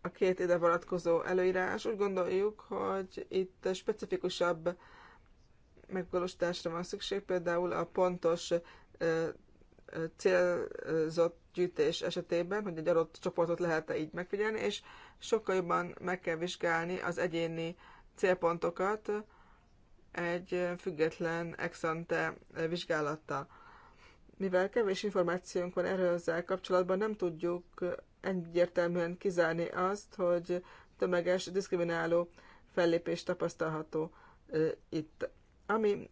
Speaker 3: a két ide vonatkozó előírás. Úgy gondoljuk, hogy itt specifikusabb megvalósításra van szükség, például a pontos célzott gyűjtés esetében, hogy egy adott csoportot lehet-e így megfigyelni, és sokkal jobban meg kell vizsgálni az egyéni célpontokat egy független exante vizsgálattal. Mivel kevés információnk van erről ezzel kapcsolatban, nem tudjuk egyértelműen kizárni azt, hogy tömeges, diszkrimináló fellépés tapasztalható itt. Ami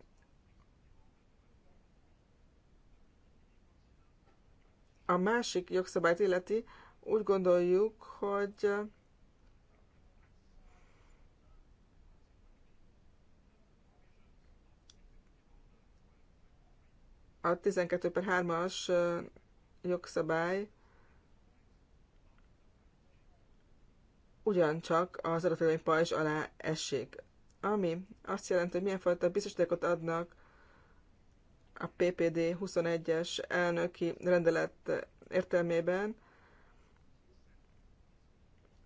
Speaker 3: a másik jogszabályt illeti, úgy gondoljuk, hogy a 12 per 3-as jogszabály ugyancsak az adatvédelmi pajzs alá esik. Ami azt jelenti, hogy milyen fajta biztosítékot adnak a PPD 21-es elnöki rendelet értelmében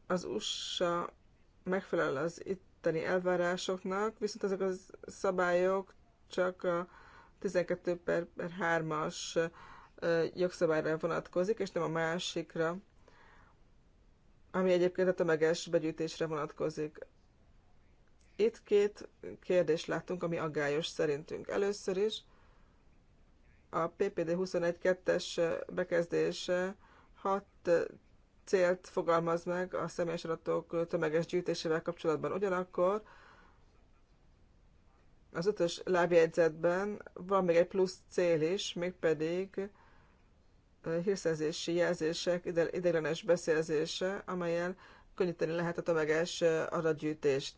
Speaker 3: az USA megfelel az itteni elvárásoknak, viszont ezek a szabályok csak a 12 per 3-as jogszabályra vonatkozik, és nem a másikra, ami egyébként a tömeges begyűjtésre vonatkozik. Itt két kérdést látunk, ami aggályos szerintünk. Először is a PPD 21.2-es bekezdése hat célt fogalmaz meg a személyes adatok tömeges gyűjtésével kapcsolatban. Ugyanakkor az ötös lábjegyzetben van még egy plusz cél is, mégpedig hírszerzési jelzések ideiglenes beszélzése, amelyen könnyíteni lehet a tömeges adatgyűjtést.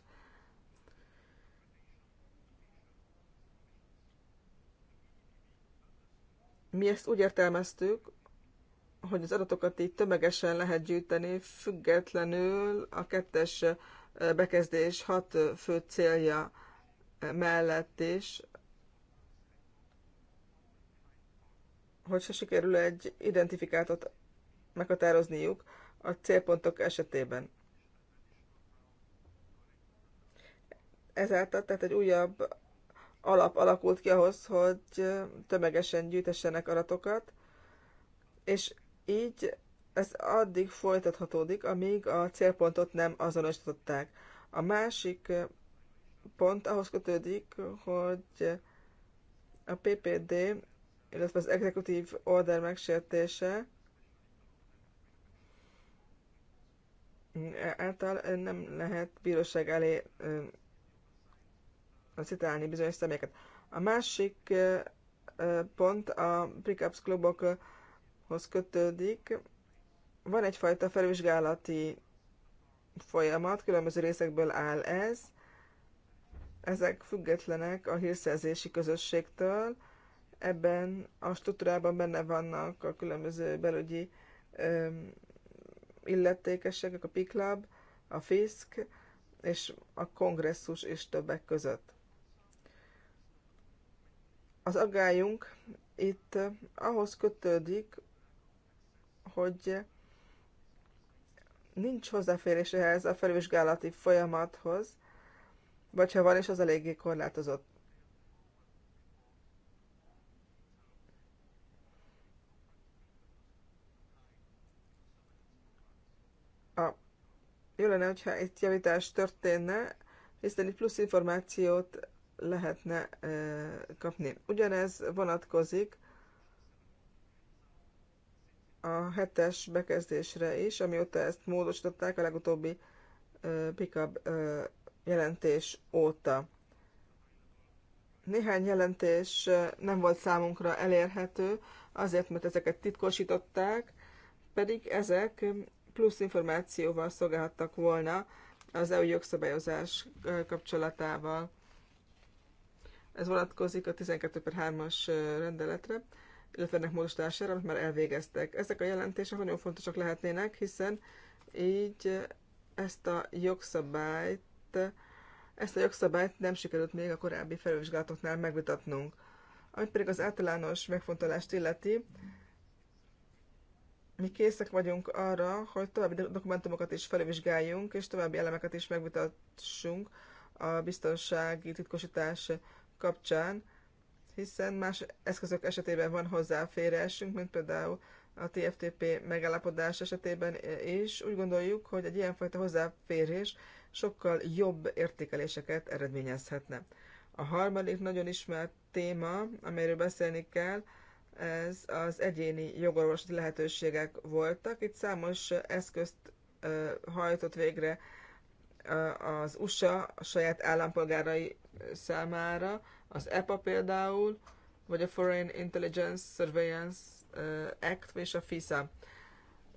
Speaker 3: Mi ezt úgy értelmeztük, hogy az adatokat így tömegesen lehet gyűjteni, függetlenül a kettes bekezdés hat fő célja mellett is, se sikerül egy identifikátot meghatározniuk a célpontok esetében. Ezáltal tehát egy újabb alap alakult ki ahhoz, hogy tömegesen gyűjtessenek aratokat, és így ez addig folytathatódik, amíg a célpontot nem azonosították. A másik pont ahhoz kötődik, hogy a PPD, illetve az executive order megsértése által nem lehet bíróság elé citálni bizonyos személyeket. A másik pont a Pickups klubokhoz kötődik. Van egyfajta felvizsgálati folyamat, különböző részekből áll ez. Ezek függetlenek a hírszerzési közösségtől. Ebben a struktúrában benne vannak a különböző belügyi öm, illetékesek, a PICLAB, a FISK és a kongresszus és többek között. Az aggályunk itt eh, ahhoz kötődik, hogy nincs hozzáférés ehhez a felvizsgálati folyamathoz, vagy ha van, és az eléggé korlátozott. A, jó lenne, hogyha itt javítás történne, hiszen itt plusz információt lehetne kapni. Ugyanez vonatkozik a hetes bekezdésre is, amióta ezt módosították a legutóbbi pickup jelentés óta. Néhány jelentés nem volt számunkra elérhető, azért, mert ezeket titkosították, pedig ezek plusz információval szolgálhattak volna az EU jogszabályozás kapcsolatával. Ez vonatkozik a 12 per 3-as rendeletre, illetve ennek módosítására, amit már elvégeztek. Ezek a jelentések nagyon fontosak lehetnének, hiszen így ezt a jogszabályt ezt a jogszabályt nem sikerült még a korábbi felvizsgálatoknál megvitatnunk. Ami pedig az általános megfontolást illeti, mi készek vagyunk arra, hogy további dokumentumokat is felvizsgáljunk, és további elemeket is megvitassunk a biztonsági titkosítás kapcsán, hiszen más eszközök esetében van hozzáférésünk, mint például a TFTP megállapodás esetében is. Úgy gondoljuk, hogy egy ilyenfajta hozzáférés sokkal jobb értékeléseket eredményezhetne. A harmadik nagyon ismert téma, amelyről beszélni kell, ez az egyéni jogorvoslati lehetőségek voltak. Itt számos eszközt hajtott végre az USA a saját állampolgárai számára, az EPA például, vagy a Foreign Intelligence Surveillance Act és a FISA.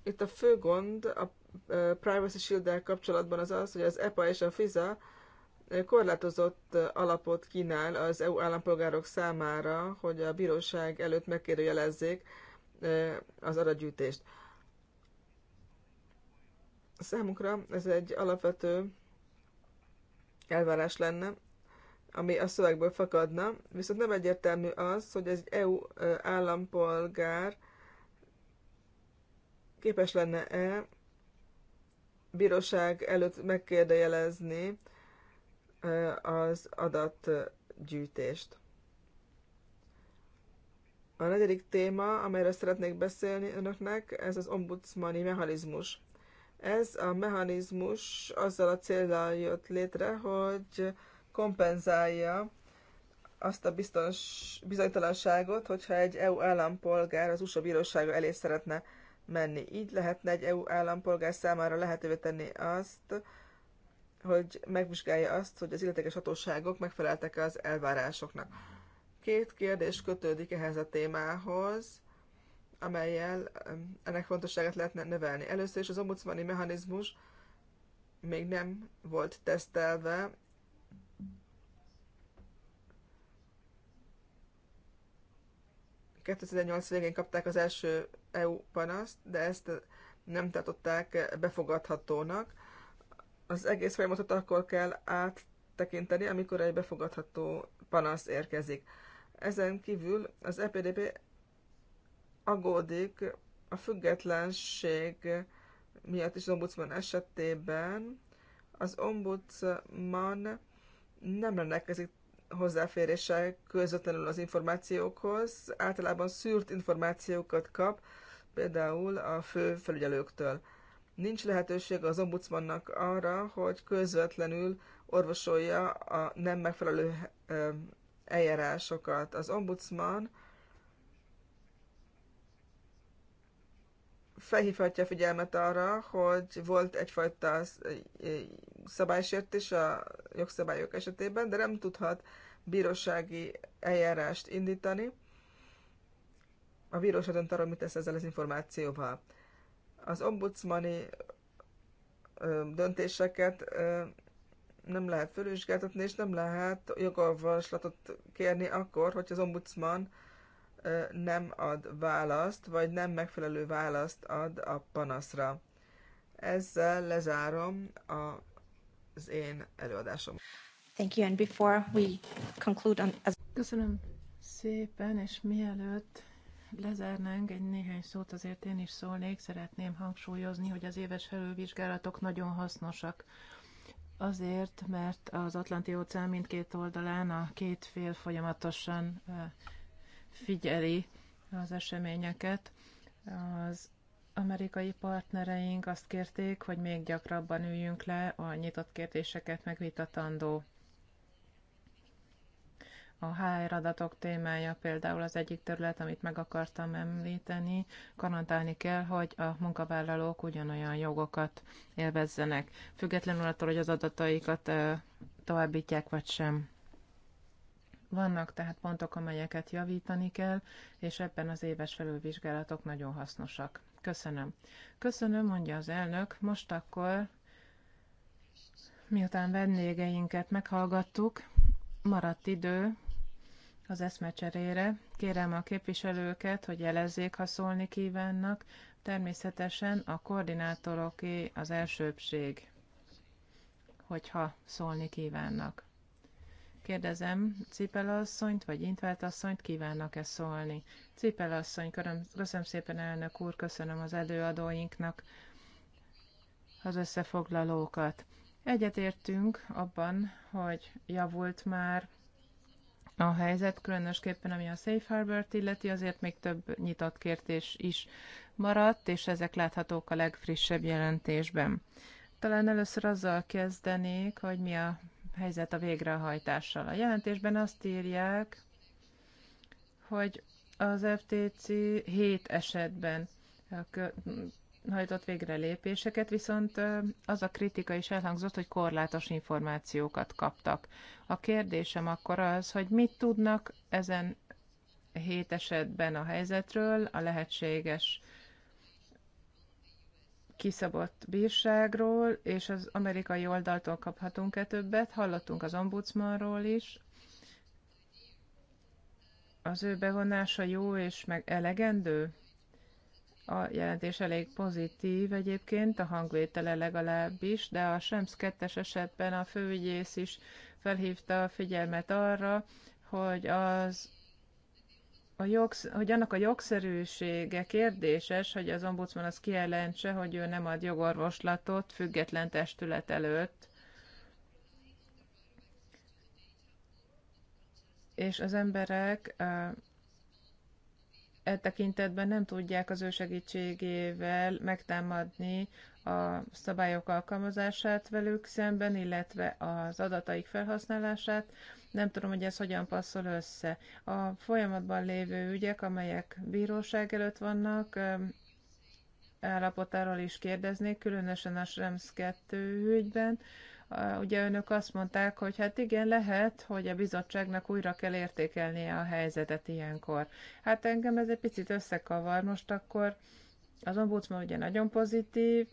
Speaker 3: Itt a fő gond a Privacy shield kapcsolatban az az, hogy az EPA és a FISA korlátozott alapot kínál az EU állampolgárok számára, hogy a bíróság előtt megkérdőjelezzék az adatgyűjtést. Számukra ez egy alapvető elvárás lenne, ami a szövegből fakadna, viszont nem egyértelmű az, hogy egy EU állampolgár képes lenne-e bíróság előtt megkérdejelezni az adatgyűjtést. A negyedik téma, amelyről szeretnék beszélni önöknek, ez az ombudsmani mechanizmus. Ez a mechanizmus azzal a célral jött létre, hogy kompenzálja azt a biztons, bizonytalanságot, hogyha egy EU állampolgár az USA bírósága elé szeretne menni. Így lehetne egy EU állampolgár számára lehetővé tenni azt, hogy megvizsgálja azt, hogy az illetékes hatóságok megfeleltek -e az elvárásoknak. Két kérdés kötődik ehhez a témához amelyel ennek fontosságát lehetne növelni. Először is az ombudsmani mechanizmus még nem volt tesztelve, ...2008 végén kapták az első EU panaszt, de ezt nem tartották befogadhatónak. Az egész folyamatot akkor kell áttekinteni, amikor egy befogadható panasz érkezik. Ezen kívül az EPDP aggódik a függetlenség miatt is az ombudsman esetében. Az ombudsman nem rendelkezik hozzáférése közvetlenül az információkhoz, általában szűrt információkat kap, például a fő felügyelőktől. Nincs lehetőség az ombudsmannak arra, hogy közvetlenül orvosolja a nem megfelelő eljárásokat. Az ombudsman felhívhatja a figyelmet arra, hogy volt egyfajta szabálysértés a jogszabályok esetében, de nem tudhat bírósági eljárást indítani. A bíróság dönt arról, mit tesz ezzel az információval. Az ombudsmani döntéseket nem lehet fölvizsgáltatni, és nem lehet jogolvaslatot kérni akkor, hogy az ombudsman nem ad választ, vagy nem megfelelő választ ad a panaszra. Ezzel lezárom a, az én előadásom. Thank
Speaker 4: you,
Speaker 2: and before we conclude on... Köszönöm
Speaker 4: szépen, és mielőtt lezárnánk, egy néhány szót azért én is szólnék, szeretném hangsúlyozni, hogy az éves felülvizsgálatok nagyon hasznosak. Azért, mert az Atlanti óceán mindkét oldalán a két fél folyamatosan figyeli az eseményeket. Az amerikai partnereink azt kérték, hogy még gyakrabban üljünk le a nyitott kérdéseket megvitatandó. A HR adatok témája például az egyik terület, amit meg akartam említeni. Garantálni kell, hogy a munkavállalók ugyanolyan jogokat élvezzenek, függetlenül attól, hogy az adataikat továbbítják vagy sem. Vannak tehát pontok, amelyeket javítani kell, és ebben az éves felülvizsgálatok nagyon hasznosak. Köszönöm. Köszönöm, mondja az elnök. Most akkor, miután vendégeinket meghallgattuk, maradt idő az eszmecserére. Kérem a képviselőket, hogy jelezzék, ha szólni kívánnak. Természetesen a koordinátoroké az elsőbség, hogyha szólni kívánnak. Kérdezem, Cipel asszonyt vagy Intvált asszonyt kívánnak-e szólni? Cipel asszony, köszönöm szépen elnök úr, köszönöm az előadóinknak az összefoglalókat. Egyetértünk abban, hogy javult már a helyzet, különösképpen ami a Safe Harbor-t illeti, azért még több nyitott kértés is maradt, és ezek láthatók a legfrissebb jelentésben. Talán először azzal kezdenék, hogy mi a helyzet a végrehajtással. A jelentésben azt írják, hogy az FTC 7 esetben hajtott végre lépéseket, viszont az a kritika is elhangzott, hogy korlátos információkat kaptak. A kérdésem akkor az, hogy mit tudnak ezen 7 esetben a helyzetről, a lehetséges kiszabott bírságról, és az amerikai oldaltól kaphatunk-e többet. Hallottunk az ombudsmanról is. Az ő bevonása jó és meg elegendő? A jelentés elég pozitív egyébként, a hangvétele legalábbis, de a SEMS 2 esetben a főügyész is felhívta a figyelmet arra, hogy az a jogsz, hogy annak a jogszerűsége kérdéses, hogy az ombudsman az kijelentse, hogy ő nem ad jogorvoslatot független testület előtt, és az emberek e tekintetben nem tudják az ő segítségével megtámadni a szabályok alkalmazását velük szemben, illetve az adataik felhasználását, nem tudom, hogy ez hogyan passzol össze. A folyamatban lévő ügyek, amelyek bíróság előtt vannak, állapotáról is kérdeznék, különösen a SREMS 2 ügyben. Ugye önök azt mondták, hogy hát igen, lehet, hogy a bizottságnak újra kell értékelnie a helyzetet ilyenkor. Hát engem ez egy picit összekavar, most akkor az ombudsman ugye nagyon pozitív,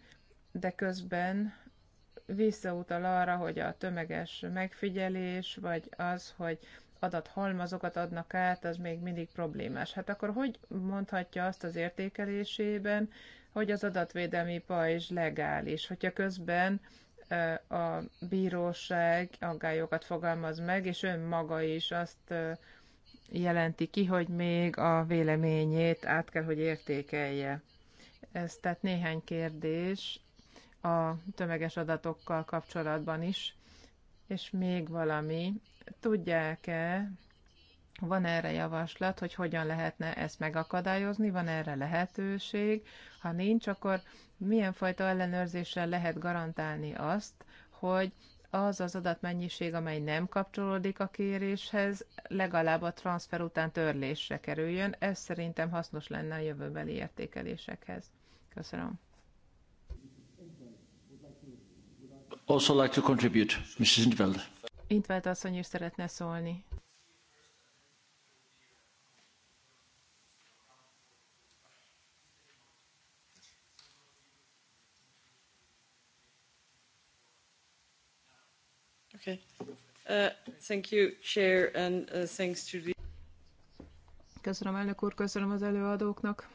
Speaker 4: de közben visszautal arra, hogy a tömeges megfigyelés, vagy az, hogy adathalmazokat adnak át, az még mindig problémás. Hát akkor hogy mondhatja azt az értékelésében, hogy az adatvédelmi pajzs legális, hogyha közben a bíróság aggályokat fogalmaz meg, és ön maga is azt jelenti ki, hogy még a véleményét át kell, hogy értékelje. Ez tehát néhány kérdés, a tömeges adatokkal kapcsolatban is. És még valami, tudják-e, van erre javaslat, hogy hogyan lehetne ezt megakadályozni, van erre lehetőség, ha nincs, akkor milyen fajta ellenőrzéssel lehet garantálni azt, hogy az az adatmennyiség, amely nem kapcsolódik a kéréshez, legalább a transfer után törlésre kerüljön. Ez szerintem hasznos lenne a jövőbeli értékelésekhez. Köszönöm.
Speaker 1: also like to contribute, Mrs. Intveld.
Speaker 4: Intveld asszony is szeretne szólni.
Speaker 3: Okay. Uh, thank you, Chair, and uh, thanks to the...
Speaker 4: Köszönöm, elnök úr, köszönöm az előadóknak.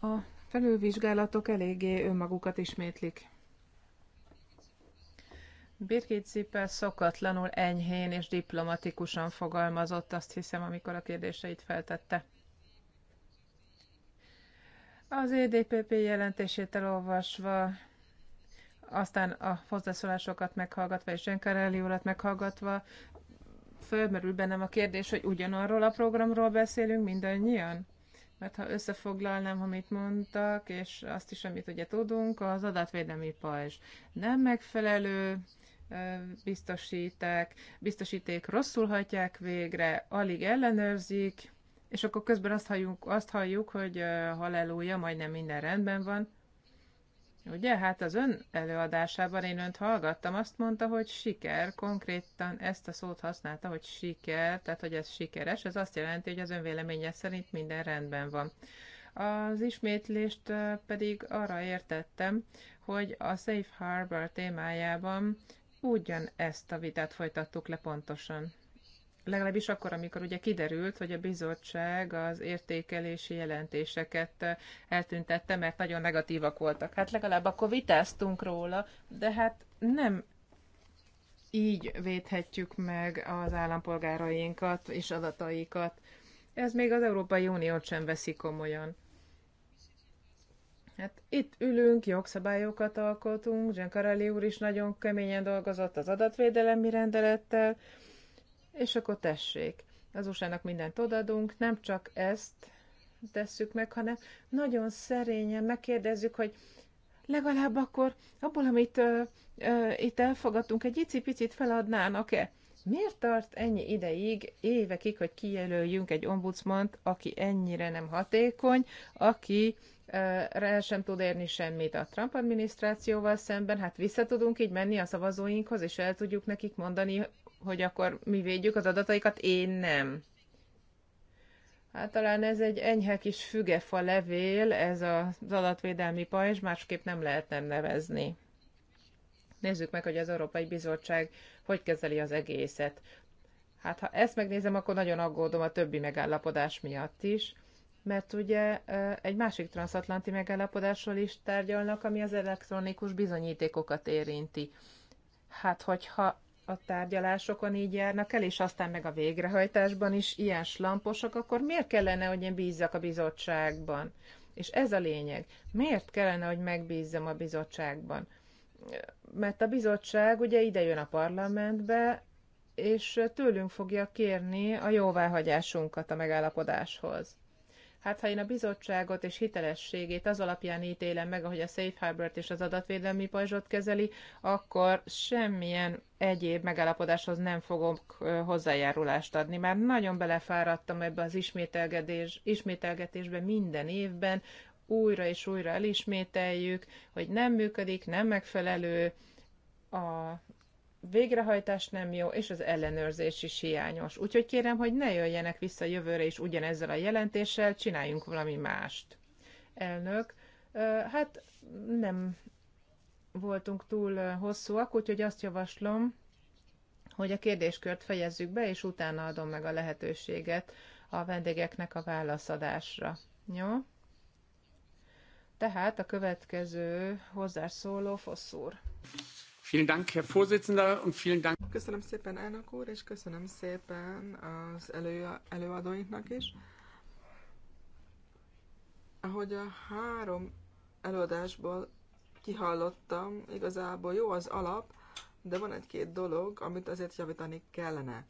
Speaker 4: A felülvizsgálatok eléggé önmagukat ismétlik. Birgit Zippel szokatlanul enyhén és diplomatikusan fogalmazott, azt hiszem, amikor a kérdéseit feltette. Az EDPP jelentését elolvasva, aztán a hozzászólásokat meghallgatva és Zsenkarelli urat meghallgatva, fölmerül bennem a kérdés, hogy ugyanarról a programról beszélünk mindannyian? Mert ha összefoglalnám, amit mondtak, és azt is, amit ugye tudunk, az adatvédelmi pajzs nem megfelelő, biztosíták, biztosíték rosszul hagyják végre, alig ellenőrzik, és akkor közben azt halljuk, azt halljuk hogy halleluja, majdnem minden rendben van, Ugye, hát az ön előadásában én önt hallgattam, azt mondta, hogy siker, konkrétan ezt a szót használta, hogy siker, tehát hogy ez sikeres, ez azt jelenti, hogy az ön véleménye szerint minden rendben van. Az ismétlést pedig arra értettem, hogy a Safe Harbor témájában ugyan ezt a vitát folytattuk le pontosan legalábbis akkor, amikor ugye kiderült, hogy a bizottság az értékelési jelentéseket eltüntette, mert nagyon negatívak voltak. Hát legalább akkor vitáztunk róla, de hát nem így védhetjük meg az állampolgárainkat és adataikat. Ez még az Európai Uniót sem veszi komolyan. Hát itt ülünk, jogszabályokat alkotunk, Giancarelli úr is nagyon keményen dolgozott az adatvédelemi rendelettel, és akkor tessék, az usa mindent odadunk, nem csak ezt tesszük meg, hanem nagyon szerényen megkérdezzük, hogy legalább akkor abból, amit ö, ö, itt elfogadtunk, egy icipicit feladnának-e? Miért tart ennyi ideig, évekig, hogy kijelöljünk egy ombudsmant, aki ennyire nem hatékony, aki el sem tud érni semmit a Trump adminisztrációval szemben, hát vissza tudunk így menni a szavazóinkhoz, és el tudjuk nekik mondani, hogy akkor mi védjük az adataikat, én nem. Hát talán ez egy enyhe kis fügefa levél, ez az adatvédelmi pajzs, másképp nem lehet nem nevezni. Nézzük meg, hogy az Európai Bizottság hogy kezeli az egészet. Hát ha ezt megnézem, akkor nagyon aggódom a többi megállapodás miatt is, mert ugye egy másik transatlanti megállapodásról is tárgyalnak, ami az elektronikus bizonyítékokat érinti. Hát hogyha a tárgyalásokon így járnak el, és aztán meg a végrehajtásban is ilyen slamposak, akkor miért kellene, hogy én bízzak a bizottságban? És ez a lényeg. Miért kellene, hogy megbízzam a bizottságban? Mert a bizottság ugye ide jön a parlamentbe, és tőlünk fogja kérni a jóváhagyásunkat a megállapodáshoz. Hát ha én a bizottságot és hitelességét az alapján ítélem meg, ahogy a Safe Harbor-t és az adatvédelmi pajzsot kezeli, akkor semmilyen egyéb megállapodáshoz nem fogok hozzájárulást adni. Már nagyon belefáradtam ebbe az ismételgetés, ismételgetésbe minden évben, újra és újra elismételjük, hogy nem működik, nem megfelelő, a végrehajtás nem jó, és az ellenőrzés is hiányos. Úgyhogy kérem, hogy ne jöjjenek vissza jövőre is ugyanezzel a jelentéssel, csináljunk valami mást. Elnök, hát nem voltunk túl hosszúak, úgyhogy azt javaslom, hogy a kérdéskört fejezzük be, és utána adom meg a lehetőséget a vendégeknek a válaszadásra. Jó? Tehát a következő hozzászóló foszúr.
Speaker 3: Vielen Dank, Herr Vorsitzender, und vielen Dank. Köszönöm szépen, elnök úr, és köszönöm szépen az elő, előadóinknak is. Ahogy a három előadásból kihallottam, igazából jó az alap, de van egy-két dolog, amit azért javítani kellene.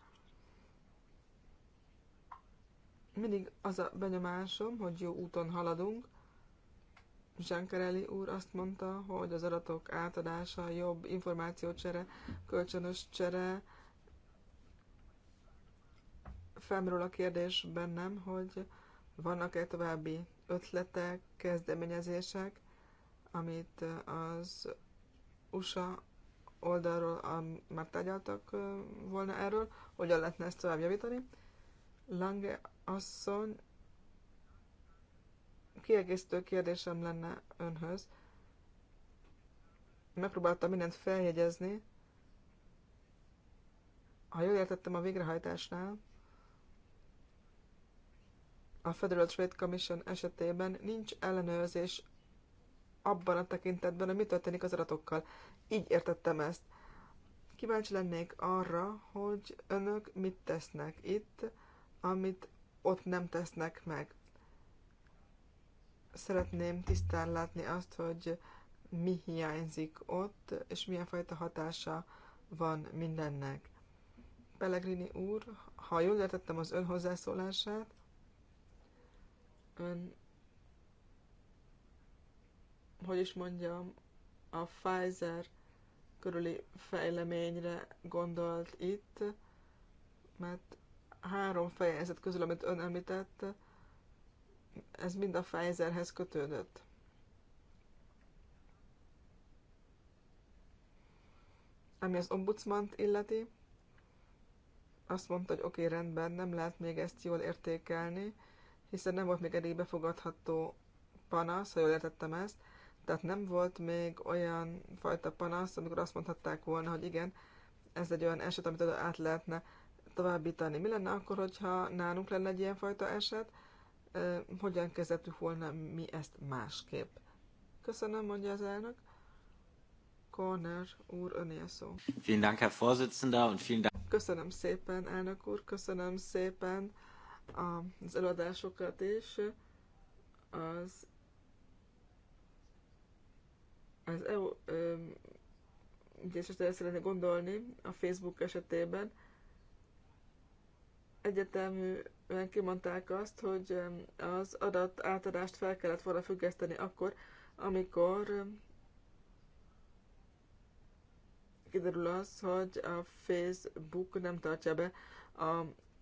Speaker 3: Mindig az a benyomásom, hogy jó úton haladunk, Zsánkereli úr azt mondta, hogy az adatok átadása, jobb információcsere, kölcsönös csere. Felmerül a kérdés bennem, hogy vannak-e további ötletek, kezdeményezések, amit az USA oldalról már tárgyaltak volna erről, hogyan lehetne ezt tovább javítani. Lange asszony kiegészítő kérdésem lenne önhöz. Megpróbáltam mindent feljegyezni. Ha jól értettem a végrehajtásnál, a Federal Trade Commission esetében nincs ellenőrzés abban a tekintetben, hogy mi történik az adatokkal. Így értettem ezt. Kíváncsi lennék arra, hogy önök mit tesznek itt, amit ott nem tesznek meg szeretném tisztán látni azt, hogy mi hiányzik ott, és milyen fajta hatása van mindennek. Pellegrini úr, ha jól értettem az ön hozzászólását, ön, hogy is mondjam, a Pfizer körüli fejleményre gondolt itt, mert három fejezet közül, amit ön említett, ez mind a Pfizerhez kötődött. Ami az ombudsmant illeti, azt mondta, hogy oké, okay, rendben, nem lehet még ezt jól értékelni, hiszen nem volt még eddig befogadható panasz, ha jól értettem ezt, tehát nem volt még olyan fajta panasz, amikor azt mondhatták volna, hogy igen, ez egy olyan eset, amit át lehetne továbbítani. Mi lenne akkor, hogyha nálunk lenne egy ilyen fajta eset? hogyan kezdettük volna mi ezt másképp. Köszönöm, mondja az elnök. Corner úr, öné a szó.
Speaker 2: Vielen Dank, Herr Vorsitzender, und vielen Dank.
Speaker 3: Köszönöm szépen, elnök úr, köszönöm szépen az előadásokat és az az EU ezt szeretnék gondolni a Facebook esetében, egyeteműen kimondták azt, hogy az adat átadást fel kellett volna függeszteni akkor, amikor kiderül az, hogy a Facebook nem tartja be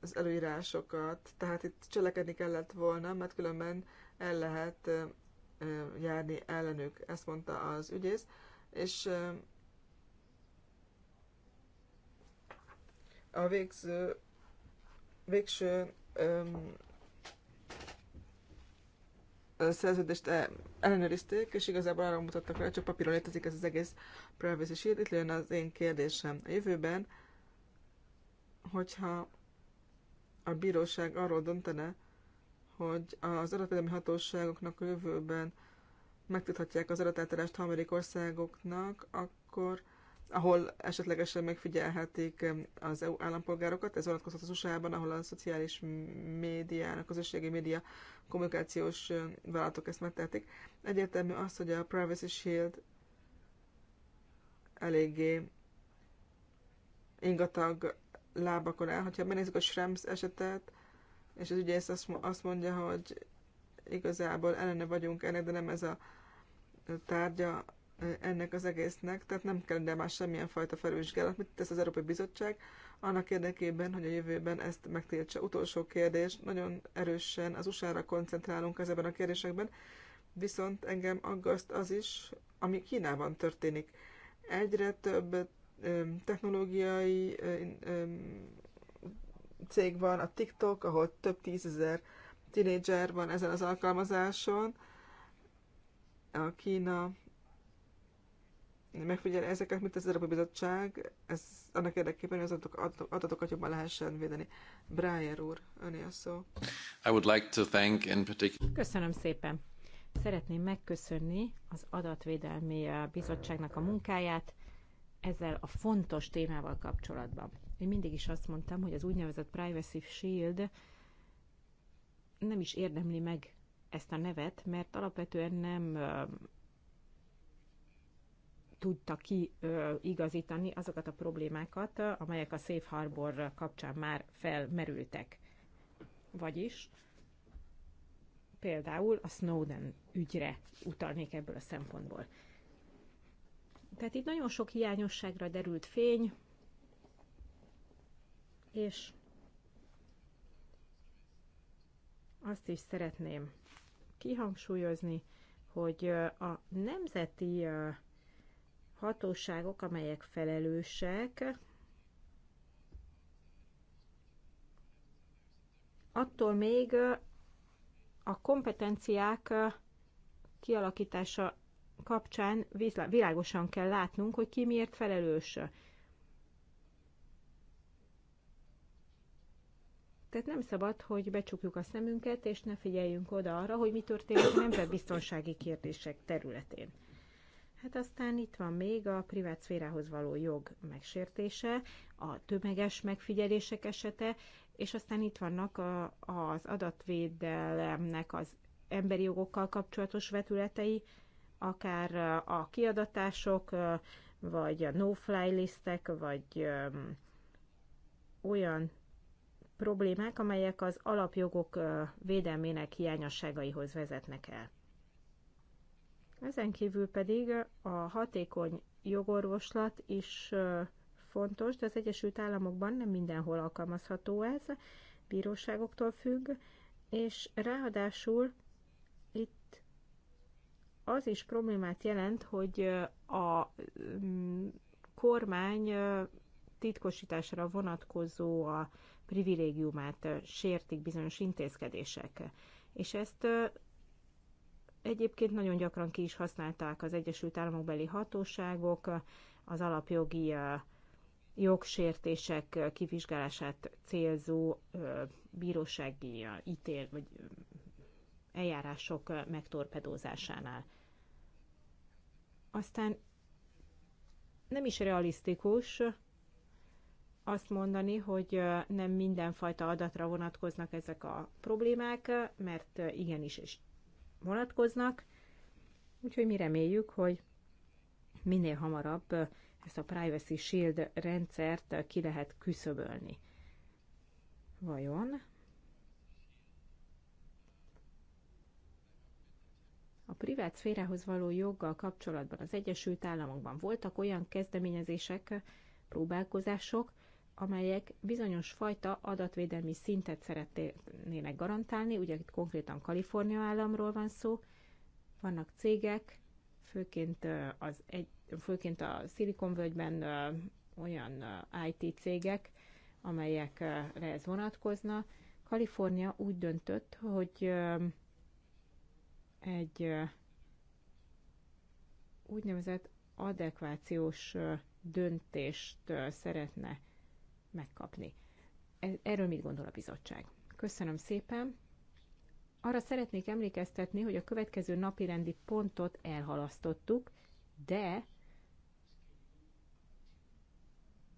Speaker 3: az előírásokat. Tehát itt cselekedni kellett volna, mert különben el lehet járni ellenük. Ezt mondta az ügyész, és a végző végső öm, szerződést ellenőrizték, és igazából arra mutattak rá, csak papíron létezik ez az egész Privacy Shield. Itt lőn az én kérdésem. A jövőben, hogyha a bíróság arról döntene, hogy az adatvédelmi hatóságoknak a jövőben megtudhatják az adatáltalást harmadik országoknak, akkor ahol esetlegesen megfigyelhetik az EU állampolgárokat. Ez vonatkozhat az USA-ban, ahol a szociális médiának, a közösségi média kommunikációs vállalatok ezt megtehetik. Egyértelmű az, hogy a Privacy Shield eléggé ingatag lábakon áll. Ha megnézzük a Schrems esetet, és az ügyész azt mondja, hogy igazából ellene vagyunk ennek, de nem ez a tárgya ennek az egésznek, tehát nem kell de már semmilyen fajta felvizsgálat, mit tesz az Európai Bizottság, annak érdekében, hogy a jövőben ezt megtiltsa. Utolsó kérdés, nagyon erősen az USA-ra koncentrálunk ezekben a kérdésekben, viszont engem aggaszt az is, ami Kínában történik. Egyre több technológiai cég van, a TikTok, ahol több tízezer tínédzser van ezen az alkalmazáson, a Kína megfigyel ezeket, mint az Európai Bizottság, ez annak érdekében, hogy az adatok, adatokat jobban lehessen védeni. Brian úr, öné a szó.
Speaker 2: I would like to thank in particular...
Speaker 3: Köszönöm szépen.
Speaker 2: Szeretném megköszönni az Adatvédelmi Bizottságnak a munkáját ezzel a fontos témával kapcsolatban. Én mindig is azt mondtam, hogy az úgynevezett Privacy Shield nem is érdemli meg ezt a nevet, mert alapvetően nem tudta kiigazítani azokat a problémákat, amelyek a Safe Harbor kapcsán már felmerültek. Vagyis például a Snowden ügyre utalnék ebből a szempontból. Tehát itt nagyon sok hiányosságra derült fény, és azt is szeretném kihangsúlyozni, hogy a nemzeti hatóságok, amelyek felelősek, attól még a kompetenciák kialakítása kapcsán világosan kell látnunk, hogy ki miért felelős. Tehát nem szabad, hogy becsukjuk a szemünket, és ne figyeljünk oda arra, hogy mi történik a nemzetbiztonsági kérdések területén. Hát aztán itt van még a privát szférához való jog megsértése, a tömeges megfigyelések esete, és aztán itt vannak a, az adatvédelemnek az emberi jogokkal kapcsolatos vetületei, akár a kiadatások, vagy a no-fly listek, vagy olyan problémák, amelyek az alapjogok védelmének hiányosságaihoz vezetnek el. Ezen kívül pedig a hatékony jogorvoslat is fontos, de az Egyesült Államokban nem mindenhol alkalmazható ez, bíróságoktól függ, és ráadásul itt az is problémát jelent, hogy a mm, kormány titkosításra vonatkozó a privilégiumát sértik bizonyos intézkedések. És ezt Egyébként nagyon gyakran ki is használták az Egyesült Államok beli hatóságok az alapjogi jogsértések kivizsgálását célzó bírósági ítél, vagy eljárások megtorpedózásánál. Aztán nem is realisztikus azt mondani, hogy nem mindenfajta adatra vonatkoznak ezek a problémák, mert igenis, és vonatkoznak, úgyhogy mi reméljük, hogy minél hamarabb ezt a Privacy Shield rendszert ki lehet küszöbölni. Vajon a privát szférához való joggal kapcsolatban az Egyesült Államokban voltak olyan kezdeményezések, próbálkozások, amelyek bizonyos fajta adatvédelmi szintet szeretnének garantálni, ugye itt konkrétan Kalifornia államról van szó, vannak cégek, főként, az egy, főként a Szilikonvölgyben olyan IT cégek, amelyekre ez vonatkozna. Kalifornia úgy döntött, hogy egy úgynevezett adekvációs döntést szeretne megkapni. E, erről mit gondol a bizottság? Köszönöm szépen. Arra szeretnék emlékeztetni, hogy a következő napi rendi pontot elhalasztottuk, de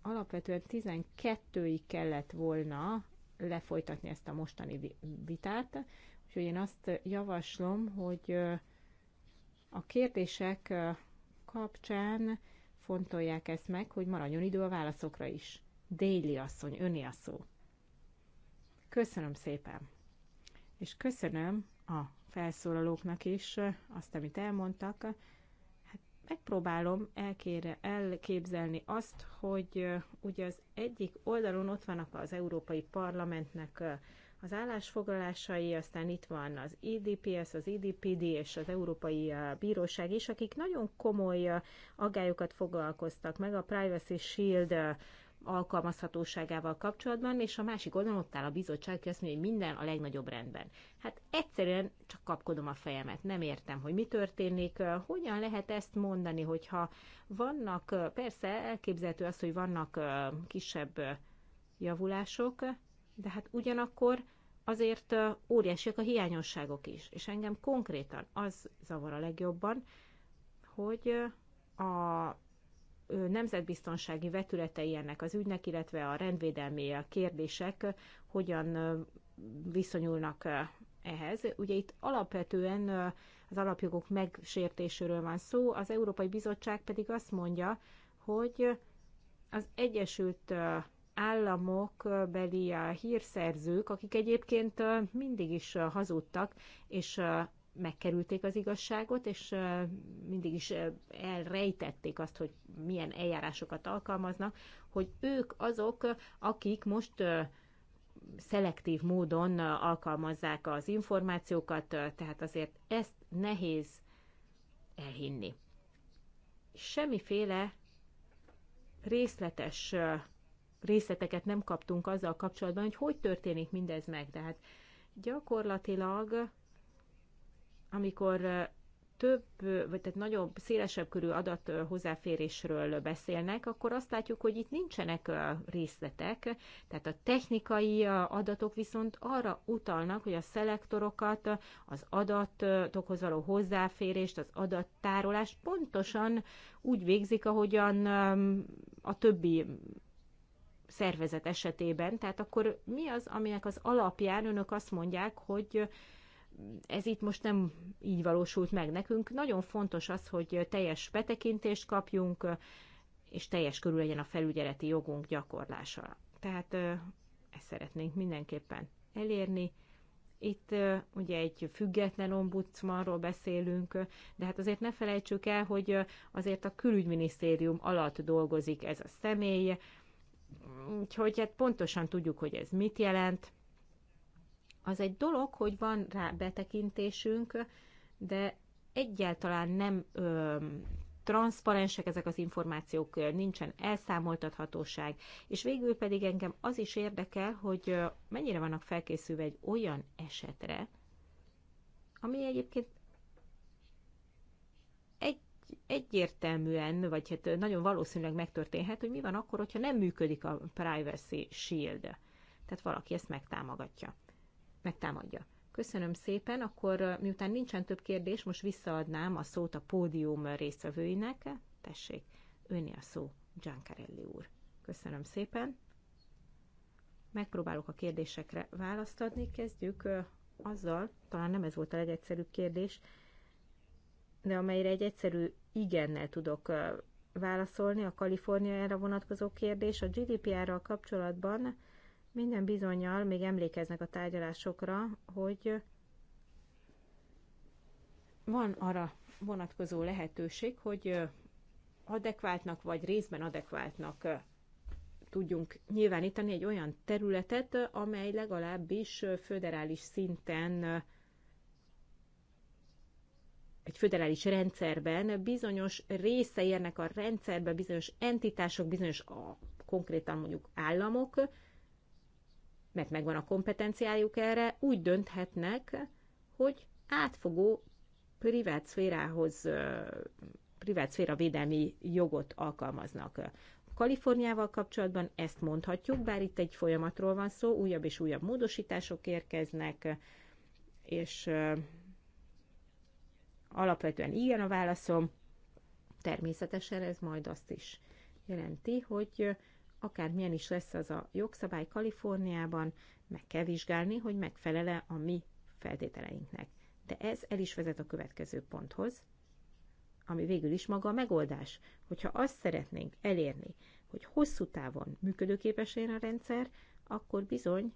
Speaker 2: alapvetően 12-ig kellett volna lefolytatni ezt a mostani vitát, úgyhogy én azt javaslom, hogy a kérdések kapcsán fontolják ezt meg, hogy maradjon idő a válaszokra is. Déli asszony, öni a szó. Köszönöm szépen. És köszönöm a felszólalóknak is azt, amit elmondtak. Hát megpróbálom elkére, elképzelni azt, hogy ugye az egyik oldalon ott vannak az Európai Parlamentnek az állásfoglalásai, aztán itt van az IDPS, az IDPD és az Európai Bíróság is, akik nagyon komoly aggályokat foglalkoztak meg a Privacy Shield alkalmazhatóságával kapcsolatban, és a másik oldalon ott áll a bizottság, aki azt mondja, hogy minden a legnagyobb rendben. Hát egyszerűen csak kapkodom a fejemet, nem értem, hogy mi történik, hogyan lehet ezt mondani, hogyha vannak, persze elképzelhető az, hogy vannak kisebb javulások, de hát ugyanakkor azért óriásiak a hiányosságok is, és engem konkrétan az zavar a legjobban, hogy a nemzetbiztonsági vetületei ennek az ügynek, illetve a rendvédelmi kérdések hogyan viszonyulnak ehhez. Ugye itt alapvetően az alapjogok megsértéséről van szó, az Európai Bizottság pedig azt mondja, hogy az Egyesült államok beli hírszerzők, akik egyébként mindig is hazudtak, és megkerülték az igazságot, és mindig is elrejtették azt, hogy milyen eljárásokat alkalmaznak, hogy ők azok, akik most szelektív módon alkalmazzák az információkat, tehát azért ezt nehéz elhinni. Semmiféle részletes részleteket nem kaptunk azzal kapcsolatban, hogy hogy történik mindez meg. Tehát gyakorlatilag amikor több, vagy tehát nagyobb, szélesebb körű adat hozzáférésről beszélnek, akkor azt látjuk, hogy itt nincsenek részletek, tehát a technikai adatok viszont arra utalnak, hogy a szelektorokat, az adatokhoz való hozzáférést, az adattárolást pontosan úgy végzik, ahogyan a többi szervezet esetében. Tehát akkor mi az, aminek az alapján önök azt mondják, hogy ez itt most nem így valósult meg nekünk. Nagyon fontos az, hogy teljes betekintést kapjunk, és teljes körül legyen a felügyeleti jogunk gyakorlása. Tehát ezt szeretnénk mindenképpen elérni. Itt ugye egy független ombudsmanról beszélünk, de hát azért ne felejtsük el, hogy azért a külügyminisztérium alatt dolgozik ez a személy, úgyhogy hát pontosan tudjuk, hogy ez mit jelent, az egy dolog, hogy van rá betekintésünk, de egyáltalán nem ö, transzparensek ezek az információk, nincsen elszámoltathatóság, és végül pedig engem az is érdekel, hogy mennyire vannak felkészülve egy olyan esetre, ami egyébként egy, egyértelműen, vagy hát nagyon valószínűleg megtörténhet, hogy mi van akkor, hogyha nem működik a Privacy Shield. Tehát valaki ezt megtámogatja megtámadja. Köszönöm szépen, akkor miután nincsen több kérdés, most visszaadnám a szót a pódium résztvevőinek. Tessék, önni a szó, Giancarelli úr. Köszönöm szépen. Megpróbálok a kérdésekre választ adni. Kezdjük azzal, talán nem ez volt a legegyszerűbb kérdés, de amelyre egy egyszerű igennel tudok válaszolni, a Kaliforniára vonatkozó kérdés. A GDPR-ral kapcsolatban minden bizonyal még emlékeznek a tárgyalásokra, hogy van arra vonatkozó lehetőség, hogy adekváltnak vagy részben adekváltnak tudjunk nyilvánítani egy olyan területet, amely legalábbis föderális szinten egy föderális rendszerben bizonyos része érnek a rendszerbe, bizonyos entitások, bizonyos a, konkrétan mondjuk államok, mert megvan a kompetenciájuk erre, úgy dönthetnek, hogy átfogó privát szférához, privát szféra védelmi jogot alkalmaznak. Kaliforniával kapcsolatban ezt mondhatjuk, bár itt egy folyamatról van szó, újabb és újabb módosítások érkeznek, és alapvetően igen a válaszom. Természetesen ez majd azt is jelenti, hogy akármilyen is lesz az a jogszabály Kaliforniában, meg kell vizsgálni, hogy megfelele a mi feltételeinknek. De ez el is vezet a következő ponthoz, ami végül is maga a megoldás. Hogyha azt szeretnénk elérni, hogy hosszú távon működőképes legyen a rendszer, akkor bizony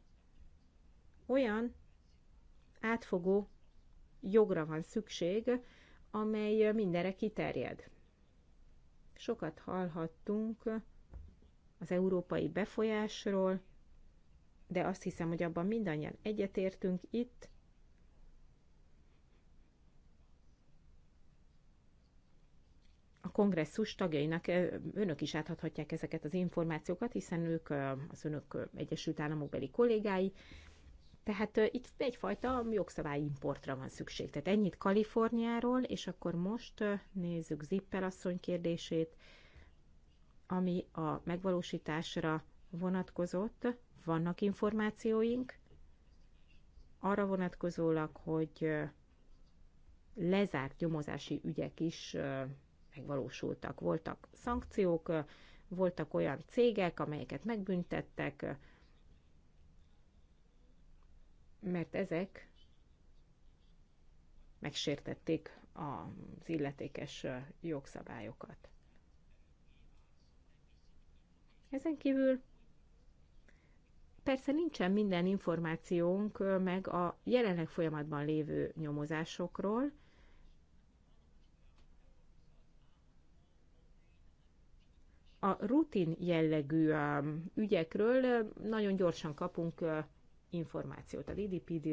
Speaker 2: olyan átfogó jogra van szükség, amely mindenre kiterjed. Sokat hallhattunk az európai befolyásról, de azt hiszem, hogy abban mindannyian egyetértünk itt. A kongresszus tagjainak eh, önök is áthathatják ezeket az információkat, hiszen ők eh, az önök eh, Egyesült Államokbeli kollégái, tehát uh, itt egyfajta importra van szükség. Tehát ennyit Kaliforniáról, és akkor most uh, nézzük Zippel asszony kérdését. Uh, ami a megvalósításra vonatkozott, vannak információink, arra vonatkozólag, hogy lezárt nyomozási ügyek is megvalósultak. Voltak szankciók, voltak olyan cégek, amelyeket megbüntettek, mert ezek megsértették az illetékes jogszabályokat. Ezen kívül persze nincsen minden információnk meg a jelenleg folyamatban lévő nyomozásokról, a rutin jellegű ügyekről nagyon gyorsan kapunk információt. A DDPD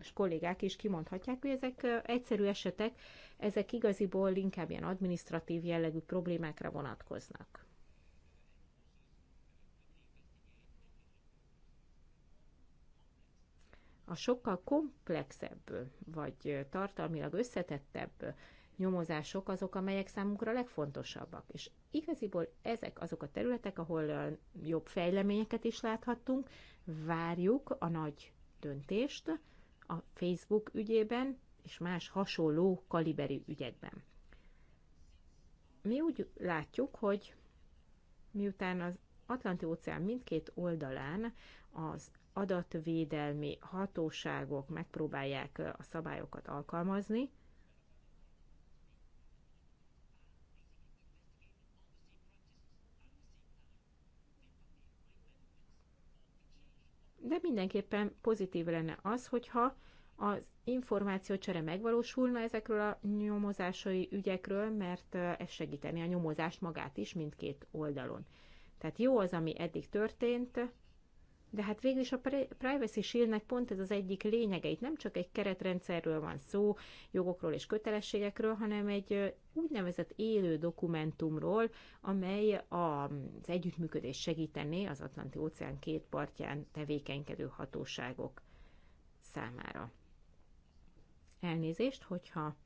Speaker 2: és kollégák is kimondhatják, hogy ezek egyszerű esetek, ezek igaziból inkább ilyen administratív jellegű problémákra vonatkoznak. a sokkal komplexebb, vagy tartalmilag összetettebb nyomozások azok, amelyek számunkra legfontosabbak. És igaziból ezek azok a területek, ahol jobb fejleményeket is láthattunk, várjuk a nagy döntést a Facebook ügyében és más hasonló kaliberi ügyekben. Mi úgy látjuk, hogy miután az Atlanti óceán mindkét oldalán az adatvédelmi hatóságok megpróbálják a szabályokat alkalmazni, de mindenképpen pozitív lenne az, hogyha az információcsere megvalósulna ezekről a nyomozásai ügyekről, mert ez segíteni a nyomozást magát is mindkét oldalon. Tehát jó az, ami eddig történt, de hát végül is a Privacy Shieldnek pont ez az egyik lényege. Itt nem csak egy keretrendszerről van szó, jogokról és kötelességekről, hanem egy úgynevezett élő dokumentumról, amely az együttműködés segítené az Atlanti óceán két partján tevékenykedő hatóságok számára. Elnézést, hogyha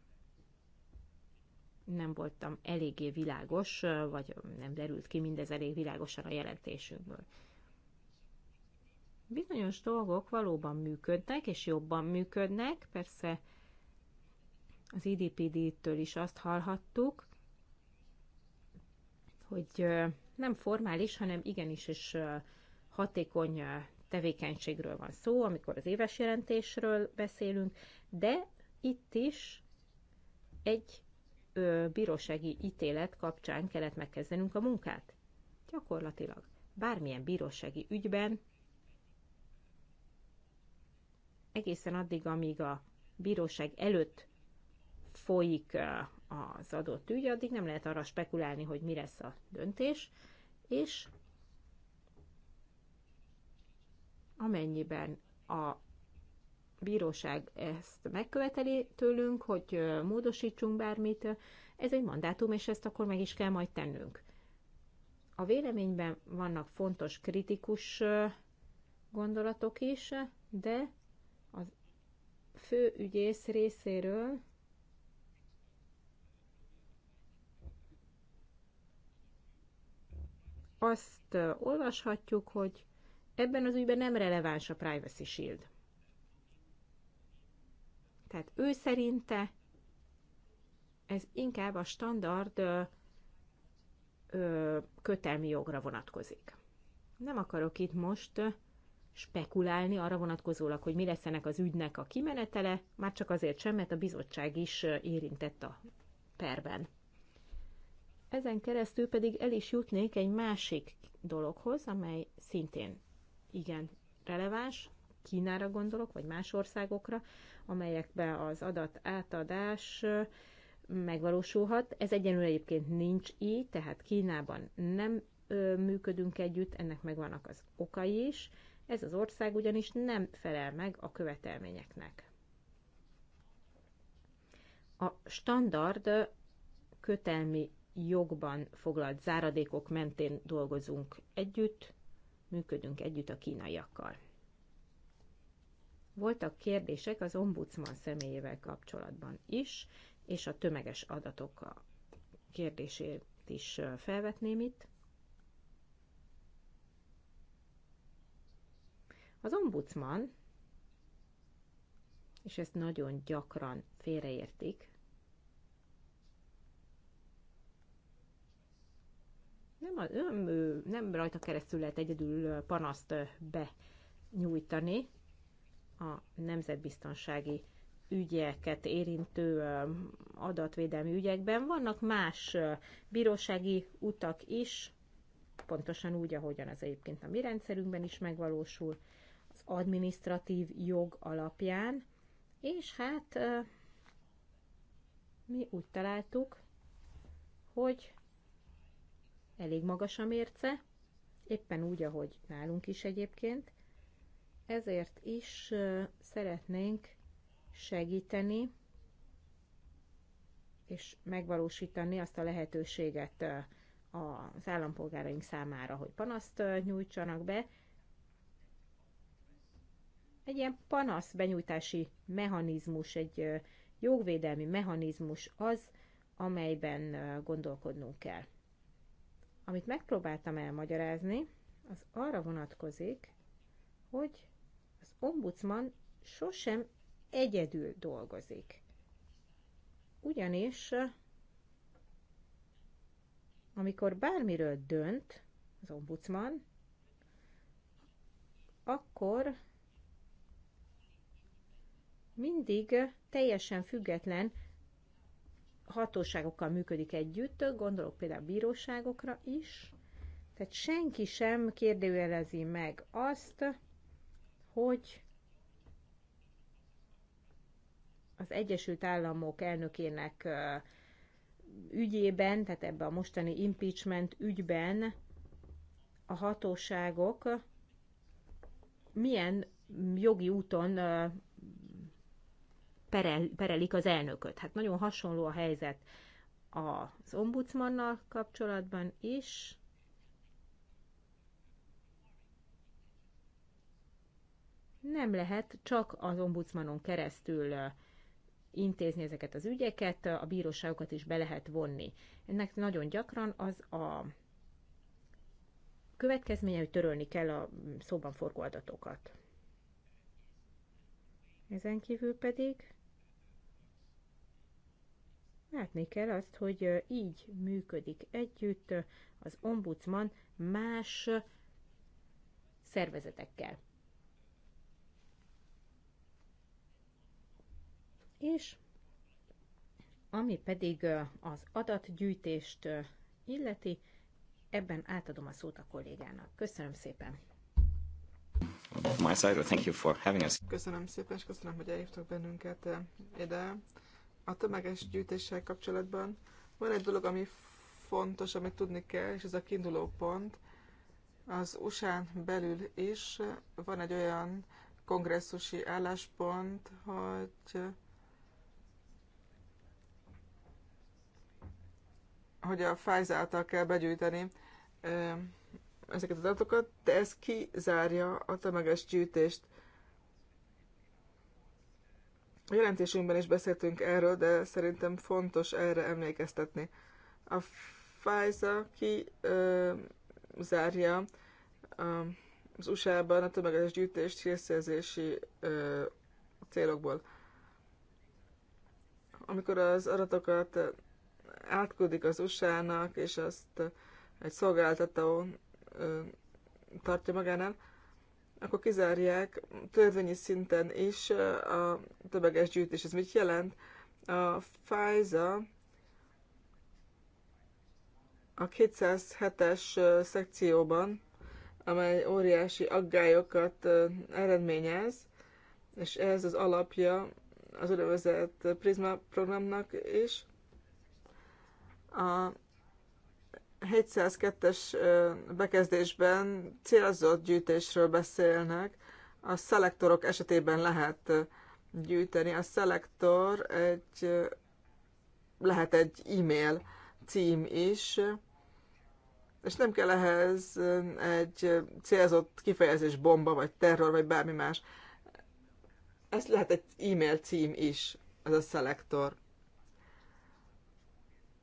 Speaker 2: nem voltam eléggé világos, vagy nem derült ki mindez elég világosan a jelentésünkből. Bizonyos dolgok valóban működnek, és jobban működnek, persze az IDPD-től is azt hallhattuk, hogy nem formális, hanem igenis is hatékony tevékenységről van szó, amikor az éves jelentésről beszélünk, de itt is egy bírósági ítélet kapcsán kellett megkezdenünk a munkát. Gyakorlatilag bármilyen bírósági ügyben egészen addig, amíg a bíróság előtt folyik az adott ügy, addig nem lehet arra spekulálni, hogy mi lesz a döntés, és amennyiben a bíróság ezt megköveteli tőlünk, hogy módosítsunk bármit, ez egy mandátum, és ezt akkor meg is kell majd tennünk. A véleményben vannak fontos kritikus gondolatok is, de fő ügyész részéről azt olvashatjuk, hogy ebben az ügyben nem releváns a Privacy Shield. Tehát ő szerinte ez inkább a standard ö, ö, kötelmi jogra vonatkozik. Nem akarok itt most spekulálni arra vonatkozólag, hogy mi lesz ennek az ügynek a kimenetele, már csak azért sem, mert a bizottság is érintett a perben. Ezen keresztül pedig el is jutnék egy másik dologhoz, amely szintén igen releváns, Kínára gondolok, vagy más országokra, amelyekbe az adat átadás megvalósulhat. Ez egyenlőre egyébként nincs így, tehát Kínában nem működünk együtt, ennek megvannak az okai is, ez az ország ugyanis nem felel meg a követelményeknek. A standard kötelmi jogban foglalt záradékok mentén dolgozunk együtt, működünk együtt a kínaiakkal. Voltak kérdések az ombudsman személyével kapcsolatban is, és a tömeges adatok kérdését is felvetném itt. Az ombudsman, és ezt nagyon gyakran félreértik, nem, a, nem, nem rajta keresztül lehet egyedül panaszt benyújtani a nemzetbiztonsági ügyeket érintő adatvédelmi ügyekben. Vannak más bírósági utak is, pontosan úgy, ahogyan az egyébként a mi rendszerünkben is megvalósul, administratív jog alapján, és hát mi úgy találtuk, hogy elég magas a mérce, éppen úgy, ahogy nálunk is egyébként, ezért is szeretnénk segíteni és megvalósítani azt a lehetőséget az állampolgáraink számára, hogy panaszt nyújtsanak be, egy ilyen panasz benyújtási mechanizmus, egy jogvédelmi mechanizmus az, amelyben gondolkodnunk kell. Amit megpróbáltam elmagyarázni, az arra vonatkozik, hogy az ombudsman sosem egyedül dolgozik. Ugyanis, amikor bármiről dönt az ombudsman, akkor mindig teljesen független hatóságokkal működik együtt, gondolok például bíróságokra is, tehát senki sem kérdőjelezi meg azt, hogy az Egyesült Államok elnökének ügyében, tehát ebben a mostani impeachment ügyben a hatóságok milyen jogi úton perel, perelik az elnököt. Hát nagyon hasonló a helyzet az ombudsmannal kapcsolatban is. Nem lehet csak az ombudsmanon keresztül intézni ezeket az ügyeket, a bíróságokat is be lehet vonni. Ennek nagyon gyakran az a következménye, hogy törölni kell a szóban forgó adatokat. Ezen kívül pedig Látni kell azt, hogy így működik együtt az ombudsman más szervezetekkel. És ami pedig az adatgyűjtést illeti, ebben
Speaker 3: átadom a szót a kollégának. Köszönöm szépen!
Speaker 2: My side, thank you for
Speaker 3: having us. Köszönöm szépen, és köszönöm, hogy elhívtok bennünket ide a tömeges gyűjtéssel kapcsolatban van egy dolog, ami fontos, amit tudni kell, és ez a kiinduló pont. Az usa belül is van egy olyan kongresszusi álláspont, hogy hogy a Pfizer által kell begyűjteni ezeket az adatokat, de ez kizárja a tömeges gyűjtést. A jelentésünkben is beszéltünk erről, de szerintem fontos erre emlékeztetni. A Pfizer ki ö, zárja ö, az USA-ban a tömeges gyűjtést hírszerzési ö, célokból. Amikor az adatokat átküldik az USA-nak, és azt egy szolgáltató ö, tartja magánál, akkor kizárják törvényi szinten is a tömeges gyűjtés. Ez mit jelent? A FISA a 207-es szekcióban, amely óriási aggályokat eredményez, és ez az alapja az úgynevezett Prisma programnak is. A 702-es bekezdésben célzott gyűjtésről beszélnek. A szelektorok esetében lehet gyűjteni. A szelektor egy, lehet egy e-mail cím is, és nem kell ehhez egy célzott kifejezés bomba, vagy terror, vagy bármi más. Ez lehet egy e-mail cím is, ez a szelektor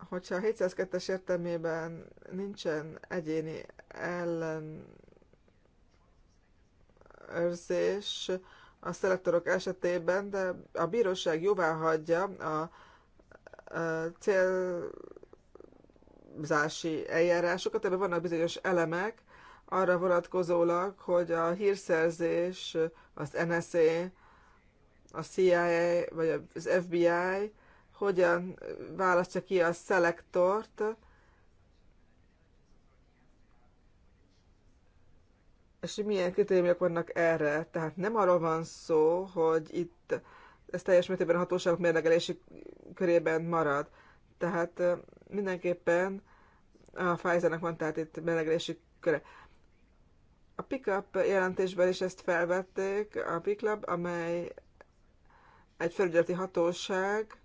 Speaker 3: hogyha a 702-es értelmében nincsen egyéni ellenőrzés a szelektorok esetében, de a bíróság jóvá hagyja a, a célzási eljárásokat, ebben vannak bizonyos elemek, arra vonatkozólag, hogy a hírszerzés, az NSA, a CIA vagy az FBI hogyan választja ki a szelektort, és hogy milyen kritériumok vannak erre. Tehát nem arról van szó, hogy itt ez teljes mértékben a hatóságok mérlegelési körében marad. Tehát mindenképpen a Pfizernek van tehát itt mérlegelési köre. A pickup jelentésben is ezt felvették, a pickup, amely egy felügyeleti hatóság,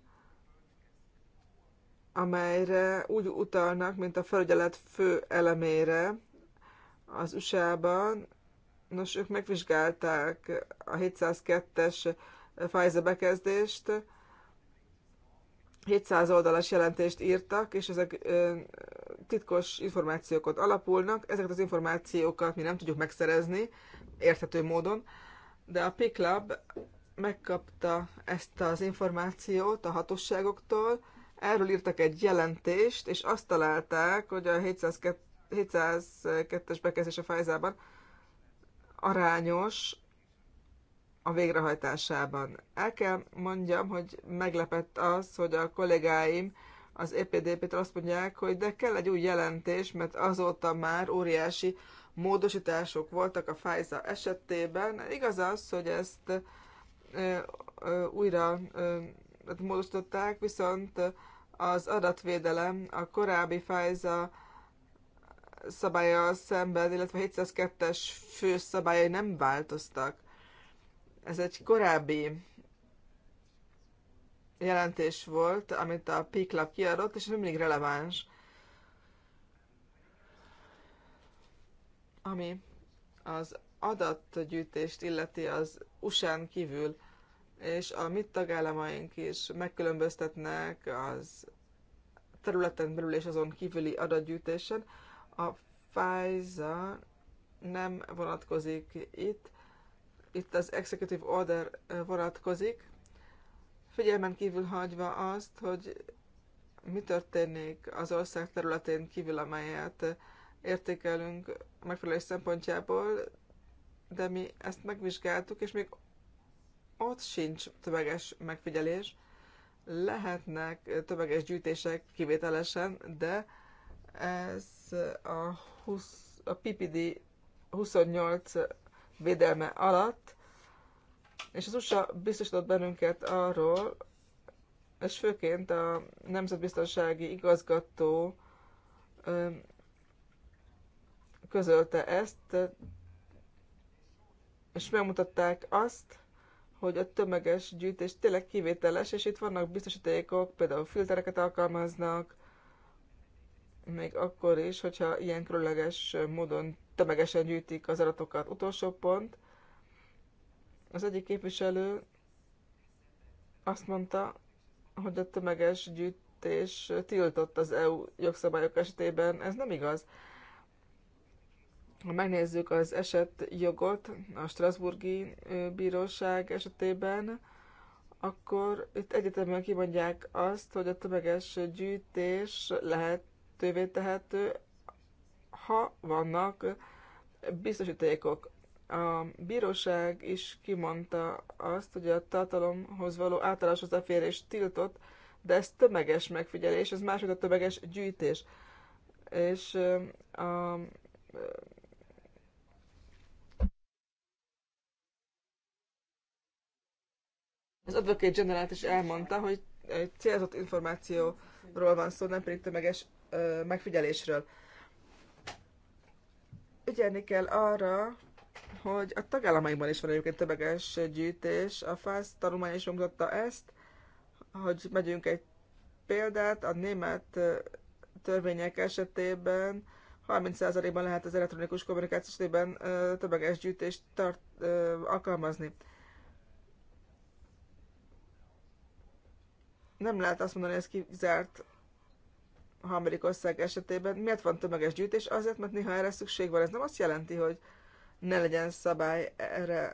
Speaker 3: amelyre úgy utalnak, mint a felügyelet fő elemére az USA-ban. Nos, ők megvizsgálták a 702-es Pfizer bekezdést, 700 oldalas jelentést írtak, és ezek titkos információkat alapulnak. Ezeket az információkat mi nem tudjuk megszerezni érthető módon, de a PICLAB megkapta ezt az információt a hatóságoktól, Erről írtak egy jelentést, és azt találták, hogy a 702, 702-es bekezdés a pfizer arányos a végrehajtásában. El kell mondjam, hogy meglepett az, hogy a kollégáim az EPDP-től azt mondják, hogy de kell egy új jelentés, mert azóta már óriási módosítások voltak a Pfizer esetében. Igaz az, hogy ezt újra módosították, viszont az adatvédelem a korábbi fájza szabálya szemben, illetve 702-es fő szabályai nem változtak. Ez egy korábbi jelentés volt, amit a Piklap kiadott, és ez mindig releváns. Ami az adatgyűjtést illeti az USA-n kívül és a mi tagállamaink is megkülönböztetnek az területen belül és azon kívüli adatgyűjtésen. A Pfizer nem vonatkozik itt, itt az executive order vonatkozik, figyelmen kívül hagyva azt, hogy mi történik az ország területén kívül, amelyet értékelünk megfelelés szempontjából, de mi ezt megvizsgáltuk, és még ott sincs tömeges megfigyelés, lehetnek tömeges gyűjtések kivételesen, de ez a, 20, a PPD 28 védelme alatt, és az USA biztosított bennünket arról, és főként a nemzetbiztonsági igazgató közölte ezt, és megmutatták azt, hogy a tömeges gyűjtés tényleg kivételes, és itt vannak biztosítékok, például filtereket alkalmaznak, még akkor is, hogyha ilyen különleges módon tömegesen gyűjtik az adatokat. Utolsó pont, az egyik képviselő azt mondta, hogy a tömeges gyűjtés tiltott az EU jogszabályok esetében. Ez nem igaz. Ha megnézzük az eset jogot a Strasburgi Bíróság esetében, akkor itt egyetemben kimondják azt, hogy a tömeges gyűjtés lehetővé tehető, ha vannak biztosítékok. A bíróság is kimondta azt, hogy a tartalomhoz való általános hozzáférés tiltott, de ez tömeges megfigyelés, ez máshogy a tömeges gyűjtés. És a Az Advocate General is elmondta, hogy célzott információról van szó, nem pedig tömeges ö, megfigyelésről. Ügyelni kell arra, hogy a tagállamaiban is van egyébként tömeges gyűjtés. A FASZ tanulmány is mutatta ezt, hogy megyünk egy példát, a német törvények esetében 30%-ban lehet az elektronikus kommunikáció esetében tömeges gyűjtést tart, ö, alkalmazni. nem lehet azt mondani, hogy ez kizárt a harmadik ország esetében. Miért van tömeges gyűjtés? Azért, mert néha erre szükség van. Ez nem azt jelenti, hogy ne legyen szabály erre,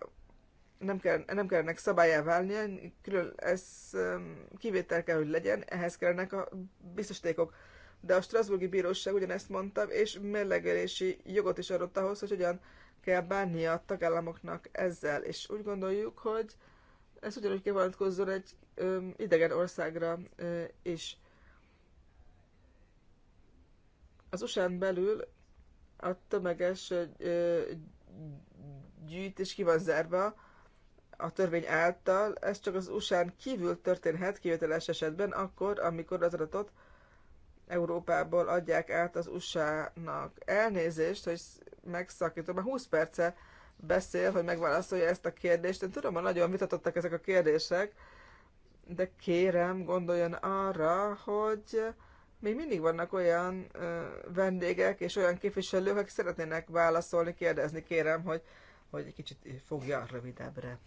Speaker 3: nem, kell, nem kellene szabályá válnia, külön ez um, kivétel kell, hogy legyen, ehhez kellenek a biztosítékok. De a Strasburgi Bíróság ugyanezt mondta, és mérlegelési jogot is adott ahhoz, hogy hogyan kell bánnia a tagállamoknak ezzel. És úgy gondoljuk, hogy ez ugyanúgy kell vonatkozzon egy idegen országra és Az usa belül a tömeges gyűjtés ki van zárva a törvény által, ez csak az usa kívül történhet kivételes esetben, akkor, amikor az adatot Európából adják át az USA-nak. Elnézést, hogy megszakítom, már 20 perce beszél, hogy megválaszolja ezt a kérdést. Én tudom, hogy nagyon vitatottak ezek a kérdések, de kérem, gondoljon arra, hogy még mindig vannak olyan ö, vendégek és olyan képviselők, akik szeretnének válaszolni, kérdezni. Kérem, hogy, hogy egy kicsit fogja rövidebbre.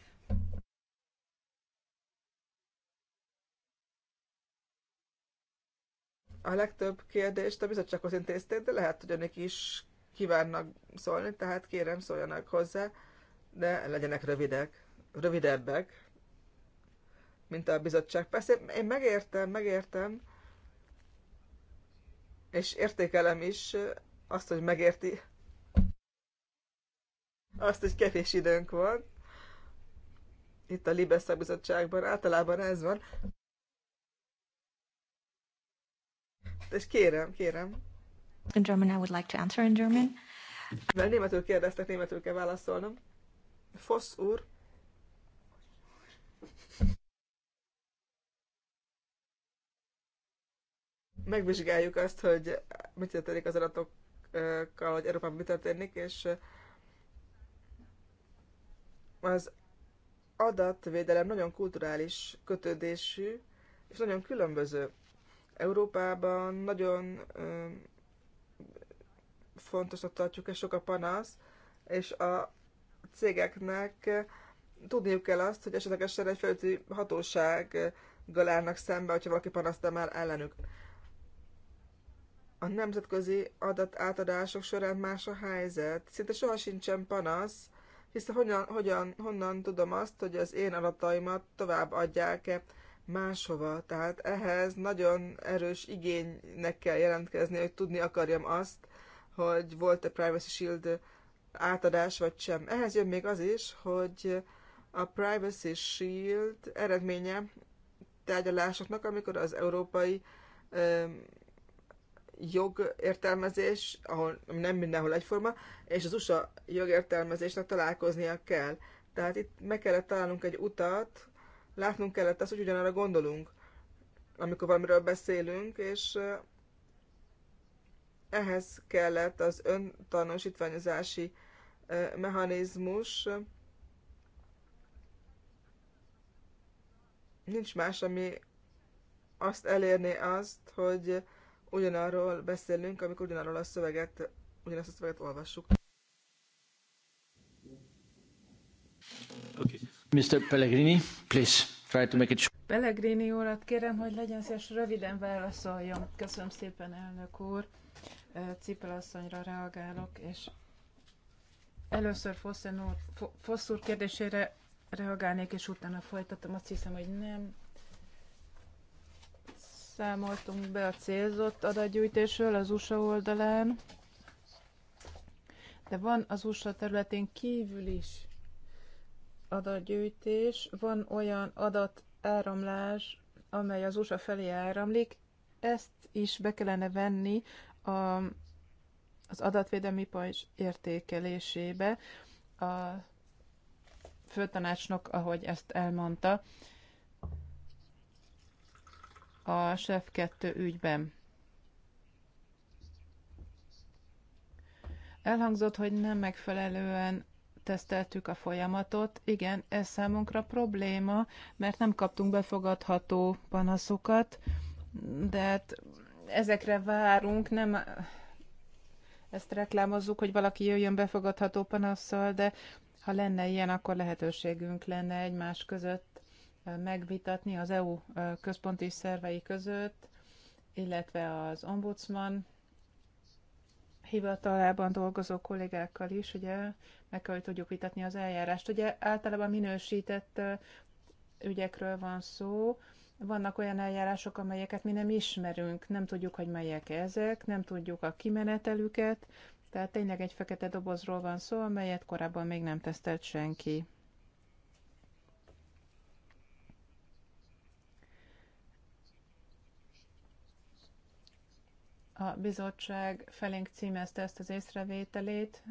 Speaker 3: A legtöbb kérdést a bizottsághoz intézték, de lehet, hogy önök is kívánnak szólni, tehát kérem, szóljanak hozzá, de legyenek rövidek, rövidebbek mint a bizottság. Persze én megértem, megértem, és értékelem is azt, hogy megérti azt, hogy kevés időnk van. Itt a Libesza bizottságban általában ez van. És kérem, kérem.
Speaker 2: In German, I would like to answer in German.
Speaker 3: Mert németül kérdeztek, németül kell válaszolnom. Fosz úr. megvizsgáljuk azt, hogy mit történik az adatokkal, hogy Európában mi történik, és az adatvédelem nagyon kulturális kötődésű, és nagyon különböző. Európában nagyon fontosnak tartjuk, és sok a panasz, és a cégeknek tudniuk kell azt, hogy esetlegesen egy felületi hatósággal állnak szembe, hogyha valaki panaszta már ellenük a nemzetközi adatátadások során más a helyzet. Szinte soha sincsen panasz, hiszen hogyan, hogyan, honnan tudom azt, hogy az én adataimat tovább adják-e máshova. Tehát ehhez nagyon erős igénynek kell jelentkezni, hogy tudni akarjam azt, hogy volt-e Privacy Shield átadás, vagy sem. Ehhez jön még az is, hogy a Privacy Shield eredménye tárgyalásoknak, amikor az európai jogértelmezés, ahol nem mindenhol egyforma, és az USA jogértelmezésnek találkoznia kell. Tehát itt meg kellett találnunk egy utat, látnunk kellett azt, hogy ugyanarra gondolunk, amikor valamiről beszélünk, és eh, ehhez kellett az öntanúsítványozási eh, mechanizmus. Nincs más, ami azt elérné azt, hogy ugyanarról beszélünk, amikor ugyanarról a szöveget, ugyanazt a szöveget olvassuk.
Speaker 1: Okay. Mr. Pellegrini, please try to make it short.
Speaker 4: Pellegrini urat kérem, hogy legyen szíves, röviden válaszoljon. Köszönöm szépen, elnök úr. Cipelasszonyra reagálok, és először Fosszúr kérdésére reagálnék, és utána folytatom. Azt hiszem, hogy nem számoltunk be a célzott adatgyűjtésről az USA oldalán, de van az USA területén kívül is adatgyűjtés, van olyan adatáramlás, amely az USA felé áramlik, ezt is be kellene venni a, az adatvédelmi pajzs értékelésébe. A főtanácsnok, ahogy ezt elmondta, a SEF 2 ügyben. Elhangzott, hogy nem megfelelően teszteltük a folyamatot. Igen, ez számunkra probléma, mert nem kaptunk befogadható panaszokat, de hát ezekre várunk, nem ezt reklámozzuk, hogy valaki jöjjön befogadható panasszal, de ha lenne ilyen, akkor lehetőségünk lenne egymás között megvitatni az EU központi szervei között, illetve az ombudsman hivatalában dolgozó kollégákkal is, ugye meg kell, hogy tudjuk vitatni az eljárást. Ugye általában minősített ügyekről van szó, vannak olyan eljárások, amelyeket mi nem ismerünk, nem tudjuk, hogy melyek ezek, nem tudjuk a kimenetelüket, tehát tényleg egy fekete dobozról van szó, amelyet korábban még nem tesztelt senki. A bizottság felénk címezte ezt az észrevételét,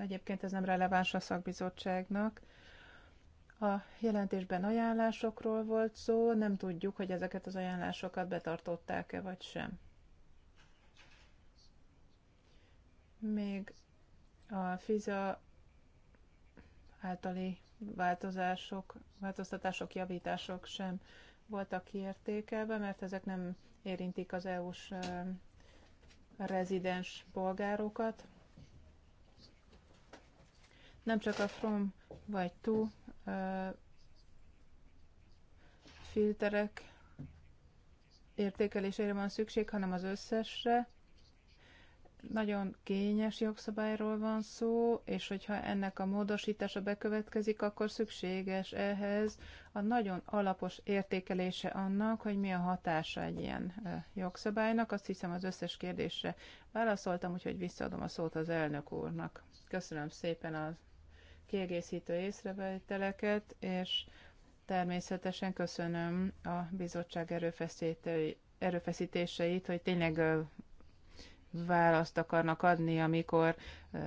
Speaker 4: egyébként ez nem releváns a szakbizottságnak. A jelentésben ajánlásokról volt szó, nem tudjuk, hogy ezeket az ajánlásokat betartották-e vagy sem. Még a FISA általi változások, változtatások, javítások sem voltak kiértékelve, mert ezek nem érintik az EU-s rezidens polgárokat. Nem csak a from vagy to filterek értékelésére van szükség, hanem az összesre nagyon kényes jogszabályról van szó, és hogyha ennek a módosítása bekövetkezik, akkor szükséges ehhez a nagyon alapos értékelése annak, hogy mi a hatása egy ilyen jogszabálynak. Azt hiszem az összes kérdésre válaszoltam, úgyhogy visszaadom a szót az elnök úrnak. Köszönöm szépen a kiegészítő észrevételeket, és természetesen köszönöm a bizottság erőfeszítői erőfeszítéseit, hogy tényleg választ akarnak adni, amikor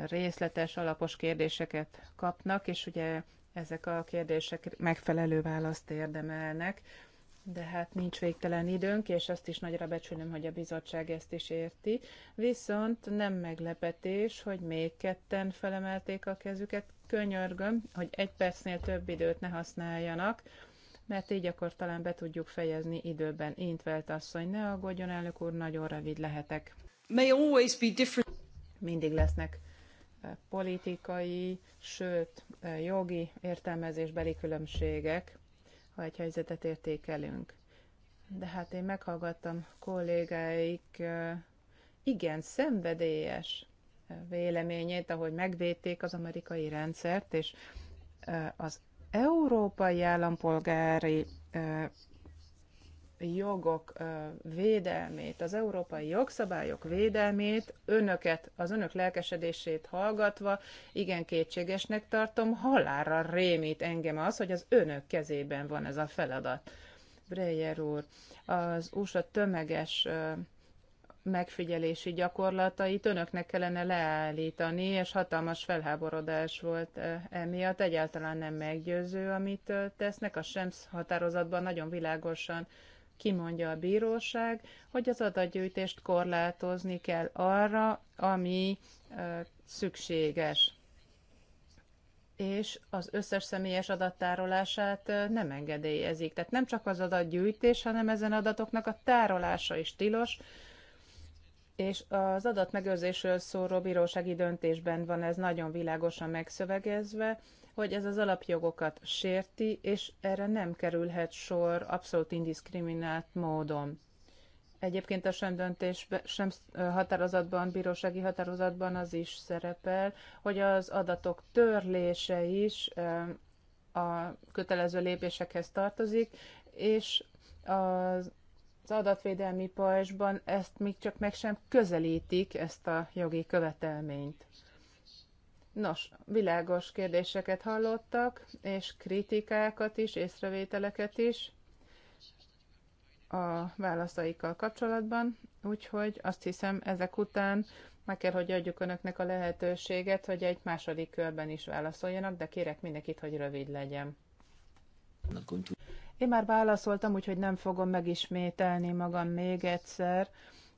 Speaker 4: részletes, alapos kérdéseket kapnak, és ugye ezek a kérdések megfelelő választ érdemelnek. De hát nincs végtelen időnk, és azt is nagyra becsülöm, hogy a bizottság ezt is érti. Viszont nem meglepetés, hogy még ketten felemelték a kezüket. Könyörgöm, hogy egy percnél több időt ne használjanak, mert így akkor talán be tudjuk fejezni időben. Intvelt asszony, ne aggódjon, elnök úr, nagyon rövid lehetek. Mindig lesznek eh, politikai, sőt eh, jogi értelmezésbeli különbségek, ha egy helyzetet értékelünk. De hát én meghallgattam kollégáik eh, igen szenvedélyes véleményét, ahogy megvédték az amerikai rendszert, és az európai állampolgári jogok védelmét, az európai jogszabályok védelmét, önöket, az önök lelkesedését hallgatva, igen kétségesnek tartom, halálra rémít engem az, hogy az önök kezében van ez a feladat. Breyer úr, az USA tömeges megfigyelési gyakorlatait önöknek kellene leállítani, és hatalmas felháborodás volt emiatt. Egyáltalán nem meggyőző, amit tesznek. A SEMS határozatban nagyon világosan kimondja a bíróság, hogy az adatgyűjtést korlátozni kell arra, ami szükséges és az összes személyes adattárolását nem engedélyezik. Tehát nem csak az adatgyűjtés, hanem ezen adatoknak a tárolása is tilos, és az adatmegőrzésről szóró bírósági döntésben van ez nagyon világosan megszövegezve, hogy ez az alapjogokat sérti, és erre nem kerülhet sor abszolút indiszkriminált módon. Egyébként a sem döntésben, sem határozatban, bírósági határozatban az is szerepel, hogy az adatok törlése is a kötelező lépésekhez tartozik, és az az adatvédelmi pajzsban ezt még csak meg sem közelítik, ezt a jogi követelményt. Nos, világos kérdéseket hallottak, és kritikákat is, észrevételeket is a válaszaikkal kapcsolatban, úgyhogy azt hiszem ezek után meg kell, hogy adjuk önöknek a lehetőséget, hogy egy második körben is válaszoljanak, de kérek mindenkit, hogy rövid legyen. Én már válaszoltam, úgyhogy nem fogom megismételni magam még egyszer,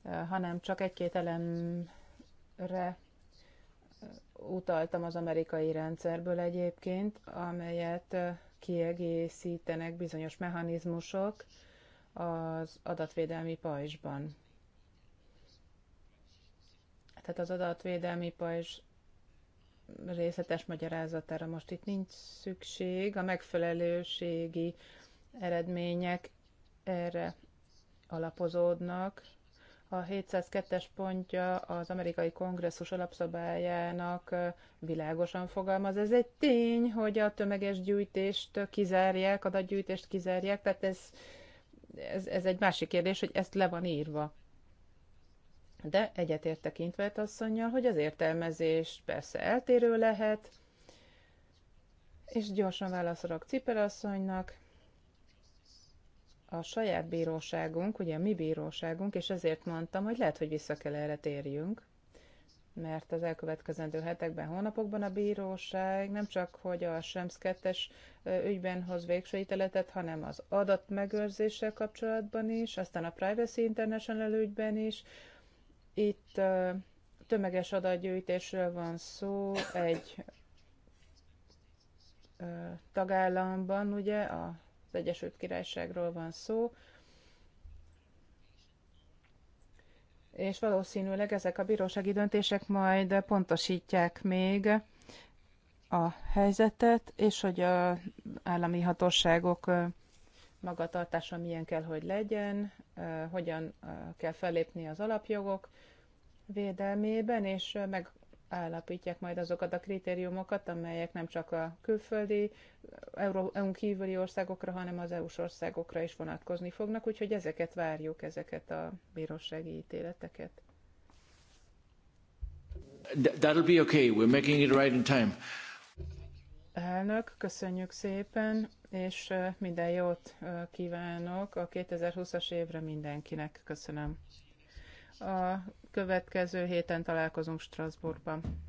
Speaker 4: eh, hanem csak egy-két elemre utaltam az amerikai rendszerből egyébként, amelyet kiegészítenek bizonyos mechanizmusok az adatvédelmi pajzsban. Tehát az adatvédelmi pajzs részletes magyarázatára most itt nincs szükség, a megfelelőségi eredmények erre alapozódnak, a 702-es pontja az amerikai kongresszus alapszabályának világosan fogalmaz. Ez egy tény, hogy a tömeges gyűjtést kizárják, adatgyűjtést kizárják, tehát ez, ez, ez egy másik kérdés, hogy ezt le van írva. De egyetértek Intvet asszonynal, hogy az értelmezés persze eltérő lehet, és gyorsan válaszolok Ciper asszonynak a saját bíróságunk, ugye a mi bíróságunk, és ezért mondtam, hogy lehet, hogy vissza kell erre térjünk, mert az elkövetkezendő hetekben, hónapokban a bíróság nem csak, hogy a SEMS 2 ügyben hoz végső ítéletet, hanem az adatmegőrzéssel kapcsolatban is, aztán a Privacy International ügyben is. Itt tömeges adatgyűjtésről van szó egy tagállamban, ugye a Egyesült Királyságról van szó, és valószínűleg ezek a bírósági döntések majd pontosítják még a helyzetet, és hogy a állami hatóságok magatartása milyen kell, hogy legyen, hogyan kell fellépni az alapjogok védelmében, és meg Állapítják majd azokat a kritériumokat, amelyek nem csak a külföldi, EU-n kívüli országokra, hanem az EU-s országokra is vonatkozni fognak, úgyhogy ezeket várjuk, ezeket a bírósági ítéleteket.
Speaker 1: That'll be okay. We're making it right in time.
Speaker 4: Elnök, köszönjük szépen, és minden jót kívánok a 2020-as évre mindenkinek. Köszönöm. A következő héten találkozunk Strasbourgban.